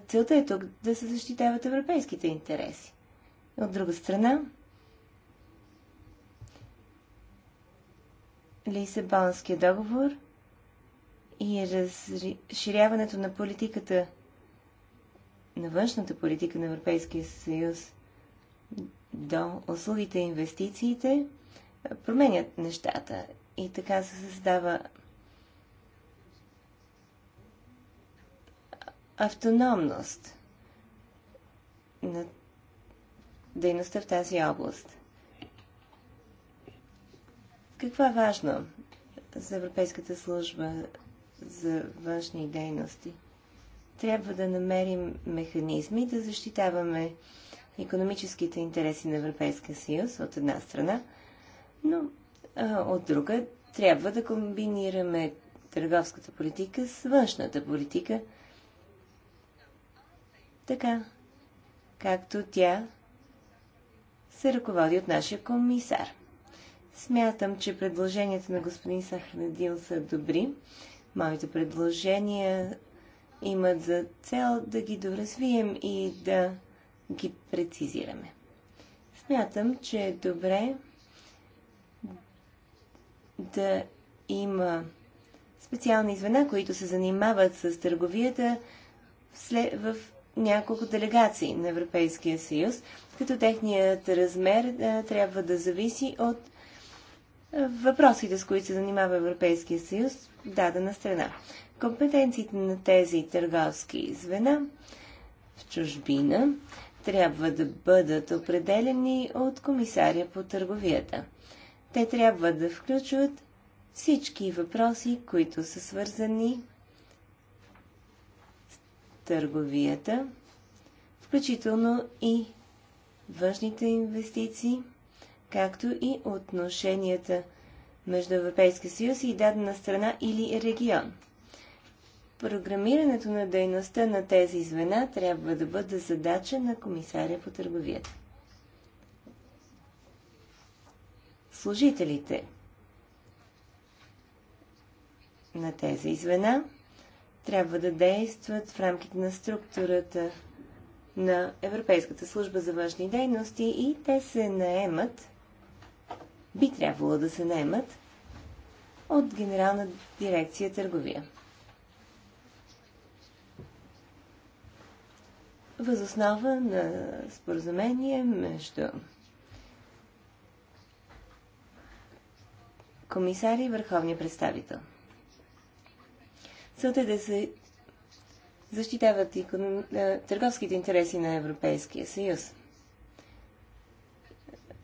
целта е тук да се защитават европейските интереси. От друга страна, Лисабонския договор и разширяването на политиката, на външната политика на Европейския съюз до услугите и инвестициите, променят нещата. И така се създава автономност на дейността в тази област. Какво е важно за Европейската служба за външни дейности? Трябва да намерим механизми да защитаваме економическите интереси на Европейския съюз от една страна, но а, от друга трябва да комбинираме търговската политика с външната политика – така както тя се ръководи от нашия комисар. Смятам, че предложенията на господин Сахранедил са добри. Моите предложения имат за цел да ги доразвием и да ги прецизираме. Смятам, че е добре да има специални звена, които се занимават с търговията в няколко делегации на Европейския съюз, като техният размер а, трябва да зависи от въпросите, с които се занимава Европейския съюз в дадена страна. Компетенциите на тези търговски звена в чужбина трябва да бъдат определени от комисаря по търговията. Те трябва да включват всички въпроси, които са свързани търговията, включително и външните инвестиции, както и отношенията между Европейския съюз и дадена страна или регион. Програмирането на дейността на тези звена трябва да бъде задача на комисаря по търговията. Служителите на тези звена трябва да действат в рамките на структурата на Европейската служба за външни дейности и те се наемат, би трябвало да се наемат от Генерална дирекция търговия. Възоснова на споразумение между комисари и върховния представител – Целта е да се защитават економ... търговските интереси на Европейския съюз.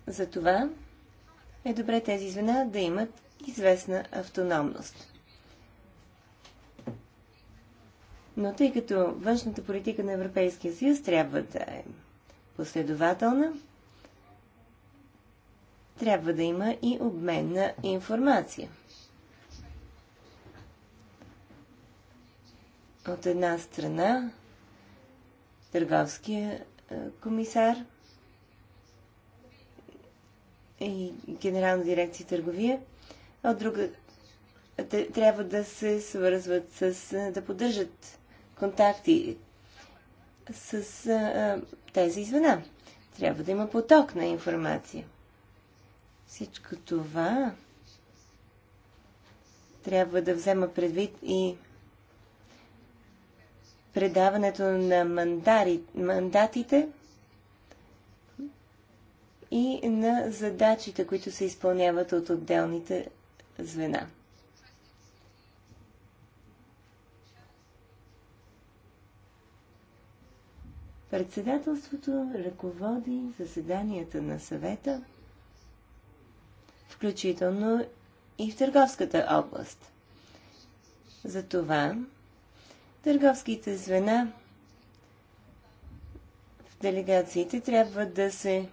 Затова е добре тези звена да имат известна автономност. Но тъй като външната политика на Европейския съюз трябва да е последователна, трябва да има и обмен на информация – От една страна търговския комисар и генерална дирекция търговия, а от друга трябва да се свързват с, да поддържат контакти с а, тези звена. Трябва да има поток на информация. Всичко това трябва да взема предвид и предаването на мандари, мандатите и на задачите, които се изпълняват от отделните звена. Председателството ръководи заседанията на съвета, включително и в търговската област. Затова Търговските звена в делегациите трябва да се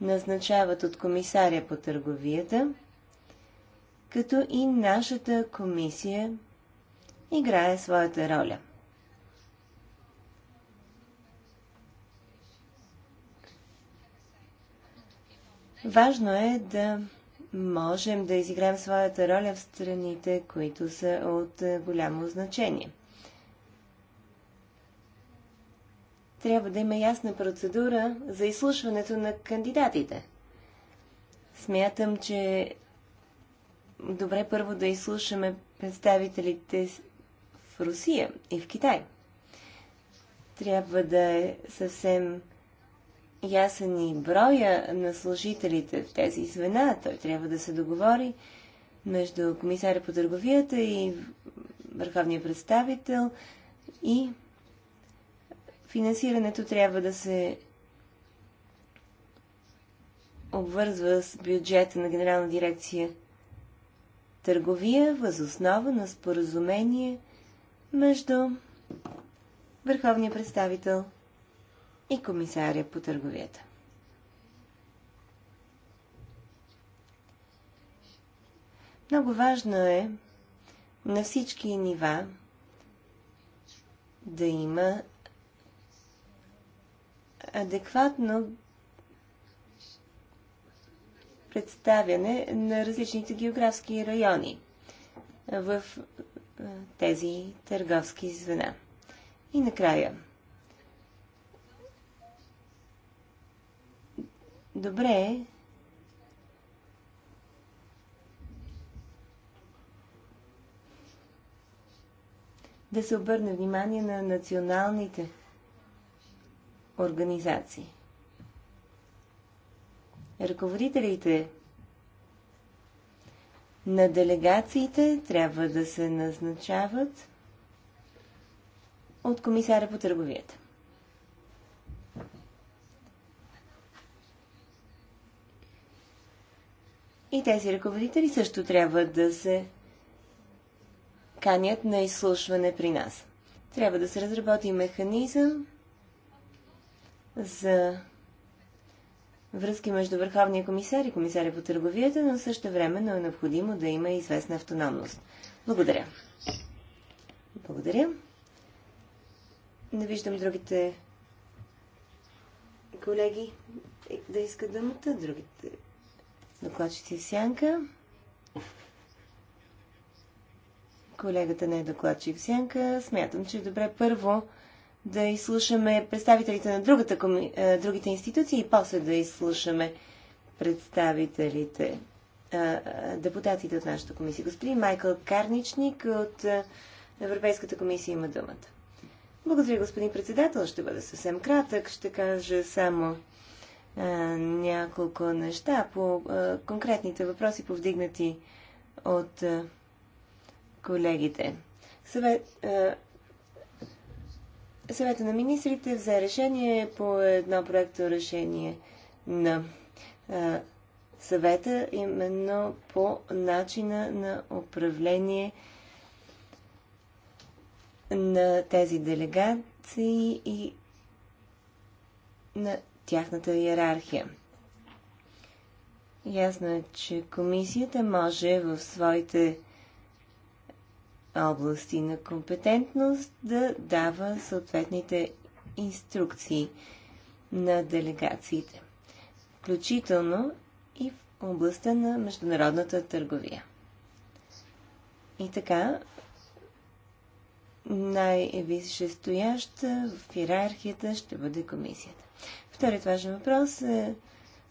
назначават от комисаря по търговията, като и нашата комисия играе своята роля. Важно е да можем да изиграем своята роля в страните, които са от голямо значение – трябва да има ясна процедура за изслушването на кандидатите. Смятам, че добре първо да изслушаме представителите в Русия и в Китай. Трябва да е съвсем ясен и броя на служителите в тези звена. Той трябва да се договори между комисаря по търговията и върховния представител и Финансирането трябва да се обвързва с бюджета на Генерална дирекция търговия възоснова на споразумение между върховния представител и комисаря по търговията. Много важно е на всички нива да има адекватно представяне на различните географски райони в тези търговски звена. И накрая. Добре е да се обърне внимание на националните организации. Ръководителите на делегациите трябва да се назначават от комисара по търговията. И тези ръководители също трябва да се канят на изслушване при нас. Трябва да се разработи механизъм, с връзки между Върховния комисар и комисаря по търговията, но също време но е необходимо да има известна автономност. Благодаря. Благодаря. Не виждам другите колеги да искат думата, другите докладчици в сянка. Колегата не е докладчик в сянка. Смятам, че добре първо да изслушаме представителите на другата, коми... другите институции и после да изслушаме представителите, депутатите от нашата комисия. Господин Майкъл Карничник от Европейската комисия има думата. Благодаря, господин председател. Ще бъда съвсем кратък. Ще кажа само а, няколко неща по а, конкретните въпроси, повдигнати от а, колегите. Съвет, съвета на министрите взе решение по едно проекто решение на съвета, именно по начина на управление на тези делегации и на тяхната иерархия. Ясно е, че комисията може в своите области на компетентност да дава съответните инструкции на делегациите, включително и в областта на международната търговия. И така, най-висшестояща в иерархията ще бъде комисията. Вторият важен въпрос е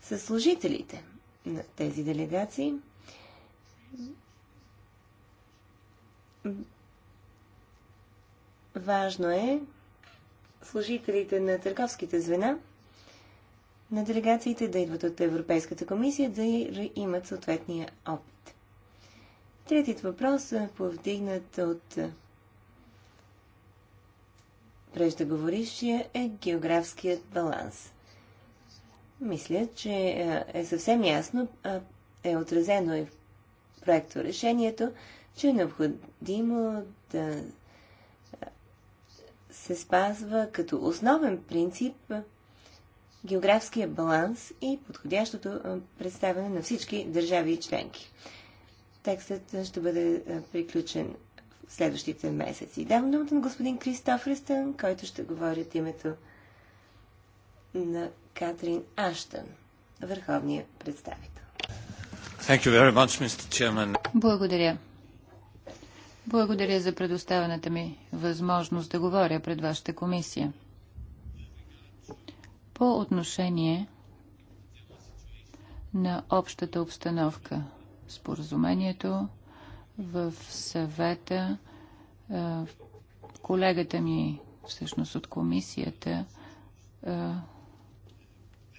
със служителите на тези делегации. Важно е служителите на търговските звена на делегациите да идват от Европейската комисия, да имат съответния опит. Третият въпрос, е повдигнат от преждеговорившия, е географският баланс. Мисля, че е съвсем ясно, е отразено и в проекто решението, че е необходимо да се спазва като основен принцип географския баланс и подходящото представяне на всички държави и членки. Текстът ще бъде приключен в следващите месеци. Давам думата на господин Кристоф Рестън, който ще говори от името на Катрин Аштън, върховния представител. Much, Благодаря, Благодаря за предоставената ми възможност да говоря пред вашата комисия. По отношение на общата обстановка, споразумението в съвета, колегата ми всъщност от комисията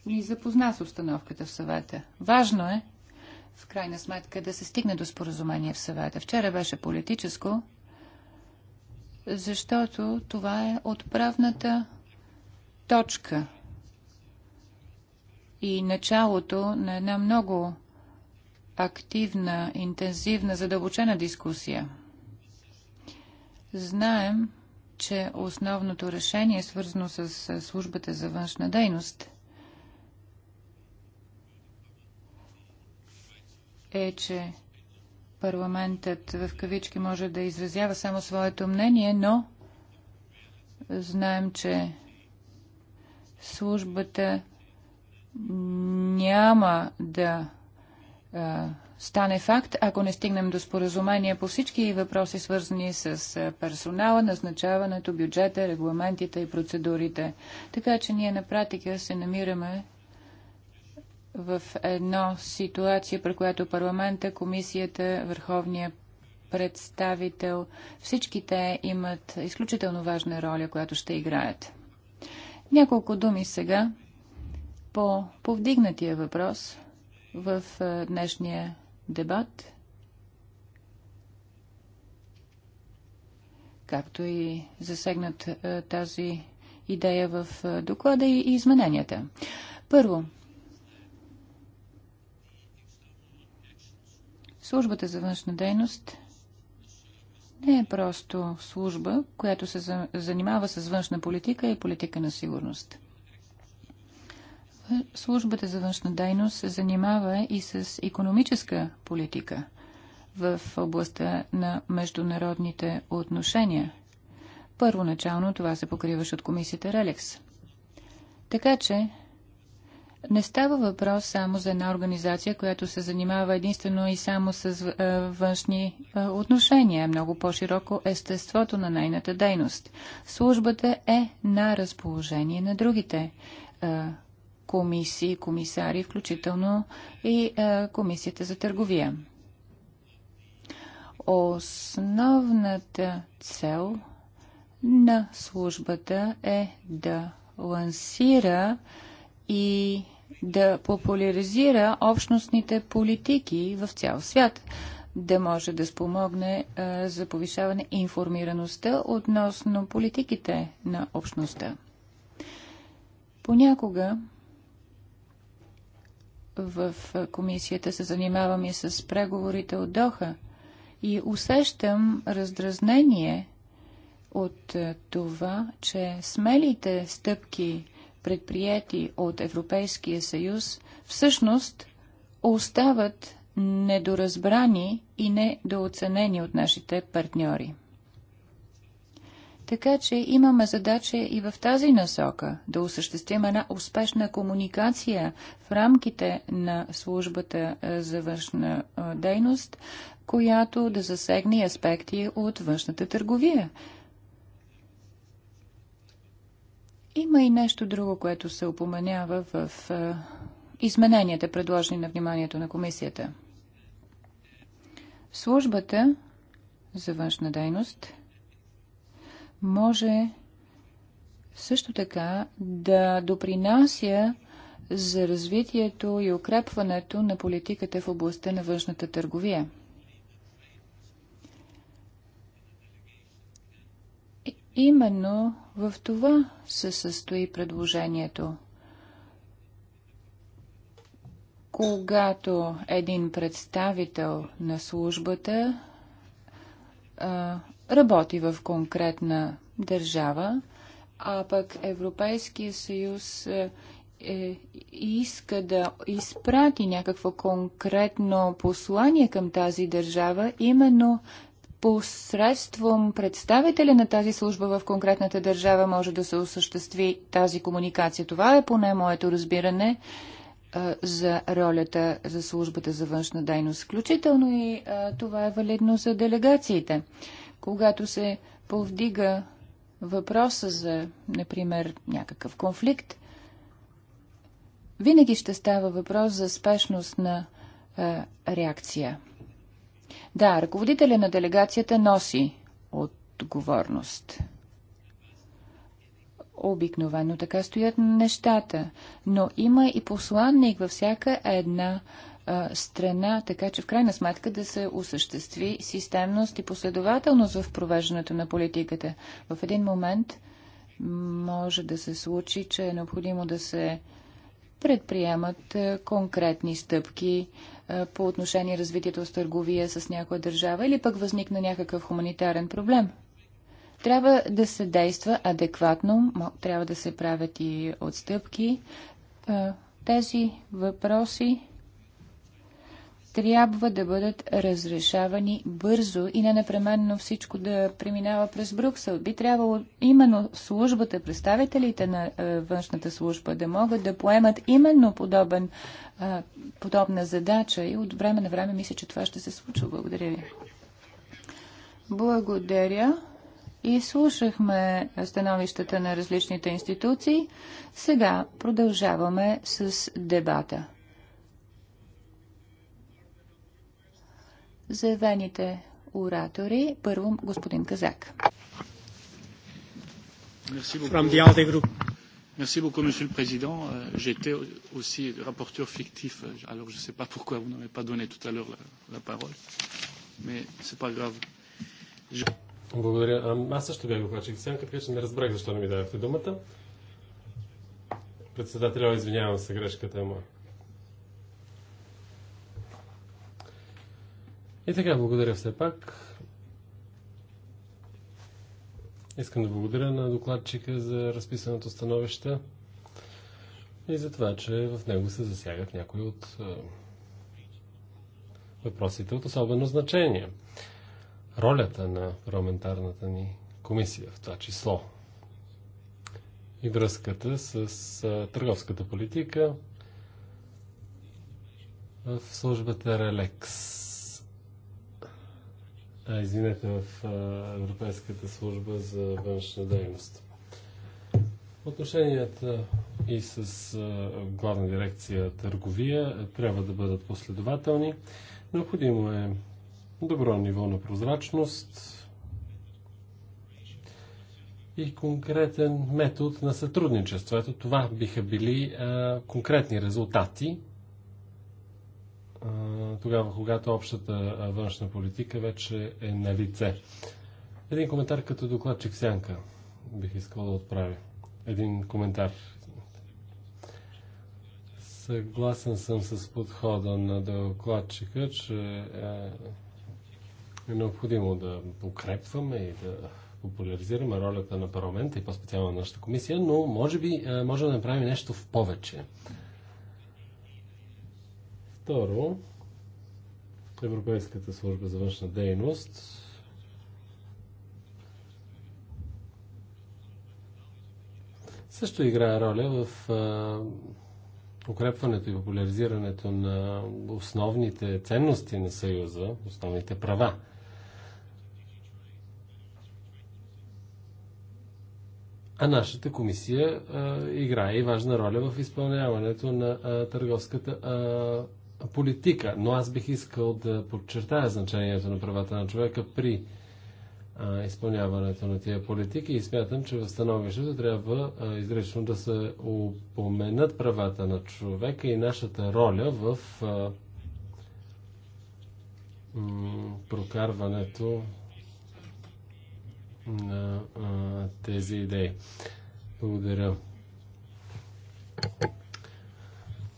ни запозна с обстановката в съвета. Важно е в крайна сметка да се стигне до споразумение в съвета. Вчера беше политическо, защото това е отправната точка и началото на една много активна, интензивна, задълбочена дискусия. Знаем, че основното решение е свързано с службата за външна дейност – е, че парламентът в кавички може да изразява само своето мнение, но знаем, че службата няма да а, стане факт, ако не стигнем до споразумение по всички въпроси, свързани с персонала, назначаването, бюджета, регламентите и процедурите. Така че ние на практика се намираме в една ситуация, при която парламента, комисията, върховния представител, всички те имат изключително важна роля, която ще играят. Няколко думи сега по повдигнатия въпрос в днешния дебат, както и засегнат тази идея в доклада и измененията. Първо, Службата за външна дейност не е просто служба, която се занимава с външна политика и политика на сигурност. Службата за външна дейност се занимава и с економическа политика в областта на международните отношения. Първоначално това се покриваше от комисията Релекс. Така че Не става въпрос само за една организация, която се занимава единствено и само с външни отношения. Много по-широко естеството на нейната дейност. Службата е на разположение на другите комисии, комисари, включително и комисията за търговия. Основната цел на службата е да лансира и да популяризира общностните политики в цял свят, да може да спомогне а, за повишаване информираността относно политиките на общността. Понякога в комисията се занимавам и с преговорите от Доха и усещам раздразнение от това, че смелите стъпки – предприяти от Европейския съюз, всъщност остават недоразбрани и недооценени от нашите партньори. Така че имаме задача и в тази насока да осъществим една успешна комуникация в рамките на службата за външна дейност, която да засегне аспекти от външната търговия. Има и нещо друго, което се упоменява в, измененията, предложени на вниманието на комисията. Службата за външна дейност може също така да допринася за развитието и укрепването на политиката в областта на външната търговия. Именно В това се състои предложението. Когато един представител на службата а, работи в конкретна държава, а пък Европейския съюз е, иска да изпрати някакво конкретно послание към тази държава, именно посредством представители на тази служба в конкретната държава може да се осъществи тази комуникация. Това е поне моето разбиране за ролята за службата за външна дейност. Включително и това е валидно за делегациите. Когато се повдига въпроса за, например, някакъв конфликт, винаги ще става въпрос за спешност на реакция. Да, ръководителя на делегацията носи отговорност. Обикновено така стоят нещата, но има и посланник във всяка една а, страна, така че в крайна сметка да се осъществи системност и последователност в провеждането на политиката. В един момент може да се случи, че е необходимо да се предприемат конкретни стъпки по отношение развитието с търговия с някоя държава или пък възникне някакъв хуманитарен проблем. Трябва да се действа адекватно, трябва да се правят и отстъпки. Тези въпроси трябва да бъдат разрешавани бързо и не непременно всичко да преминава през Бруксел. Би трябвало именно службата, представителите на е, външната служба да могат да поемат именно подобен, е, подобна задача и от време на време мисля, че това ще се случва. Благодаря ви. Благодаря. И слушахме становищата на различните институции. Сега продължаваме с дебата. заявените оратори. Първо господин Казак. From the Group. Merci beaucoup, Monsieur le Président. Euh, j'étais aussi rapporteur fictif, euh, alors je ne sais pas pourquoi vous n'avez pas donné tout à l'heure la, la parole, mais n'est pas grave. Je... Благодаря. А, аз също бях докладчик сянка, така че не разбрах защо не ми дадохте думата. Председателя, извинявам се, грешката е моя. И така, благодаря все пак. Искам да благодаря на докладчика за разписаното становище и за това, че в него се засягат някои от е, въпросите от особено значение. Ролята на парламентарната ни комисия в това число и връзката с е, търговската политика в службата Релекс а, извинете, в а, Европейската служба за външна дейност. Отношенията и с а, главна дирекция търговия трябва да бъдат последователни. Необходимо е добро ниво на прозрачност и конкретен метод на сътрудничество. Ето това биха били а, конкретни резултати тогава, когато общата външна политика вече е на лице. Един коментар като докладчик Сянка бих искал да отправя. Един коментар. Съгласен съм с подхода на докладчика, че е необходимо да укрепваме и да популяризираме ролята на парламента и по-специално на нашата комисия, но може би можем да направим нещо в повече. Второ, Европейската служба за външна дейност също играе роля в укрепването и популяризирането на основните ценности на Съюза, основните права. А нашата комисия а, играе и важна роля в изпълняването на а, търговската а, политика, но аз бих искал да подчертая значението на правата на човека при а, изпълняването на тия политики и смятам, че в становището трябва а, изрично да се упоменат правата на човека и нашата роля в а, прокарването на а, тези идеи. Благодаря.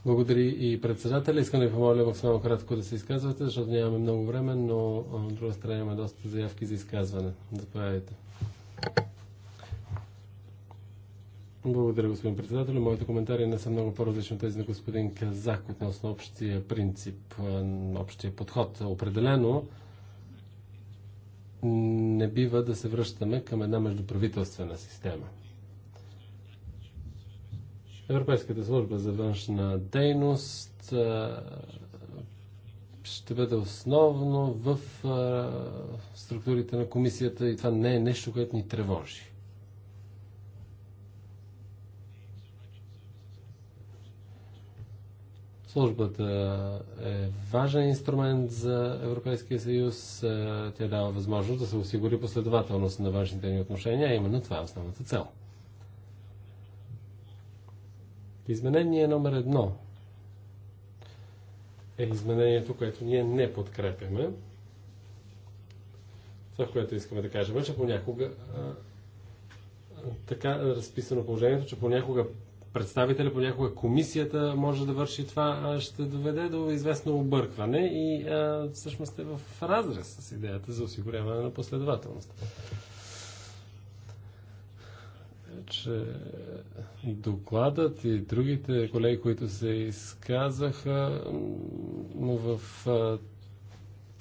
Благодаря и председателя. Искам да ви помоля в само кратко да се изказвате, защото нямаме много време, но от друга страна имаме доста заявки за изказване. Заповядайте. Благодаря, господин председател. Моите коментари не са много по-различни от тези на господин Казах относно общия принцип, общия подход. Определено не бива да се връщаме към една междуправителствена система – Европейската служба за външна дейност ще бъде основно в структурите на комисията и това не е нещо, което ни тревожи. Службата е важен инструмент за Европейския съюз. Тя дава възможност да се осигури последователност на външните ни отношения, а именно това е основната цел. Изменение номер едно е изменението, което ние не подкрепяме. Това, което искаме да кажем, е, че понякога а, така е разписано положението, че понякога представителя, понякога комисията може да върши това, а ще доведе до известно объркване и а, всъщност е в разрез с идеята за осигуряване на последователност че докладът и другите колеги, които се изказаха в,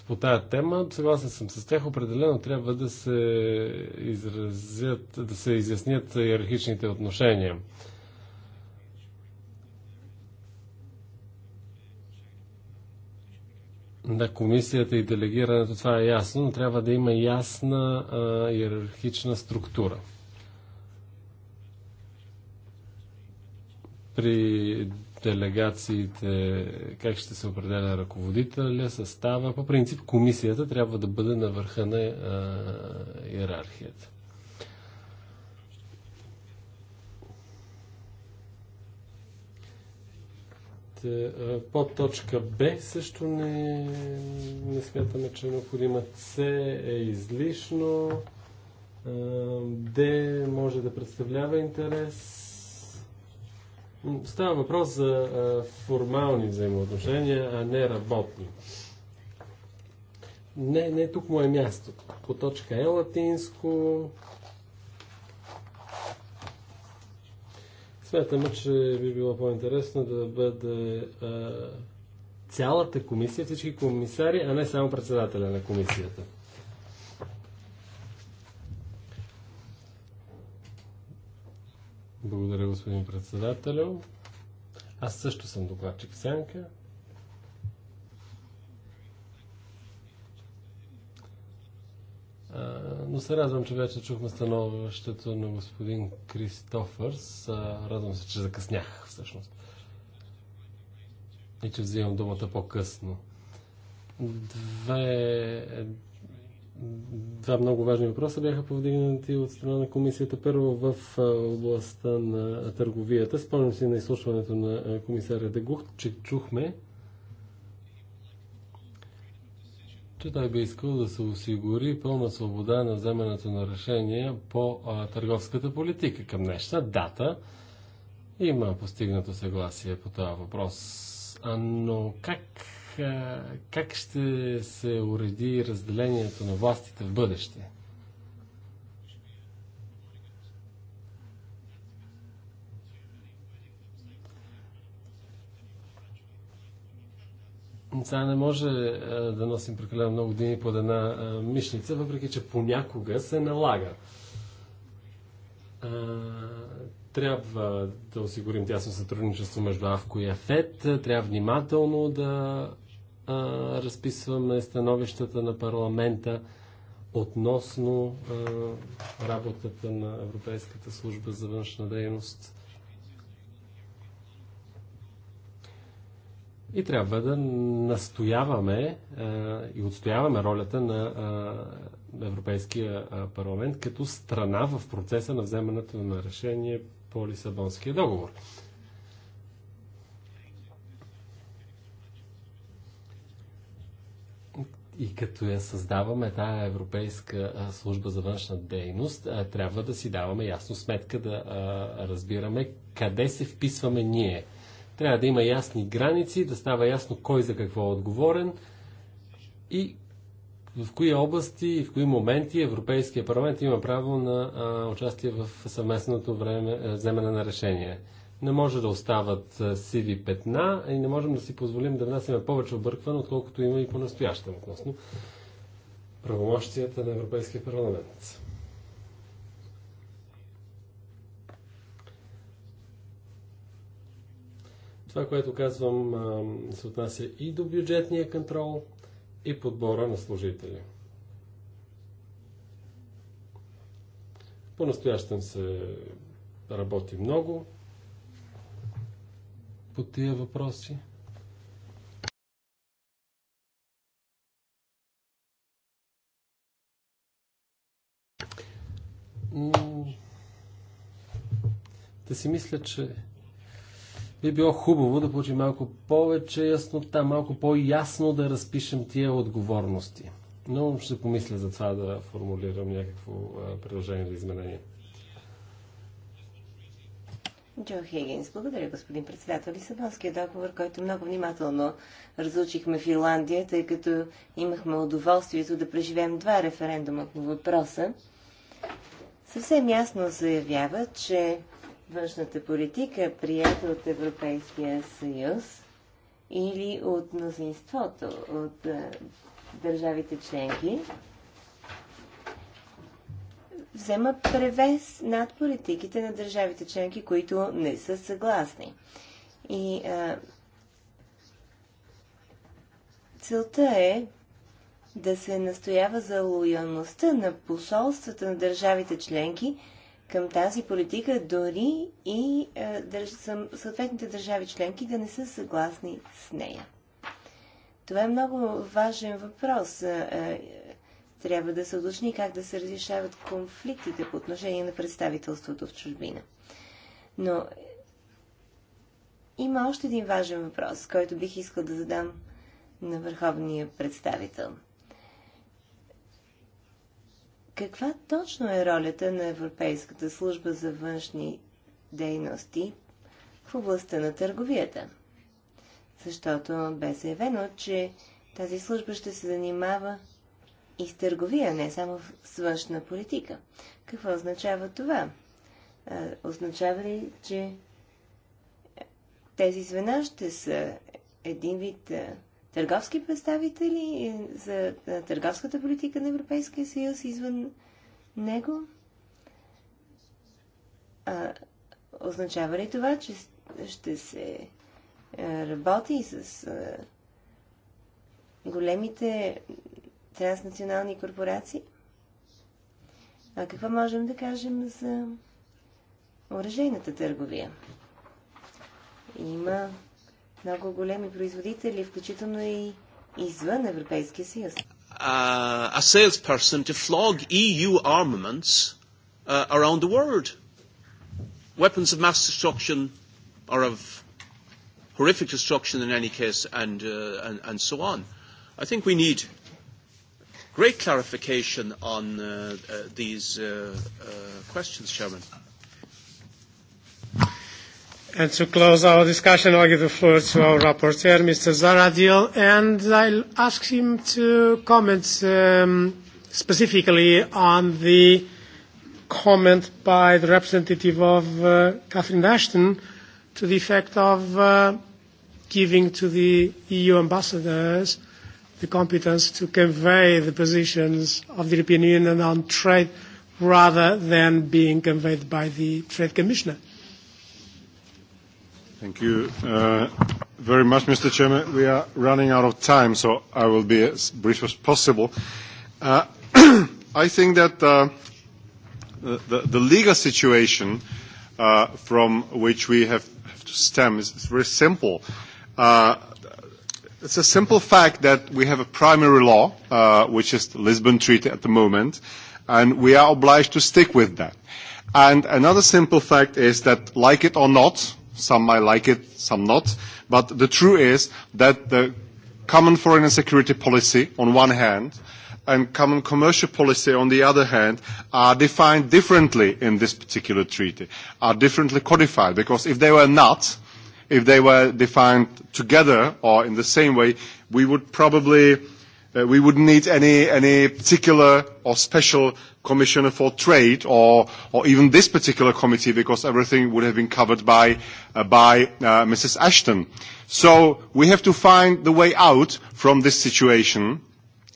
по тая тема, съгласен съм с тях, определено трябва да се изразят, да се изяснят иерархичните отношения. Да, комисията и делегирането, това е ясно, но трябва да има ясна а, иерархична структура. при делегациите, как ще се определя ръководителя, състава. По принцип, комисията трябва да бъде на върха на иерархията. По точка Б също не, не смятаме, че е необходима. С е излишно. Д може да представлява интерес Става въпрос за формални взаимоотношения, а не работни. Не, не тук му е мястото. По точка Е латинско. Смятаме, че би било по-интересно да бъде а, цялата комисия, всички комисари, а не само председателя на комисията. Благодаря, господин председателю. Аз също съм докладчик Сянка. но се радвам, че вече чухме становището на господин Кристофърс. Радвам се, че закъснях всъщност. И че взимам думата по-късно. Две, два много важни въпроса бяха повдигнати от страна на комисията. Първо в областта на търговията. Спомням си на изслушването на комисаря Дегух, че чухме, че той би искал да се осигури пълна свобода на вземането на решения по търговската политика. Към днешна дата има постигнато съгласие по това въпрос. А, но как как, ще се уреди разделението на властите в бъдеще? Сега не може да носим прекалено много дни под една мишница, въпреки че понякога се налага. Трябва да осигурим тясно сътрудничество между Авко и Афет, трябва внимателно да разписваме становищата на парламента относно работата на Европейската служба за външна дейност. И трябва да настояваме и отстояваме ролята на Европейския парламент като страна в процеса на вземането на решение по Лисабонския договор. И като я създаваме тази Европейска служба за външна дейност, трябва да си даваме ясно сметка да разбираме къде се вписваме ние. Трябва да има ясни граници, да става ясно кой за какво е отговорен и в кои области и в кои моменти Европейския парламент има право на участие в съвместното време, вземане на решения не може да остават сиви петна и не можем да си позволим да внасяме повече объркване, отколкото има и по-настоящем относно правомощията на Европейския парламент. Това, което казвам, се отнася и до бюджетния контрол, и подбора на служители. По-настоящем се работи много по тия въпроси? Да си мисля, че би било хубаво да получим малко повече яснота, малко по-ясно да разпишем тия отговорности. Но ще помисля за това да формулирам някакво предложение за изменение. Джо Хигинс. Благодаря, господин председател. Лисабонският договор, който много внимателно разучихме в Ирландия, тъй като имахме удоволствието да преживеем два референдума по въпроса, съвсем ясно заявява, че външната политика, прията от Европейския съюз или от мнозинството от държавите членки, взема превес над политиките на държавите членки, които не са съгласни. И а, целта е да се настоява за лоялността на посолствата на държавите членки към тази политика, дори и а, държ... съответните държави членки да не са съгласни с нея. Това е много важен въпрос. Е, е, Трябва да се уточни как да се разрешават конфликтите по отношение на представителството в чужбина. Но има още един важен въпрос, който бих искал да задам на върховния представител. Каква точно е ролята на Европейската служба за външни дейности в областта на търговията? Защото бе заявено, че тази служба ще се занимава и с търговия, не само с външна политика. Какво означава това? А, означава ли, че тези звена ще са един вид а, търговски представители за а, търговската политика на Европейския съюз извън него? А, означава ли това, че ще се а, работи с а, големите транснационални корпорации. А какво можем да кажем за оръжейната търговия? Има много големи производители, включително и извън Европейския съюз. Uh, a salesperson to flog EU armaments uh, around the world. Weapons of mass destruction are of horrific destruction in any case, and, uh, and, and so on. I think we need great clarification on uh, uh, these uh, uh, questions, Chairman. And to close our discussion, I'll give the floor to our rapporteur, Mr. Zaradil, and I'll ask him to comment um, specifically on the comment by the representative of uh, Catherine Ashton to the effect of uh, giving to the EU ambassadors the competence to convey the positions of the European Union on trade rather than being conveyed by the Trade Commissioner. Thank you uh, very much, Mr. Chairman. We are running out of time, so I will be as brief as possible. Uh, I think that uh, the, the legal situation uh, from which we have, have to stem is, is very simple. Uh, It's a simple fact that we have a primary law, uh, which is the Lisbon Treaty at the moment, and we are obliged to stick with that. And another simple fact is that, like it or not, some might like it, some not, but the truth is that the common foreign and security policy on one hand and common commercial policy on the other hand are defined differently in this particular treaty, are differently codified, because if they were not, if they were defined together or in the same way, we would probably uh, we wouldn't need any any particular or special commissioner for trade or or even this particular committee because everything would have been covered by uh, by uh, Mrs. Ashton. So we have to find the way out from this situation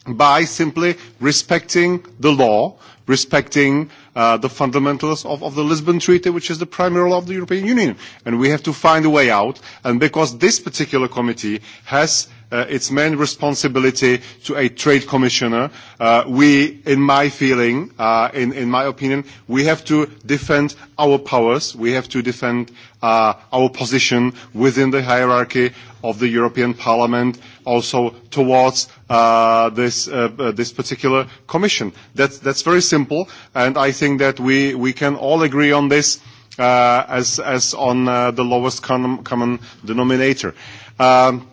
by simply respecting the law respecting uh, the fundamentals of, of the Lisbon Treaty, which is the primary law of the European Union. And we have to find a way out. And because this particular committee has uh, its main responsibility to a trade commissioner, uh, we, in my feeling, uh, in, in my opinion, we have to defend our powers. We have to defend uh, our position within the hierarchy of the European Parliament also towards uh, this, uh, uh, this particular commission. That's, that's very simple, and I think that we, we can all agree on this uh, as, as on uh, the lowest common denominator. Um,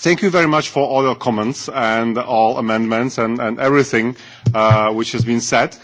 Thank you very much for all your comments and all amendments and, and everything uh, which has been said,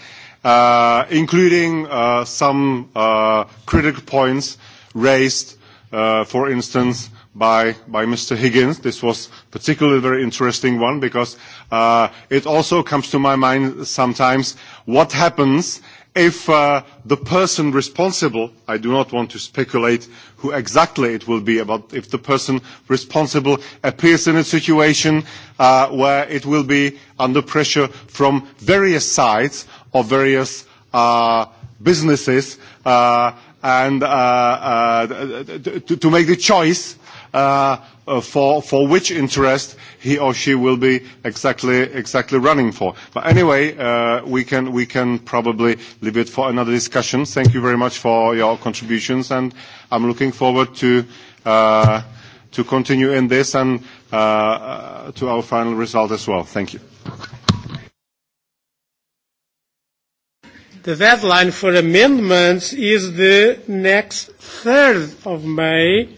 uh, including uh, some uh, critical points raised, uh, for instance, by, by Mr. Higgins. This was particularly very interesting one because uh, it also comes to my mind sometimes what happens if uh, the person responsible, I do not want to speculate who exactly it will be, but if the person responsible appears in a situation uh, where it will be under pressure from various sides or various uh, businesses uh, and uh, uh, to, to make the choice uh, Uh, for, for which interest he or she will be exactly, exactly running for. But anyway, uh, we, can, we can probably leave it for another discussion. Thank you very much for your contributions, and I'm looking forward to, uh, to continue in this and uh, uh to our final result as well. Thank you. The deadline for amendments is the next 3rd of May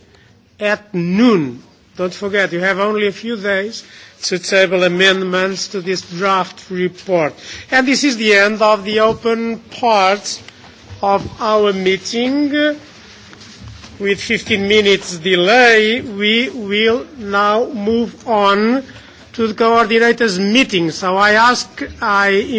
at noon Don't forget, you have only a few days to table amendments to this draft report. And this is the end of the open part of our meeting. With 15 minutes delay, we will now move on to the coordinators' meeting. So I ask, I